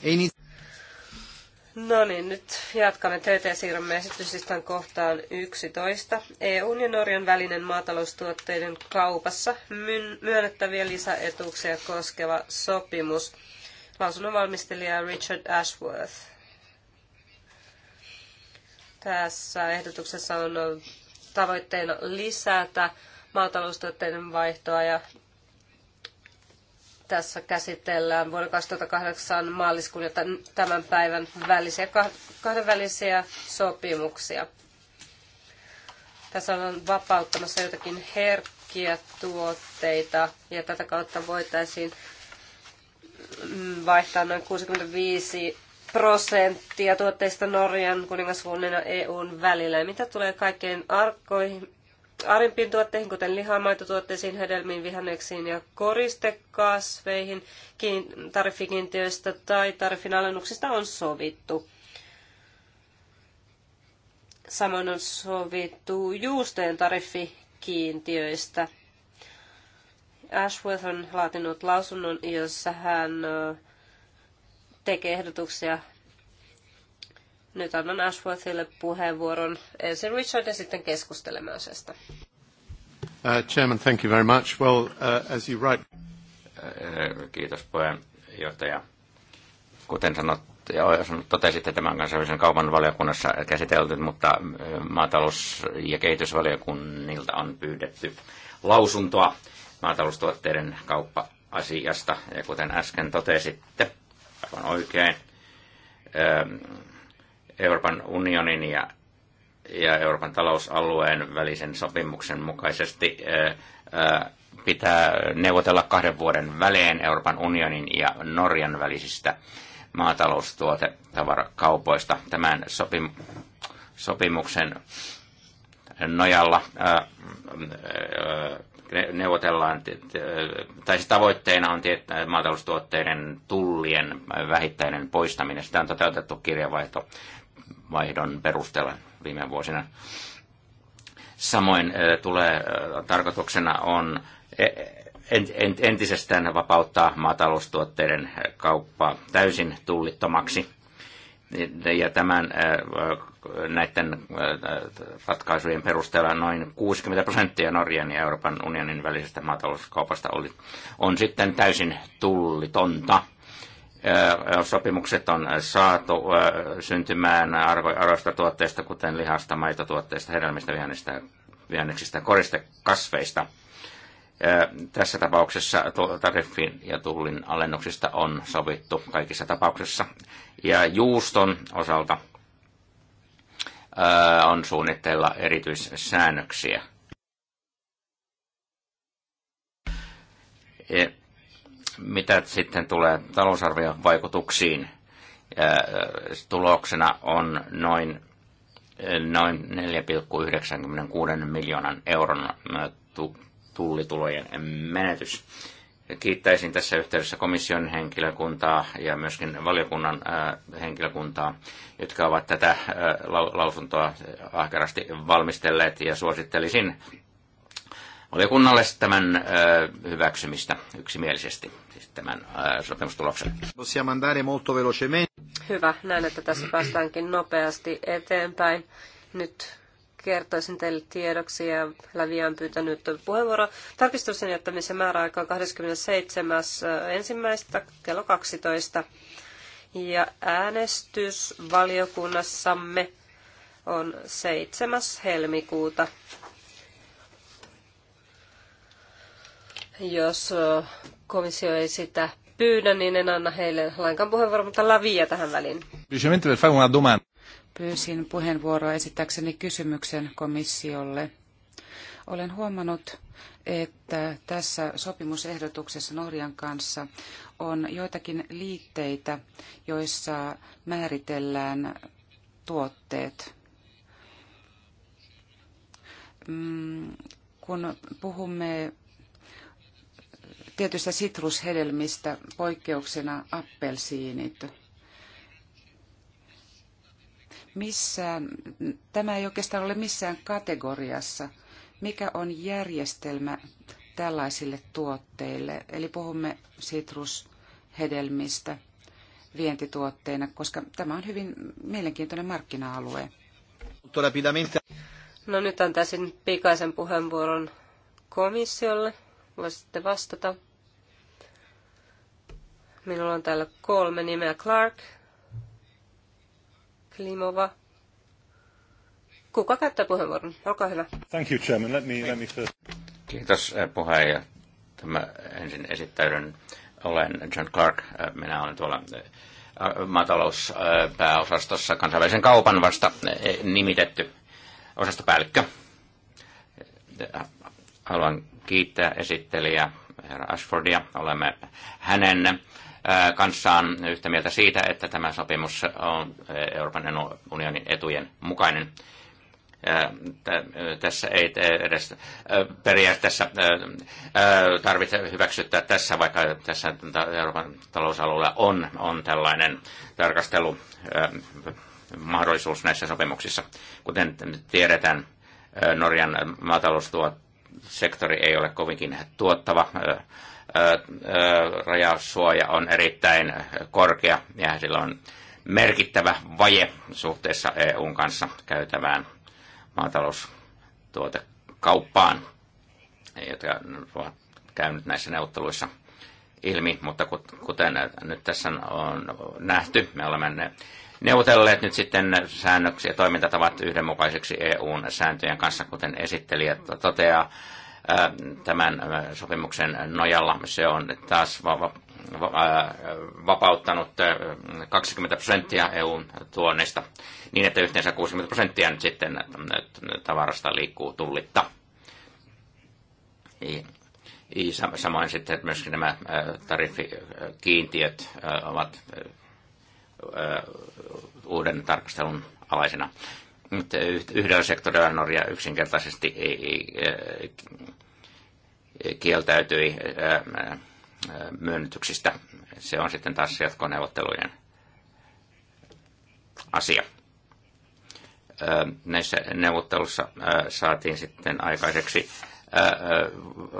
E no niin, nyt jatkamme töitä ja siirrymme esitysistan kohtaan 11. EUn ja Norjan välinen maataloustuotteiden kaupassa myönnettäviä lisäetuuksia koskeva sopimus. valmistelija Richard Ashworth. Tässä ehdotuksessa on tavoitteena lisätä maataloustuotteiden vaihtoa ja tässä käsitellään vuoden 2008 maaliskuun ja tämän päivän välisiä, kahdenvälisiä sopimuksia. Tässä on vapauttamassa jotakin herkkiä tuotteita ja tätä kautta voitaisiin vaihtaa noin 65 prosenttia tuotteista Norjan kuningasvuonna ja EUn välillä. Ja mitä tulee kaikkein arkkoihin, arempiin tuotteihin, kuten lihaan, maitotuotteisiin, hedelmiin, vihanneksiin ja koristekasveihin tariffikiintiöistä tai tariffin alennuksista on sovittu. Samoin on sovittu juustojen tariffikiintiöistä. Ashworth on laatinut lausunnon, jossa hän tekee ehdotuksia nyt annan Ashworthille puheenvuoron. Ensin Richard ja sitten keskustelemme asiasta. Uh, chairman, thank you very much. Well, uh, as you write, uh, Kiitos puheenjohtaja. Kuten sanot, ja totesitte tämän kansainvälisen kaupan valiokunnassa käsitelty, mutta uh, maatalous- ja kehitysvaliokunnilta on pyydetty lausuntoa maataloustuotteiden kauppa-asiasta. Ja kuten äsken totesitte, aivan oikein, uh, Euroopan unionin ja, ja Euroopan talousalueen välisen sopimuksen mukaisesti pitää neuvotella kahden vuoden välein Euroopan unionin ja Norjan välisistä maataloustuotetavarakaupoista. Tämän sopim- sopimuksen nojalla ää, ää, neuvotellaan, tai siis tavoitteena on tietää maataloustuotteiden tullien vähittäinen poistaminen. Sitä on toteutettu kirjavaihto vaihdon perusteella viime vuosina. Samoin tulee tarkoituksena on e, entisestään vapauttaa maataloustuotteiden kauppa täysin tullittomaksi. Ja tämän näiden ratkaisujen perusteella noin 60 prosenttia Norjan ja Euroopan unionin välisestä maatalouskaupasta oli, on sitten täysin tullitonta sopimukset on saatu syntymään arvoista tuotteista, kuten lihasta, maitotuotteista, hedelmistä, vihanneksista, vihanneksista koristekasveista. Tässä tapauksessa tariffin ja tullin alennuksista on sovittu kaikissa tapauksissa. Ja juuston osalta on suunnitteilla erityissäännöksiä. E, mitä sitten tulee vaikutuksiin? Tuloksena on noin, noin 4,96 miljoonan euron tullitulojen menetys. Kiittäisin tässä yhteydessä komission henkilökuntaa ja myöskin valiokunnan henkilökuntaa, jotka ovat tätä lausuntoa ahkerasti valmistelleet ja suosittelisin valiokunnalle tämän hyväksymistä yksimielisesti, siis tämän sopimustuloksen. Hyvä, näin, että tässä päästäänkin nopeasti eteenpäin. Nyt kertoisin teille tiedoksi ja läviään pyytänyt puheenvuoro. Tarkistuksen jättämisen määräaika on 27.1. kello 12. Ja äänestys valiokunnassamme on 7. helmikuuta Jos komissio ei sitä pyydä, niin en anna heille lainkaan puheenvuoroa, mutta Lavia tähän väliin. Pyysin puheenvuoroa esittääkseni kysymyksen komissiolle. Olen huomannut, että tässä sopimusehdotuksessa Norjan kanssa on joitakin liitteitä, joissa määritellään tuotteet. Mm, kun puhumme tietystä sitrushedelmistä poikkeuksena appelsiinit. Missään, tämä ei oikeastaan ole missään kategoriassa. Mikä on järjestelmä tällaisille tuotteille? Eli puhumme sitrushedelmistä vientituotteina, koska tämä on hyvin mielenkiintoinen markkina-alue. No nyt antaisin pikaisen puheenvuoron komissiolle. Voisitte vastata. Minulla on täällä kolme nimeä. Clark, Klimova. Kuka käyttää puheenvuoron? Olkaa hyvä. Thank you, Chairman. Let me, let me first... Kiitos eh, puheenjohtaja. Mä ensin esittäydyn. Olen John Clark. Eh, minä olen tuolla eh, maatalouspääosastossa kansainvälisen kaupan vasta nimitetty osastopäällikkö. Haluan kiittää esittelijä herra Ashfordia. Olemme hänen äh, kanssaan yhtä mieltä siitä, että tämä sopimus on äh, Euroopan unionin etujen mukainen. Äh, tässä ei edes periaatteessa tarvitse hyväksyttää tässä, vaikka tässä Euroopan talousalueella on, on tällainen tarkastelu mahdollisuus näissä sopimuksissa. Kuten tiedetään, Norjan maataloustuot sektori ei ole kovinkin tuottava. Rajaussuoja on erittäin korkea ja sillä on merkittävä vaje suhteessa EUn kanssa käytävään maataloustuotekauppaan, jotka ovat käynyt näissä neuvotteluissa ilmi, mutta kuten nyt tässä on nähty, me olemme neuvotelleet nyt sitten säännöksiä ja toimintatavat yhdenmukaiseksi EUn sääntöjen kanssa, kuten esittelijä toteaa tämän sopimuksen nojalla. Se on taas vapauttanut 20 prosenttia EUn tuonnista niin, että yhteensä 60 prosenttia nyt sitten tavarasta liikkuu tullitta. Samoin sitten myöskin nämä tariffikiintiöt ovat uuden tarkastelun alaisena. Mutta yhdellä sektorilla Norja yksinkertaisesti ei, ei, kieltäytyi myönnytyksistä. Se on sitten taas jatkoneuvottelujen asia. Näissä neuvottelussa saatiin sitten aikaiseksi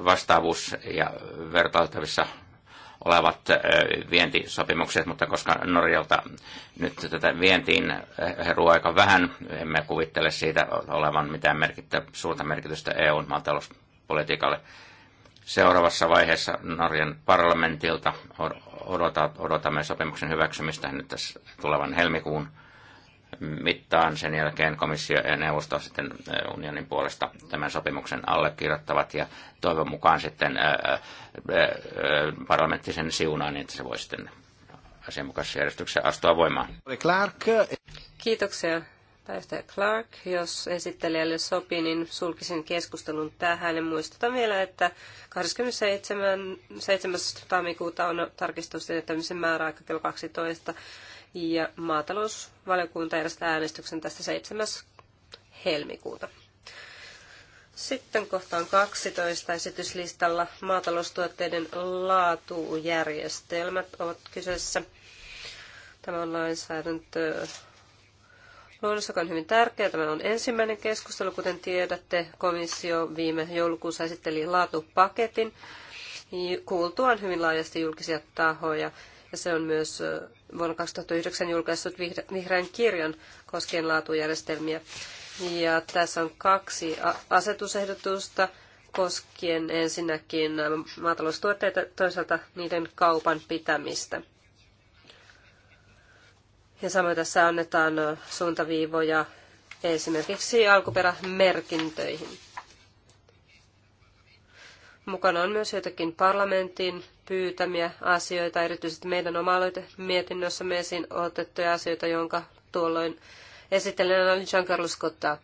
vastaavuus ja vertailtavissa olevat vientisopimukset, mutta koska Norjalta nyt tätä vientiin heruu aika vähän, emme kuvittele siitä olevan mitään merkittä, suurta merkitystä EUn maatalouspolitiikalle. Seuraavassa vaiheessa Norjan parlamentilta odotamme sopimuksen hyväksymistä nyt tässä tulevan helmikuun mittaan. Sen jälkeen komissio ja neuvosto sitten unionin puolesta tämän sopimuksen allekirjoittavat ja toivon mukaan sitten parlamenttisen siunaan, niin, että se voi sitten asianmukaisessa järjestyksessä astua voimaan. Clark. Kiitoksia pääjohtaja Clark. Jos esittelijälle sopii, niin sulkisin keskustelun tähän ja muistutan vielä, että 27. tammikuuta on tarkistusten määräaika kello 12 ja maatalousvaliokunta järjestää äänestyksen tästä 7. helmikuuta. Sitten kohtaan 12 esityslistalla maataloustuotteiden laatujärjestelmät ovat kyseessä. Tämä on lainsäädäntö luonnos, on hyvin tärkeä. Tämä on ensimmäinen keskustelu, kuten tiedätte. Komissio viime joulukuussa esitteli laatupaketin kuultuaan hyvin laajasti julkisia tahoja. Ja se on myös vuonna 2009 julkaissut vihreän kirjan koskien laatujärjestelmiä. Ja tässä on kaksi asetusehdotusta koskien ensinnäkin maataloustuotteita, toisaalta niiden kaupan pitämistä. Ja samoin tässä annetaan suuntaviivoja esimerkiksi alkuperämerkintöihin. Mukana on myös joitakin parlamentin pyytämiä asioita, erityisesti meidän oma mietinnössämme esiin otettuja asioita, jonka tuolloin esittelen oli Giancarlo Scotta.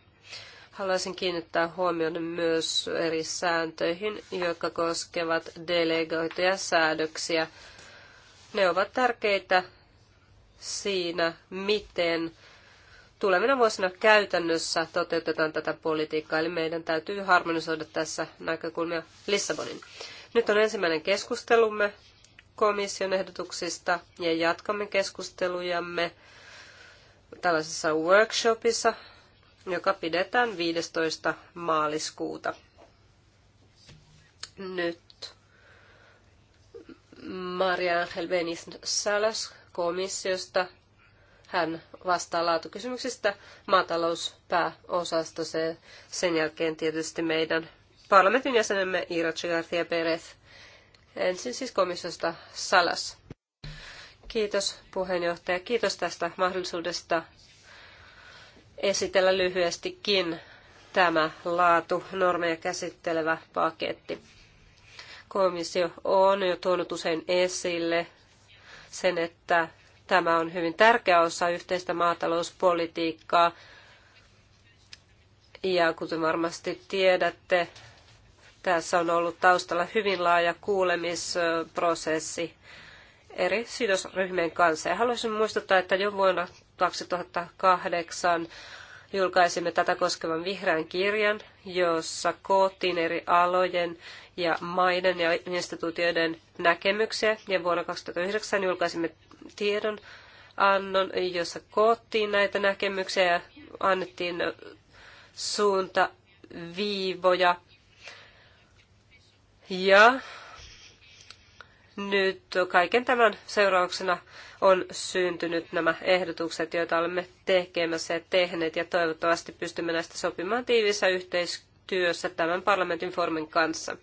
Haluaisin kiinnittää huomioon myös eri sääntöihin, jotka koskevat delegoituja säädöksiä. Ne ovat tärkeitä siinä, miten tulevina vuosina käytännössä toteutetaan tätä politiikkaa, eli meidän täytyy harmonisoida tässä näkökulmia Lissabonin. Nyt on ensimmäinen keskustelumme komission ehdotuksista ja jatkamme keskustelujamme tällaisessa workshopissa, joka pidetään 15. maaliskuuta. Nyt Maria Angel Benis Salas komissiosta hän vastaa laatukysymyksistä maatalouspääosastossa ja sen jälkeen tietysti meidän parlamentin jäsenemme Irachi García Pérez. Ensin siis komissiosta Salas. Kiitos puheenjohtaja. Kiitos tästä mahdollisuudesta esitellä lyhyestikin tämä laatu normeja käsittelevä paketti. Komissio on jo tuonut usein esille sen, että Tämä on hyvin tärkeä osa yhteistä maatalouspolitiikkaa. Ja kuten varmasti tiedätte, tässä on ollut taustalla hyvin laaja kuulemisprosessi eri sidosryhmien kanssa. Ja haluaisin muistuttaa, että jo vuonna 2008 julkaisimme tätä koskevan vihreän kirjan, jossa koottiin eri alojen ja maiden ja instituutioiden näkemyksiä. Ja vuonna 2009 julkaisimme tiedon annon, jossa koottiin näitä näkemyksiä ja annettiin suunta viivoja. Ja nyt kaiken tämän seurauksena on syntynyt nämä ehdotukset, joita olemme tekemässä ja tehneet, ja toivottavasti pystymme näistä sopimaan tiivissä yhteistyössä tämän parlamentin formin kanssa.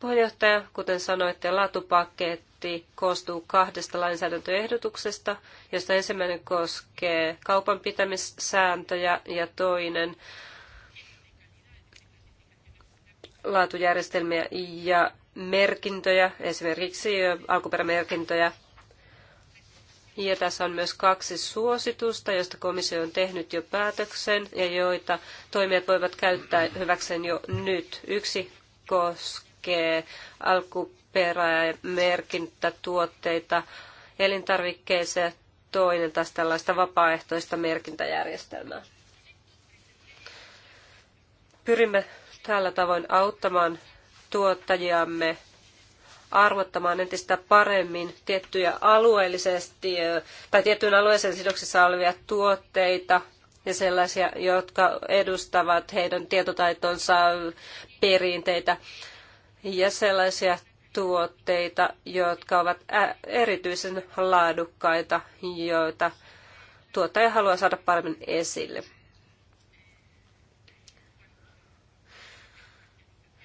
Puheenjohtaja, kuten sanoitte, latupaketti paketti koostuu kahdesta lainsäädäntöehdotuksesta, josta ensimmäinen koskee kaupan pitämissääntöjä ja toinen laatujärjestelmiä ja merkintöjä, esimerkiksi alkuperämerkintöjä. Ja tässä on myös kaksi suositusta, joista komissio on tehnyt jo päätöksen ja joita toimijat voivat käyttää hyväkseen jo nyt. Yksi koskee alkuperämerkintöjä tuotteita elintarvikkeeseen toinen taas tällaista vapaaehtoista merkintäjärjestelmää. Pyrimme tällä tavoin auttamaan tuottajiamme arvottamaan entistä paremmin tiettyjä alueellisesti tai tiettyyn alueeseen sidoksissa olevia tuotteita ja sellaisia, jotka edustavat heidän tietotaitonsa perinteitä ja sellaisia tuotteita, jotka ovat erityisen laadukkaita, joita tuottaja haluaa saada paremmin esille.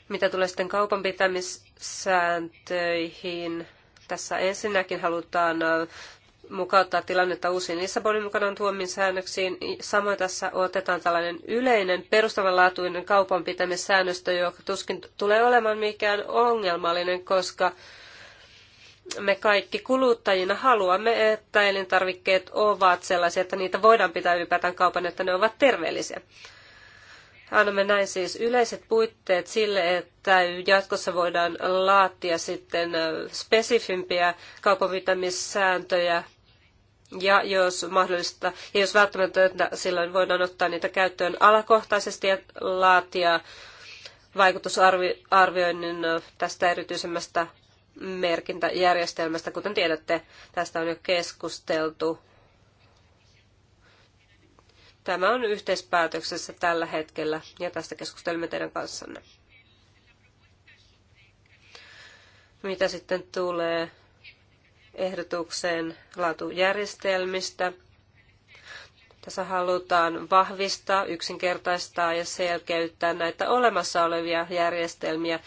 Mitä tulee sitten kaupan pitämissääntöihin, tässä ensinnäkin halutaan mukauttaa tilannetta uusiin Lissabonin mukanaan tuomiin säännöksiin. Samoin tässä otetaan tällainen yleinen perustavanlaatuinen kaupanpitämissäännöstö, joka tuskin tulee olemaan mikään ongelmallinen, koska me kaikki kuluttajina haluamme, että elintarvikkeet ovat sellaisia, että niitä voidaan pitää ylipäätään kaupan, että ne ovat terveellisiä. Annamme näin siis yleiset puitteet sille, että jatkossa voidaan laatia sitten spesifimpiä kaupanpitämissääntöjä ja jos mahdollista, ja jos välttämätöntä, silloin voidaan ottaa niitä käyttöön alakohtaisesti ja laatia vaikutusarvioinnin tästä erityisemmästä merkintäjärjestelmästä. Kuten tiedätte, tästä on jo keskusteltu. Tämä on yhteispäätöksessä tällä hetkellä ja tästä keskustelemme teidän kanssanne. Mitä sitten tulee ehdotukseen laatujärjestelmistä. Tässä halutaan vahvistaa, yksinkertaistaa ja selkeyttää näitä olemassa olevia järjestelmiä,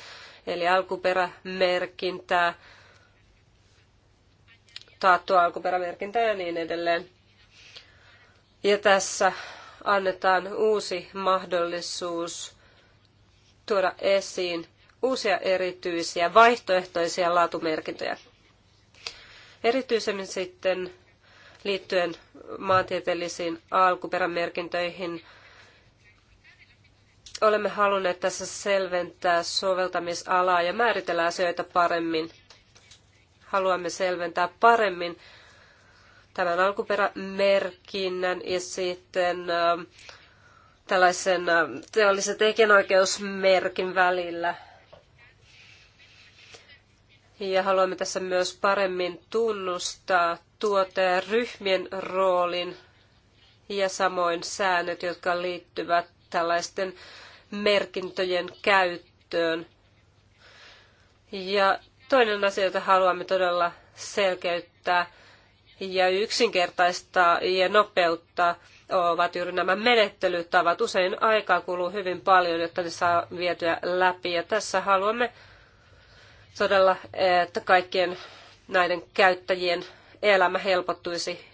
eli alkuperämerkintää, taattua alkuperämerkintää ja niin edelleen. Ja tässä annetaan uusi mahdollisuus tuoda esiin uusia erityisiä vaihtoehtoisia laatumerkintöjä. Erityisemmin sitten liittyen maantieteellisiin alkuperämerkintöihin olemme halunneet tässä selventää soveltamisalaa ja määritellä asioita paremmin. Haluamme selventää paremmin tämän alkuperämerkinnän ja sitten tällaisen teollisen tekijänoikeusmerkin välillä – ja haluamme tässä myös paremmin tunnustaa tuoteryhmien roolin ja samoin säännöt, jotka liittyvät tällaisten merkintöjen käyttöön. Ja toinen asia, jota haluamme todella selkeyttää ja yksinkertaistaa ja nopeuttaa, ovat juuri nämä menettelytavat. Usein aikaa kuluu hyvin paljon, jotta ne saa vietyä läpi. Ja tässä haluamme todella, että kaikkien näiden käyttäjien elämä helpottuisi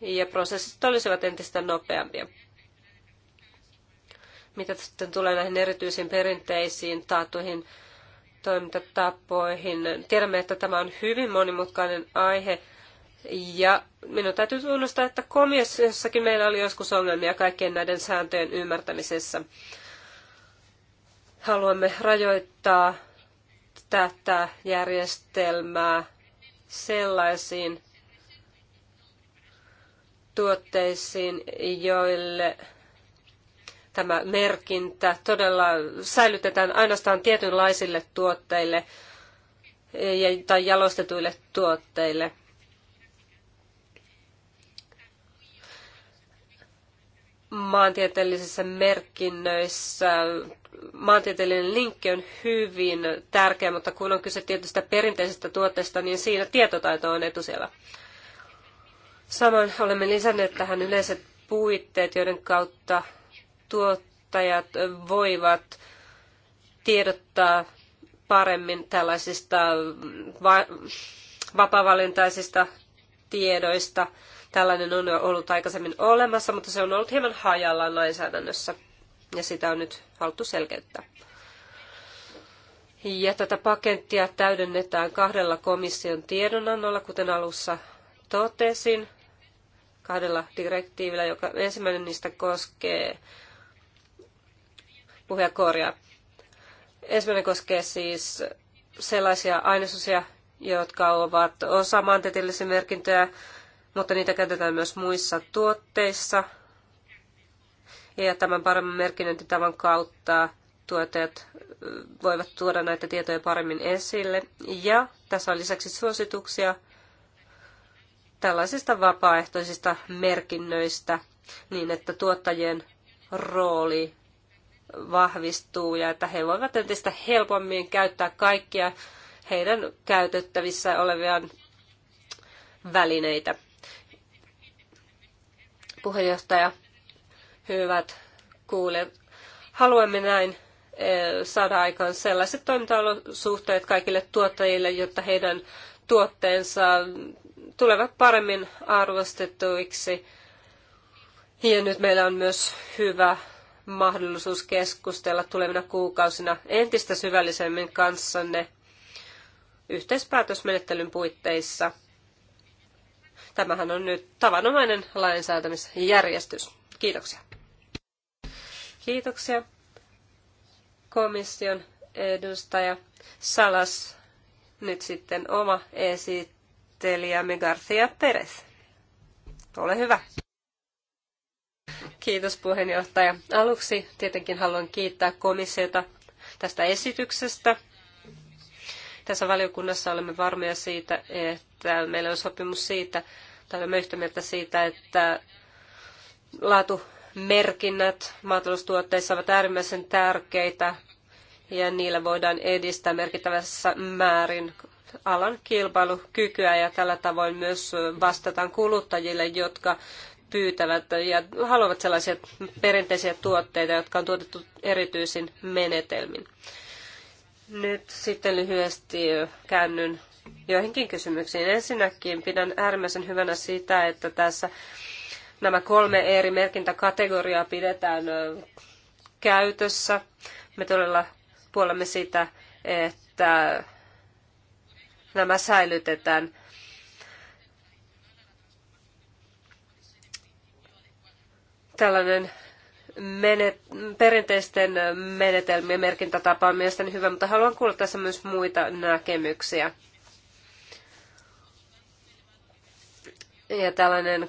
ja prosessit olisivat entistä nopeampia. Mitä sitten tulee näihin erityisiin perinteisiin taatuihin toimintatapoihin. Tiedämme, että tämä on hyvin monimutkainen aihe ja minun täytyy tunnustaa, että komissiossakin meillä oli joskus ongelmia kaikkien näiden sääntöjen ymmärtämisessä. Haluamme rajoittaa tätä järjestelmää sellaisiin tuotteisiin, joille tämä merkintä todella säilytetään ainoastaan tietynlaisille tuotteille eh, tai jalostetuille tuotteille. maantieteellisissä merkinnöissä maantieteellinen linkki on hyvin tärkeä, mutta kun on kyse tietystä perinteisestä tuotteesta, niin siinä tietotaito on etusijalla. Samoin olemme lisänneet tähän yleiset puitteet, joiden kautta tuottajat voivat tiedottaa paremmin tällaisista va- vapavalintaisista tiedoista – Tällainen on jo ollut aikaisemmin olemassa, mutta se on ollut hieman hajallaan lainsäädännössä ja sitä on nyt haluttu selkeyttää. Ja tätä pakenttia täydennetään kahdella komission tiedonannolla, kuten alussa totesin, kahdella direktiivillä, joka ensimmäinen niistä koskee puhuja korjaa. Ensimmäinen koskee siis sellaisia ainesosia, jotka ovat osa maantieteellisiä merkintöjä, mutta niitä käytetään myös muissa tuotteissa. Ja tämän paremman merkinnöintitavan kautta tuotteet voivat tuoda näitä tietoja paremmin esille. Ja tässä on lisäksi suosituksia tällaisista vapaaehtoisista merkinnöistä niin, että tuottajien rooli vahvistuu ja että he voivat entistä helpommin käyttää kaikkia heidän käytettävissä olevia välineitä puheenjohtaja. Hyvät kuulijat, haluamme näin eh, saada aikaan sellaiset toimintaolosuhteet kaikille tuottajille, jotta heidän tuotteensa tulevat paremmin arvostetuiksi. Ja nyt meillä on myös hyvä mahdollisuus keskustella tulevina kuukausina entistä syvällisemmin kanssanne yhteispäätösmenettelyn puitteissa – Tämähän on nyt tavanomainen lainsäätämisjärjestys. Kiitoksia. Kiitoksia komission edustaja Salas. Nyt sitten oma esittelijämme Garcia Perez. Ole hyvä. Kiitos puheenjohtaja. Aluksi tietenkin haluan kiittää komissiota tästä esityksestä. Tässä valiokunnassa olemme varmoja siitä, että että meillä on sopimus siitä, tai olemme yhtä mieltä siitä, että laatumerkinnät maataloustuotteissa ovat äärimmäisen tärkeitä ja niillä voidaan edistää merkittävässä määrin alan kilpailukykyä ja tällä tavoin myös vastataan kuluttajille, jotka pyytävät ja haluavat sellaisia perinteisiä tuotteita, jotka on tuotettu erityisin menetelmin. Nyt sitten lyhyesti käännyn joihinkin kysymyksiin. Ensinnäkin pidän äärimmäisen hyvänä sitä, että tässä nämä kolme eri merkintäkategoriaa pidetään käytössä. Me todella puolemme sitä, että nämä säilytetään. Tällainen menet, perinteisten menetelmien merkintätapa on mielestäni hyvä, mutta haluan kuulla tässä myös muita näkemyksiä. ja tällainen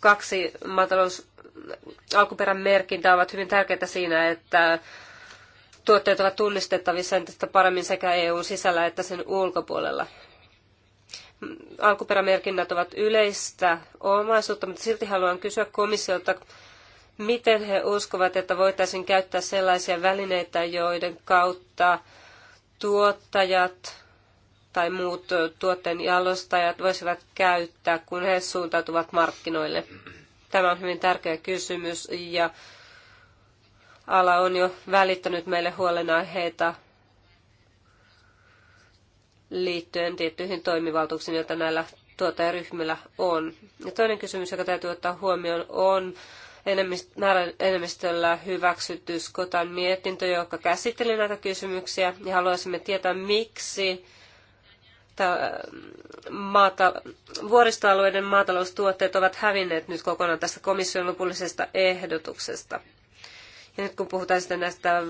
kaksi maatalous alkuperän merkintä ovat hyvin tärkeitä siinä, että tuotteet ovat tunnistettavissa entistä paremmin sekä EUn sisällä että sen ulkopuolella. Alkuperämerkinnät ovat yleistä omaisuutta, mutta silti haluan kysyä komissiolta, miten he uskovat, että voitaisiin käyttää sellaisia välineitä, joiden kautta tuottajat tai muut tuotteen jalostajat voisivat käyttää, kun he suuntautuvat markkinoille? Tämä on hyvin tärkeä kysymys ja ala on jo välittänyt meille huolenaiheita liittyen tiettyihin toimivaltuuksiin, joita näillä tuottajaryhmillä on. Ja toinen kysymys, joka täytyy ottaa huomioon, on enemmistöllä hyväksytys Skotan mietintö, joka käsitteli näitä kysymyksiä. Ja haluaisimme tietää, miksi että mm, maata, vuoristoalueiden maataloustuotteet ovat hävinneet nyt kokonaan tästä komission lopullisesta ehdotuksesta. Ja nyt kun puhutaan sitten näistä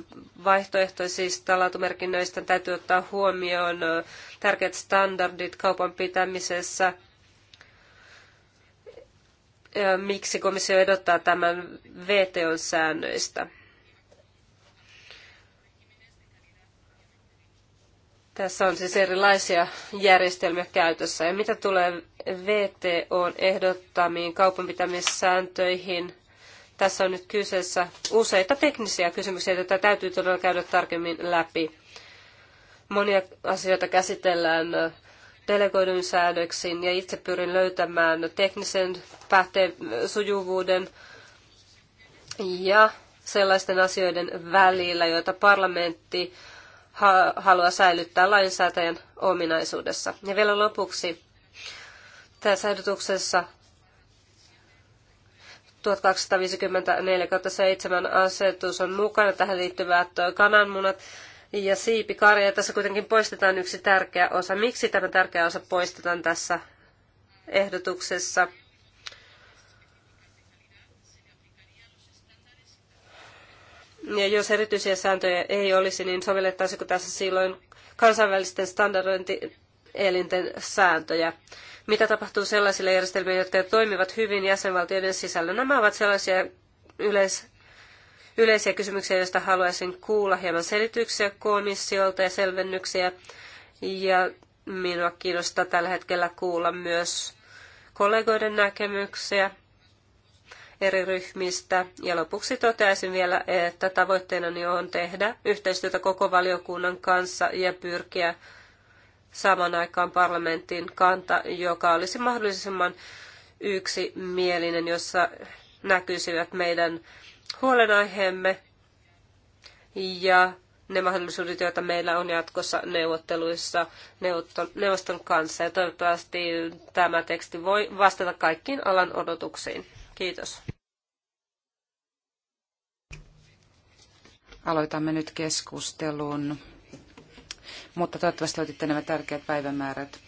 vaihtoehtoisista laatumerkinnöistä, täytyy ottaa huomioon tärkeät standardit kaupan pitämisessä. Miksi komissio edottaa tämän vto säännöistä? Tässä on siis erilaisia järjestelmiä käytössä. Ja mitä tulee VTOn ehdottamiin kaupanpitämissääntöihin, tässä on nyt kyseessä useita teknisiä kysymyksiä, joita täytyy todella käydä tarkemmin läpi. Monia asioita käsitellään delegoidun säädöksiin ja itse pyrin löytämään teknisen päte- sujuvuuden ja sellaisten asioiden välillä, joita parlamentti halua säilyttää lainsäätäjän ominaisuudessa. Ja vielä lopuksi tässä ehdotuksessa 1254-7 asetus on mukana. Tähän liittyvät kananmunat ja siipikarja. Tässä kuitenkin poistetaan yksi tärkeä osa. Miksi tämä tärkeä osa poistetaan tässä ehdotuksessa? Ja jos erityisiä sääntöjä ei olisi, niin sovellettaisiko tässä silloin kansainvälisten standardointielinten sääntöjä? Mitä tapahtuu sellaisille järjestelmille, jotka toimivat hyvin jäsenvaltioiden sisällä? Nämä ovat sellaisia yleis- yleisiä kysymyksiä, joista haluaisin kuulla hieman selityksiä komissiolta ja selvennyksiä. Ja minua kiinnostaa tällä hetkellä kuulla myös kollegoiden näkemyksiä eri ryhmistä. Ja lopuksi toteaisin vielä, että tavoitteenani niin on tehdä yhteistyötä koko valiokunnan kanssa ja pyrkiä saman aikaan parlamentin kanta, joka olisi mahdollisimman yksimielinen, jossa näkyisivät meidän huolenaiheemme ja ne mahdollisuudet, joita meillä on jatkossa neuvotteluissa neuvoston kanssa. Ja toivottavasti tämä teksti voi vastata kaikkiin alan odotuksiin. Kiitos. Aloitamme nyt keskustelun, mutta toivottavasti otitte nämä tärkeät päivämäärät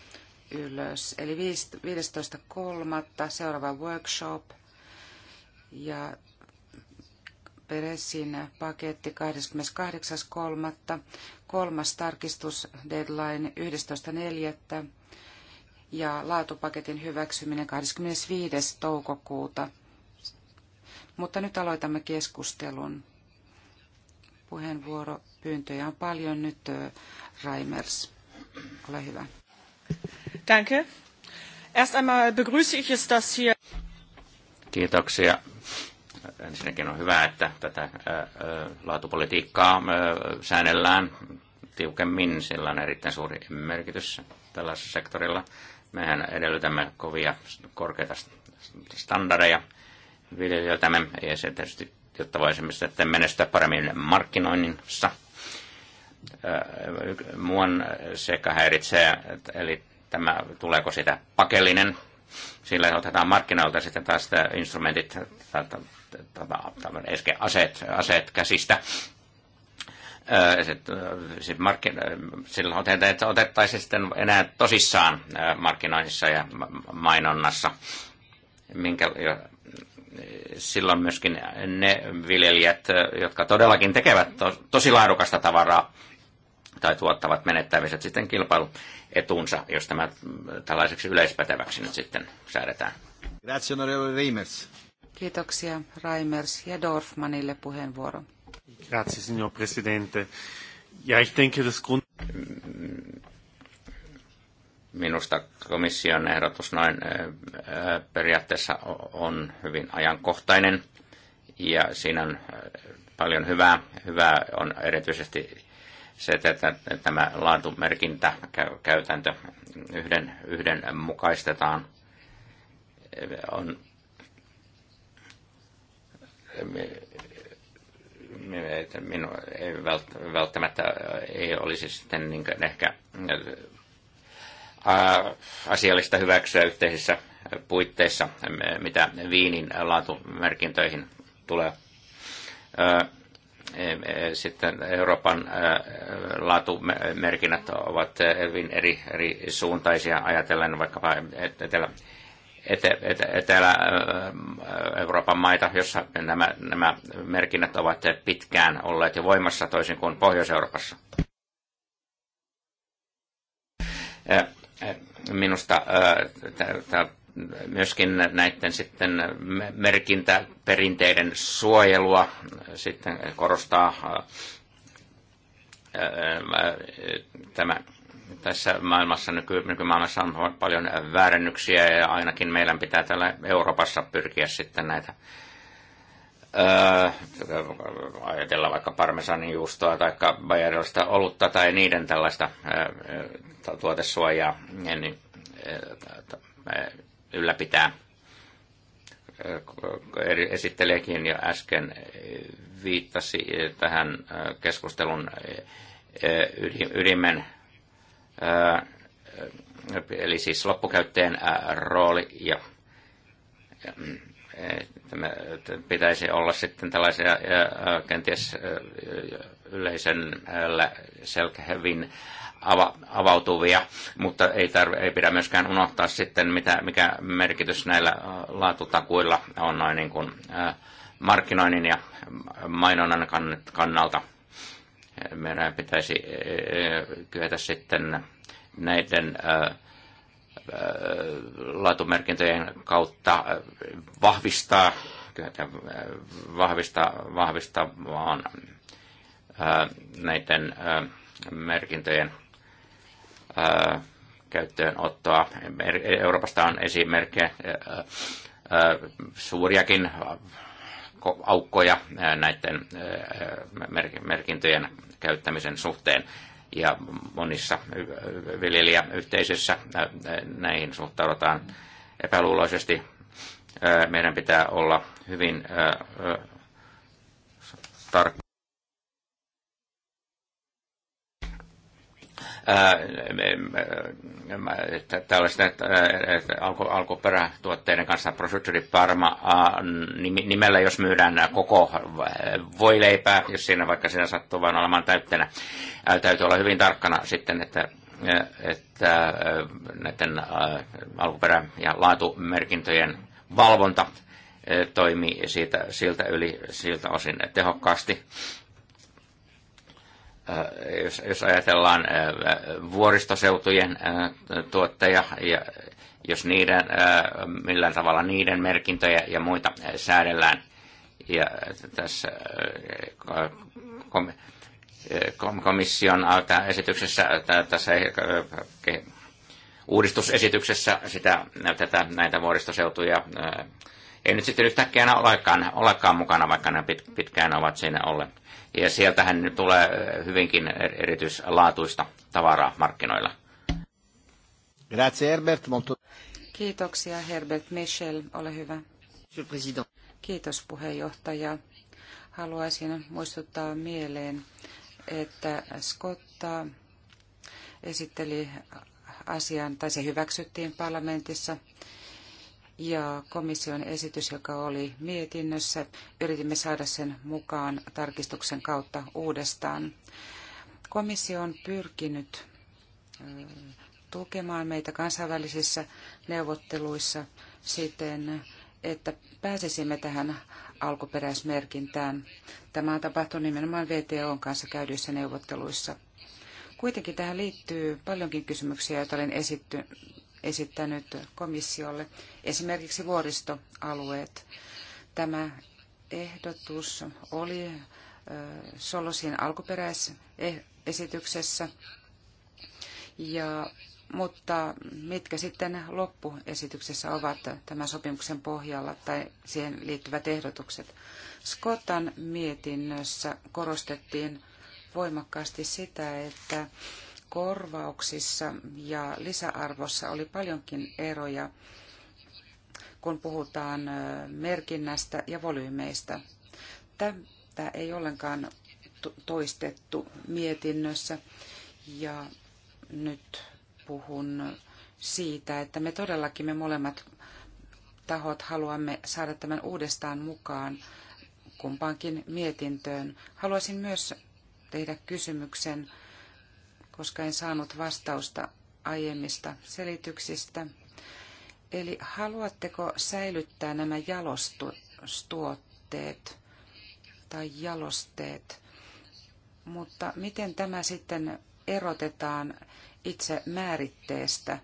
ylös. Eli 15.3. seuraava workshop ja Peresin paketti 28.3. Kolmas tarkistus deadline 11.4. ja laatupaketin hyväksyminen 25. toukokuuta. Mutta nyt aloitamme keskustelun. Puheenvuoropyyntöjä on paljon nyt. Raimers. ole hyvä. Danke. Erst einmal begrüße ich es, dass hier... Kiitoksia. Ensinnäkin on hyvä, että tätä ää, laatupolitiikkaa ää, säännellään tiukemmin. Sillä on erittäin suuri merkitys tällaisella sektorilla. Mehän edellytämme kovia korkeita standardeja viljelijöiltämme, ja se tietysti, jotta voisimme sitten menestyä paremmin markkinoinnissa. Muun sekä häiritsee, eli tämä, tuleeko sitä pakellinen, sillä otetaan markkinoilta sitten taas instrumentit, aseet, aseet käsistä, Sillä markkin, silloin otettaisiin sitten enää tosissaan markkinoinnissa ja mainonnassa, minkä silloin myöskin ne viljelijät, jotka todellakin tekevät tosi laadukasta tavaraa tai tuottavat menettäviset sitten kilpailuetuunsa, jos tämä tällaiseksi yleispäteväksi nyt sitten säädetään. Reimers. Kiitoksia Reimers ja Dorfmanille puheenvuoro. Grazie, signor Presidente. Ja, ich denke, das Grund... Mm, Minusta komission ehdotus noin periaatteessa on hyvin ajankohtainen ja siinä on paljon hyvää. Hyvää on erityisesti se, että tämä laatumerkintä käytäntö yhden, yhden mukaistetaan. On minu, ei välttämättä ei olisi sitten niin ehkä asiallista hyväksyä yhteisissä puitteissa, mitä viinin laatumerkintöihin tulee. Sitten Euroopan laatumerkinnät ovat hyvin eri, eri suuntaisia ajatellen vaikkapa etelä, Etelä-Euroopan maita, jossa nämä, nämä merkinnät ovat pitkään olleet jo voimassa toisin kuin Pohjois-Euroopassa minusta äh, myöskin näiden sitten merkintäperinteiden suojelua sitten korostaa äh, äh, tämä tässä maailmassa, nyky, nykymaailmassa on paljon väärennyksiä ja ainakin meidän pitää täällä Euroopassa pyrkiä sitten näitä Öö, ajatellaan vaikka parmesanin juustoa tai bajarilaista olutta tai niiden tällaista öö, öö tuotesuojaa niin, niin öö, öö, ylläpitää. Öö, esittelijäkin jo äsken viittasi tähän keskustelun ydimen, eli siis loppukäyttäjän rooli ja mm, pitäisi olla sitten tällaisia kenties yleisen selkevin avautuvia, mutta ei, tarvi, ei pidä myöskään unohtaa sitten, mitä, mikä merkitys näillä laatutakuilla on noin niin kuin markkinoinnin ja mainonnan kannalta. Meidän pitäisi kyetä sitten näiden Äh, laatumerkintöjen kautta äh, vahvistaa, äh, vahvistaa, vahvistaa vaan näiden merkintöjen käyttöönottoa. Euroopasta on esimerkkejä suuriakin aukkoja näiden merkintöjen käyttämisen suhteen ja monissa viljelijäyhteisöissä näihin suhtaudutaan epäluuloisesti. Meidän pitää olla hyvin tarkka. tällaisten alkuperätuotteiden kanssa Prosciutto Parma nimellä, jos myydään koko voileipää, jos siinä vaikka siinä sattuu vain olemaan täyttänä, täytyy olla hyvin tarkkana sitten, että että näiden alkuperä- ja laatumerkintöjen valvonta toimii siitä, siltä yli siltä osin tehokkaasti. Äh, jos, jos ajatellaan äh, vuoristoseutujen äh, tuotteja, ja jos niiden, millään tavalla niiden merkintöjä ja muita säädellään, ja tässä komission esityksessä, tässä uudistusesityksessä sitä, tätä, näitä vuoristoseutuja ei nyt sitten yhtäkkiä olekaan, olekaan mukana, vaikka ne pitkään ovat siinä olleet ja sieltähän nyt tulee hyvinkin er-, erityislaatuista tavaraa markkinoilla. Grazie Herbert. Molto... Kiitoksia Herbert Michel, ole hyvä. Kiitos puheenjohtaja. Haluaisin muistuttaa mieleen, että Skotta esitteli asian, tai se hyväksyttiin parlamentissa ja komission esitys, joka oli mietinnössä, yritimme saada sen mukaan tarkistuksen kautta uudestaan. Komissio on pyrkinyt tukemaan meitä kansainvälisissä neuvotteluissa siten, että pääsisimme tähän alkuperäismerkintään. Tämä on tapahtunut nimenomaan VTOn kanssa käydyissä neuvotteluissa. Kuitenkin tähän liittyy paljonkin kysymyksiä, joita olen esitty, esittänyt komissiolle, esimerkiksi vuoristoalueet. Tämä ehdotus oli Solosin alkuperäisesityksessä, ja, mutta mitkä sitten loppuesityksessä ovat tämän sopimuksen pohjalla tai siihen liittyvät ehdotukset. Skotan mietinnössä korostettiin voimakkaasti sitä, että korvauksissa ja lisäarvossa oli paljonkin eroja, kun puhutaan merkinnästä ja volyymeista. Tätä ei ollenkaan toistettu mietinnössä ja nyt puhun siitä, että me todellakin me molemmat tahot haluamme saada tämän uudestaan mukaan kumpaankin mietintöön. Haluaisin myös tehdä kysymyksen koska en saanut vastausta aiemmista selityksistä. Eli haluatteko säilyttää nämä jalostuotteet tai jalosteet, mutta miten tämä sitten erotetaan itse määritteestä,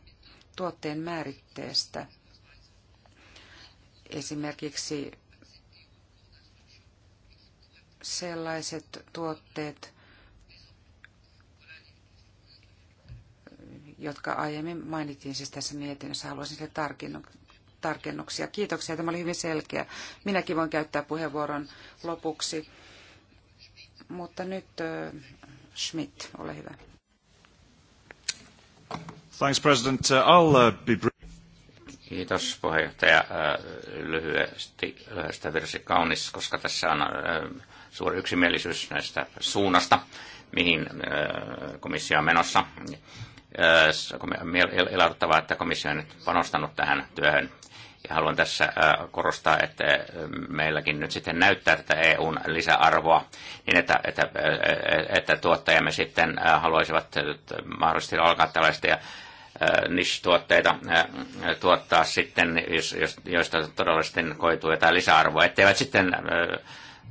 tuotteen määritteestä? Esimerkiksi sellaiset tuotteet, jotka aiemmin mainittiin siis tässä mietinnössä. Haluaisin sille tarkennuksia. Kiitoksia, tämä oli hyvin selkeä. Minäkin voin käyttää puheenvuoron lopuksi. Mutta nyt Schmidt, ole hyvä. Thanks, President. Uh, I'll uh, be... brief. Kiitos puheenjohtaja. Uh, lyhyesti, lyhyesti virsi kaunis, koska tässä on suuri yksimielisyys näistä suunnasta, mihin komissio on menossa ilahduttavaa, äh, että komissio on nyt panostanut tähän työhön. Ja haluan tässä äh, korostaa, että äh, meilläkin nyt sitten näyttää tätä EUn lisäarvoa, niin että, että, että tuottajamme sitten haluaisivat mahdollisesti alkaa tällaista niche-tuotteita tuottaa sitten, joista sitten koituu jotain lisäarvoa, etteivät sitten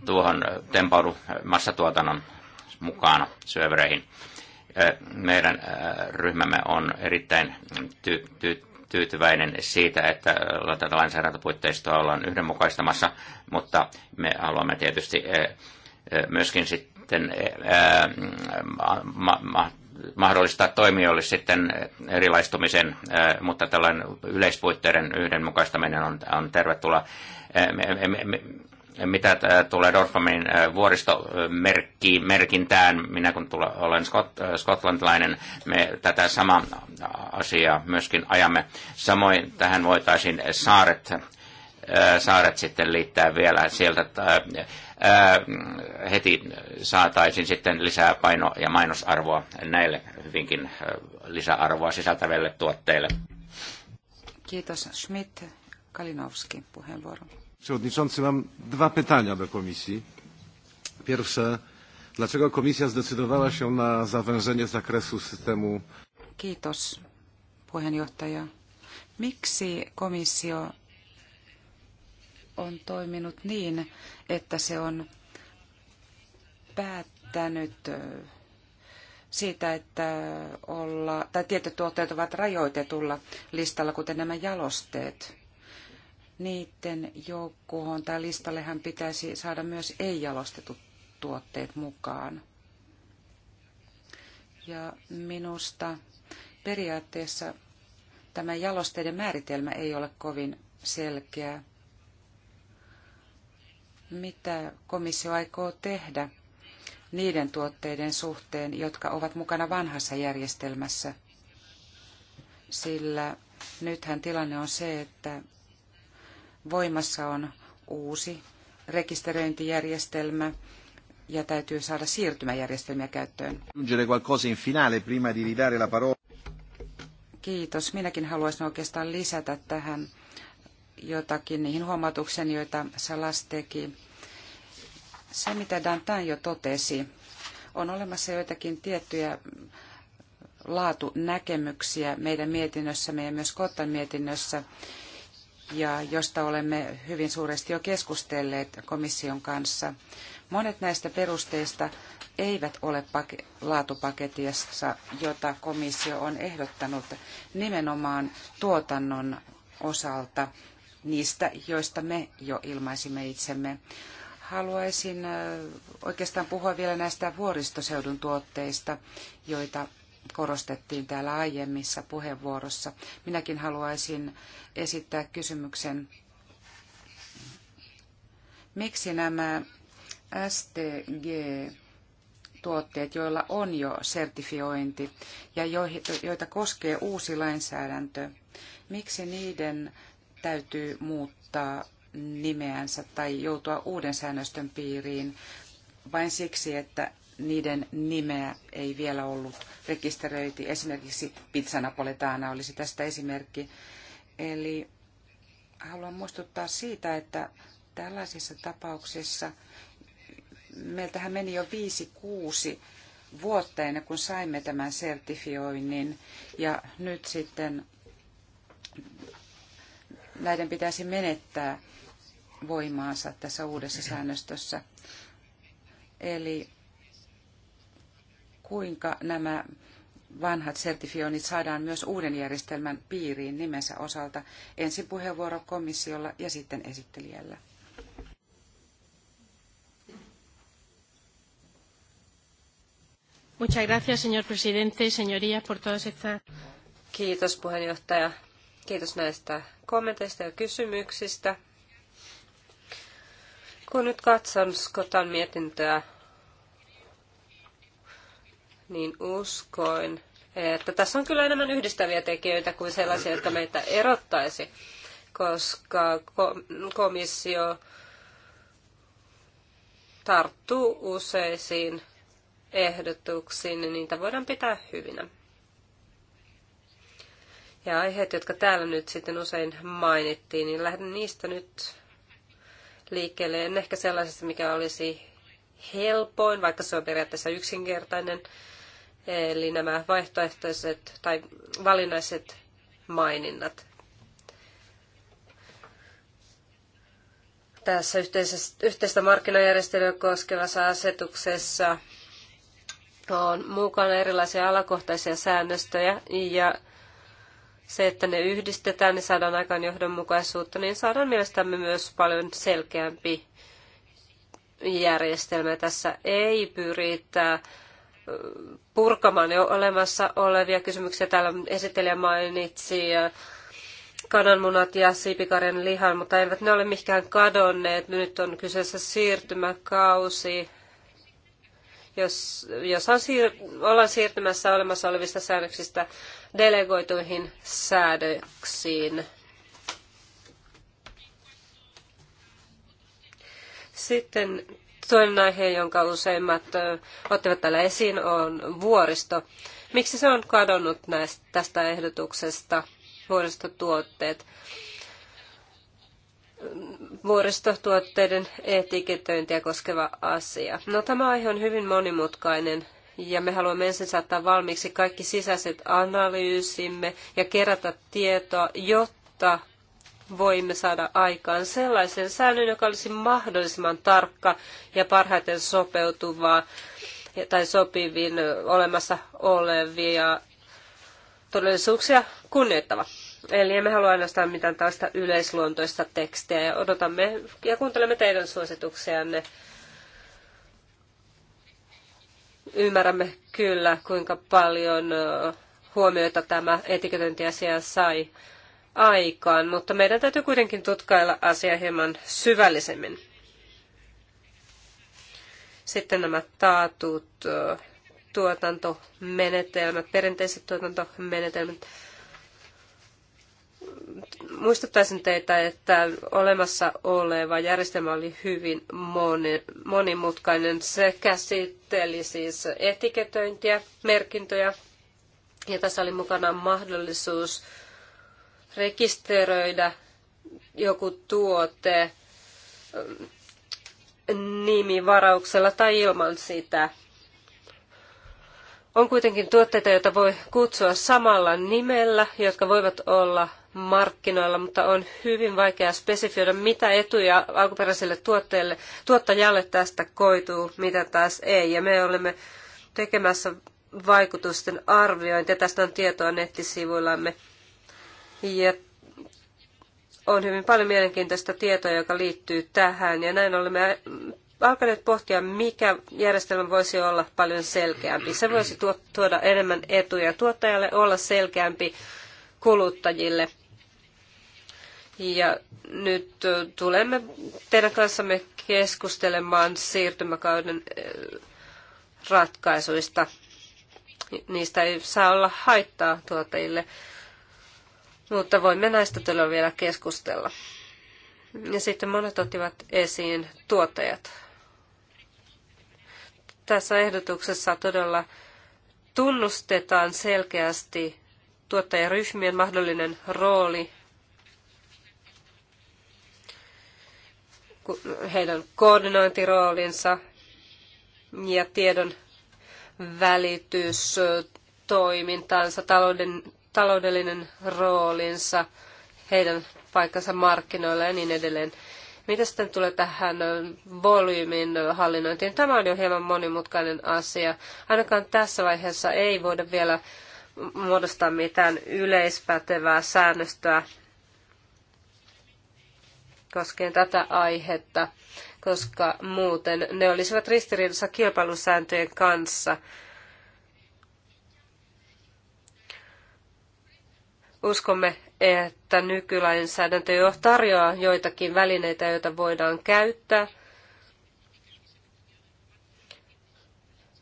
tuohon tempaudu massatuotannon mukaan syövereihin meidän ryhmämme on erittäin ty- ty- tyytyväinen siitä, että tätä lainsäädäntöpuitteistoa ollaan yhdenmukaistamassa, mutta me haluamme tietysti myöskin sitten mahdollistaa toimijoille sitten erilaistumisen, mutta tällainen yleispuitteiden yhdenmukaistaminen on, on tervetuloa mitä tulee Dorfamin äh, vuoristomerkintään, minä kun tule, olen skot, äh, skotlantilainen, me tätä samaa äh, asiaa myöskin ajamme. Samoin tähän voitaisiin saaret, saaret sitten liittää vielä sieltä, heti saataisiin sitten lisää paino- ja mainosarvoa näille hyvinkin lisäarvoa sisältäville tuotteille. Kiitos Schmidt. Kalinowski puheenvuoro. Przewodniczący, mam dwa pytania do komisji. Pierwsze, dlaczego komisja zdecydowała się na zawężenie zakresu systemu? Kiitos, puheenjohtaja. Miksi komissio on toiminut niin, että se on päättänyt siitä, että olla, tai tietyt tuotteet ovat rajoitetulla listalla, kuten nämä jalosteet niiden joukkoon tai listallehan pitäisi saada myös ei-jalostetut tuotteet mukaan. Ja minusta periaatteessa tämä jalosteiden määritelmä ei ole kovin selkeä. Mitä komissio aikoo tehdä niiden tuotteiden suhteen, jotka ovat mukana vanhassa järjestelmässä? Sillä nythän tilanne on se, että voimassa on uusi rekisteröintijärjestelmä ja täytyy saada siirtymäjärjestelmiä käyttöön. Kiitos. Minäkin haluaisin oikeastaan lisätä tähän jotakin niihin huomautuksiin, joita Salas teki. Se, mitä Dantan jo totesi, on olemassa joitakin tiettyjä laatunäkemyksiä meidän mietinnössämme ja myös Kottan mietinnössä, ja josta olemme hyvin suuresti jo keskustelleet komission kanssa. Monet näistä perusteista eivät ole pake- laatupaketissa, jota komissio on ehdottanut nimenomaan tuotannon osalta niistä, joista me jo ilmaisimme itsemme. Haluaisin oikeastaan puhua vielä näistä vuoristoseudun tuotteista, joita korostettiin täällä aiemmissa puheenvuorossa. Minäkin haluaisin esittää kysymyksen, miksi nämä STG-tuotteet, joilla on jo sertifiointi ja joita koskee uusi lainsäädäntö, miksi niiden täytyy muuttaa nimeänsä tai joutua uuden säännöstön piiriin vain siksi, että niiden nimeä ei vielä ollut rekisteröity. Esimerkiksi pizza napoletana olisi tästä esimerkki. Eli haluan muistuttaa siitä, että tällaisissa tapauksissa meiltähän meni jo viisi kuusi vuotta ennen kuin saimme tämän sertifioinnin ja nyt sitten näiden pitäisi menettää voimaansa tässä uudessa säännöstössä. Eli kuinka nämä vanhat sertifioinnit saadaan myös uuden järjestelmän piiriin nimensä osalta. Ensin puheenvuoro komissiolla ja sitten esittelijällä. Muchas gracias, señor presidente, por todas estas... Kiitos puheenjohtaja. Kiitos näistä kommenteista ja kysymyksistä. Kun nyt katson Skotan mietintöä niin uskoin, että tässä on kyllä enemmän yhdistäviä tekijöitä kuin sellaisia, jotka meitä erottaisi, koska komissio tarttuu useisiin ehdotuksiin niin niitä voidaan pitää hyvinä. Ja aiheet, jotka täällä nyt sitten usein mainittiin, niin lähden niistä nyt liikkeelle. En ehkä sellaisesta, mikä olisi helpoin, vaikka se on periaatteessa yksinkertainen, eli nämä vaihtoehtoiset tai valinnaiset maininnat. Tässä yhteistä markkinajärjestelyä koskevassa asetuksessa on mukana erilaisia alakohtaisia säännöstöjä ja se, että ne yhdistetään, niin saadaan aikaan johdonmukaisuutta, niin saadaan mielestämme myös paljon selkeämpi järjestelmä. Tässä ei pyritä purkamaan jo olemassa olevia kysymyksiä. Täällä esittelijä mainitsi äh, kananmunat ja siipikarjan lihan, mutta eivät ne ole mikään kadonneet. Nyt on kyseessä siirtymäkausi, jos, jos on siir, ollaan siirtymässä olemassa olevista säännöksistä delegoituihin säädöksiin. Sitten Toinen aihe, jonka useimmat ottivat täällä esiin, on vuoristo. Miksi se on kadonnut näistä, tästä ehdotuksesta, vuoristotuotteet? vuoristotuotteiden etiketöintiä koskeva asia. No tämä aihe on hyvin monimutkainen ja me haluamme ensin saattaa valmiiksi kaikki sisäiset analyysimme ja kerätä tietoa, jotta voimme saada aikaan sellaisen säännön, joka olisi mahdollisimman tarkka ja parhaiten sopeutuvaa tai sopivin olemassa olevia todellisuuksia kunnioittava. Eli emme halua ainoastaan mitään tällaista yleisluontoista tekstiä ja odotamme ja kuuntelemme teidän suosituksianne. Ymmärrämme kyllä, kuinka paljon huomioita tämä etiketöintiasia sai aikaan, mutta meidän täytyy kuitenkin tutkailla asiaa hieman syvällisemmin. Sitten nämä taatut tuotantomenetelmät, perinteiset tuotantomenetelmät. Muistuttaisin teitä, että olemassa oleva järjestelmä oli hyvin moni, monimutkainen. Se käsitteli siis etiketöintiä, merkintöjä, ja tässä oli mukana mahdollisuus rekisteröidä joku tuote ähm, nimivarauksella tai ilman sitä. On kuitenkin tuotteita, joita voi kutsua samalla nimellä, jotka voivat olla markkinoilla, mutta on hyvin vaikea spesifioida, mitä etuja alkuperäiselle tuotteelle, tuottajalle tästä koituu, mitä taas ei. Ja me olemme tekemässä vaikutusten arviointia. Tästä on tietoa nettisivuillamme. Ja on hyvin paljon mielenkiintoista tietoa, joka liittyy tähän. Ja näin olemme alkaneet pohtia, mikä järjestelmä voisi olla paljon selkeämpi. Se voisi tuoda enemmän etuja tuottajalle, olla selkeämpi kuluttajille. Ja nyt tulemme teidän kanssamme keskustelemaan siirtymäkauden ratkaisuista. Niistä ei saa olla haittaa tuottajille. Mutta voimme näistä todella vielä keskustella. Ja sitten monet ottivat esiin tuottajat. Tässä ehdotuksessa todella tunnustetaan selkeästi tuottajaryhmien mahdollinen rooli heidän koordinointiroolinsa ja tiedon välitys toimintaansa, talouden taloudellinen roolinsa, heidän paikkansa markkinoilla ja niin edelleen. Mitä sitten tulee tähän volyymin hallinnointiin? Tämä on jo hieman monimutkainen asia. Ainakaan tässä vaiheessa ei voida vielä muodostaa mitään yleispätevää säännöstöä koskien tätä aihetta, koska muuten ne olisivat ristiriidassa kilpailusääntöjen kanssa – Uskomme, että nykylainsäädäntö jo tarjoaa joitakin välineitä, joita voidaan käyttää.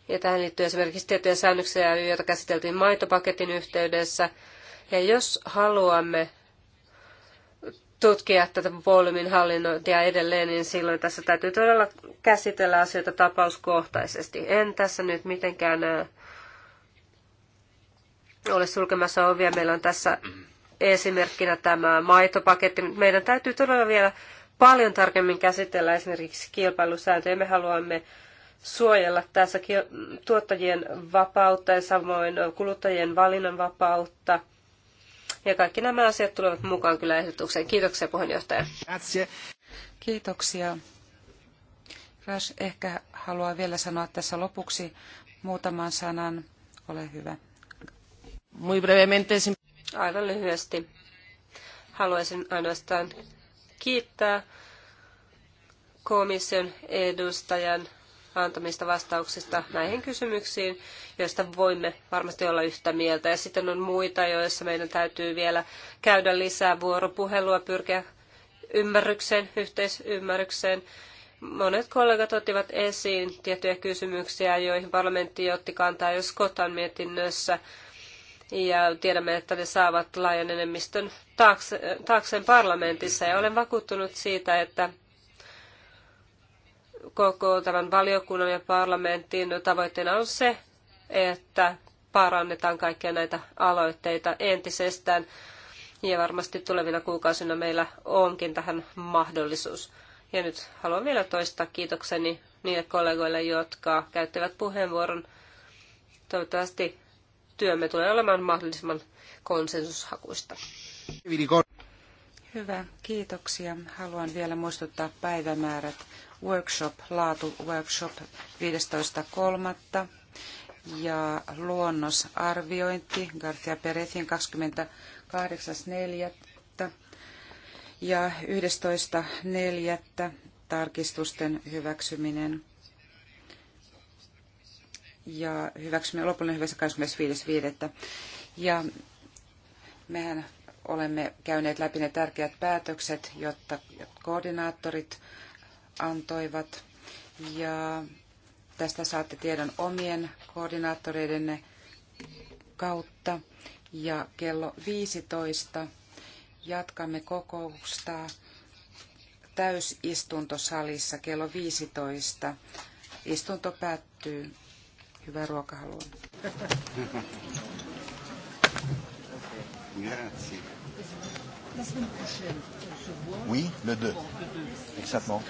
Ja tähän liittyy esimerkiksi tiettyjä säännöksiä, joita käsiteltiin maitopaketin yhteydessä. Ja jos haluamme tutkia tätä volyymin hallinnointia edelleen, niin silloin tässä täytyy todella käsitellä asioita tapauskohtaisesti. En tässä nyt mitenkään äh, ole sulkemassa ovia. Meillä on tässä esimerkkinä tämä maitopaketti. Meidän täytyy todella vielä paljon tarkemmin käsitellä esimerkiksi kilpailusääntöjä. Me haluamme suojella tässä tuottajien vapautta ja samoin kuluttajien valinnanvapautta. Ja kaikki nämä asiat tulevat mukaan kyllä ehdotukseen. Kiitoksia puheenjohtaja. Kiitoksia. Rash ehkä haluaa vielä sanoa tässä lopuksi muutaman sanan. Ole hyvä. Muy brevemente, Aivan lyhyesti. Haluaisin ainoastaan kiittää komission edustajan antamista vastauksista näihin kysymyksiin, joista voimme varmasti olla yhtä mieltä. Ja sitten on muita, joissa meidän täytyy vielä käydä lisää vuoropuhelua, pyrkiä ymmärrykseen, yhteisymmärrykseen. Monet kollegat ottivat esiin tiettyjä kysymyksiä, joihin parlamentti otti kantaa jo Skotan mietinnössä ja tiedämme, että ne saavat laajan enemmistön taakse, taakseen parlamentissa. Ja olen vakuuttunut siitä, että koko tämän valiokunnan ja parlamentin tavoitteena on se, että parannetaan kaikkia näitä aloitteita entisestään. Ja varmasti tulevina kuukausina meillä onkin tähän mahdollisuus. Ja nyt haluan vielä toistaa kiitokseni niille kollegoille, jotka käyttivät puheenvuoron. Toivottavasti työmme tulee olemaan mahdollisimman konsensushakuista. Hyvä, kiitoksia. Haluan vielä muistuttaa päivämäärät. Workshop, laatu workshop 15.3. ja luonnosarviointi Garcia Perezin 28.4. ja 11.4. tarkistusten hyväksyminen ja hyväksymme lopullinen hyvässä 25.5. Ja mehän olemme käyneet läpi ne tärkeät päätökset, jotta koordinaattorit antoivat. Ja tästä saatte tiedon omien koordinaattoreidenne kautta. Ja kello 15 jatkamme kokousta täysistuntosalissa kello 15. Istunto päättyy hyvää ruokahalua. Grazie. Oui, le 2. Exactement.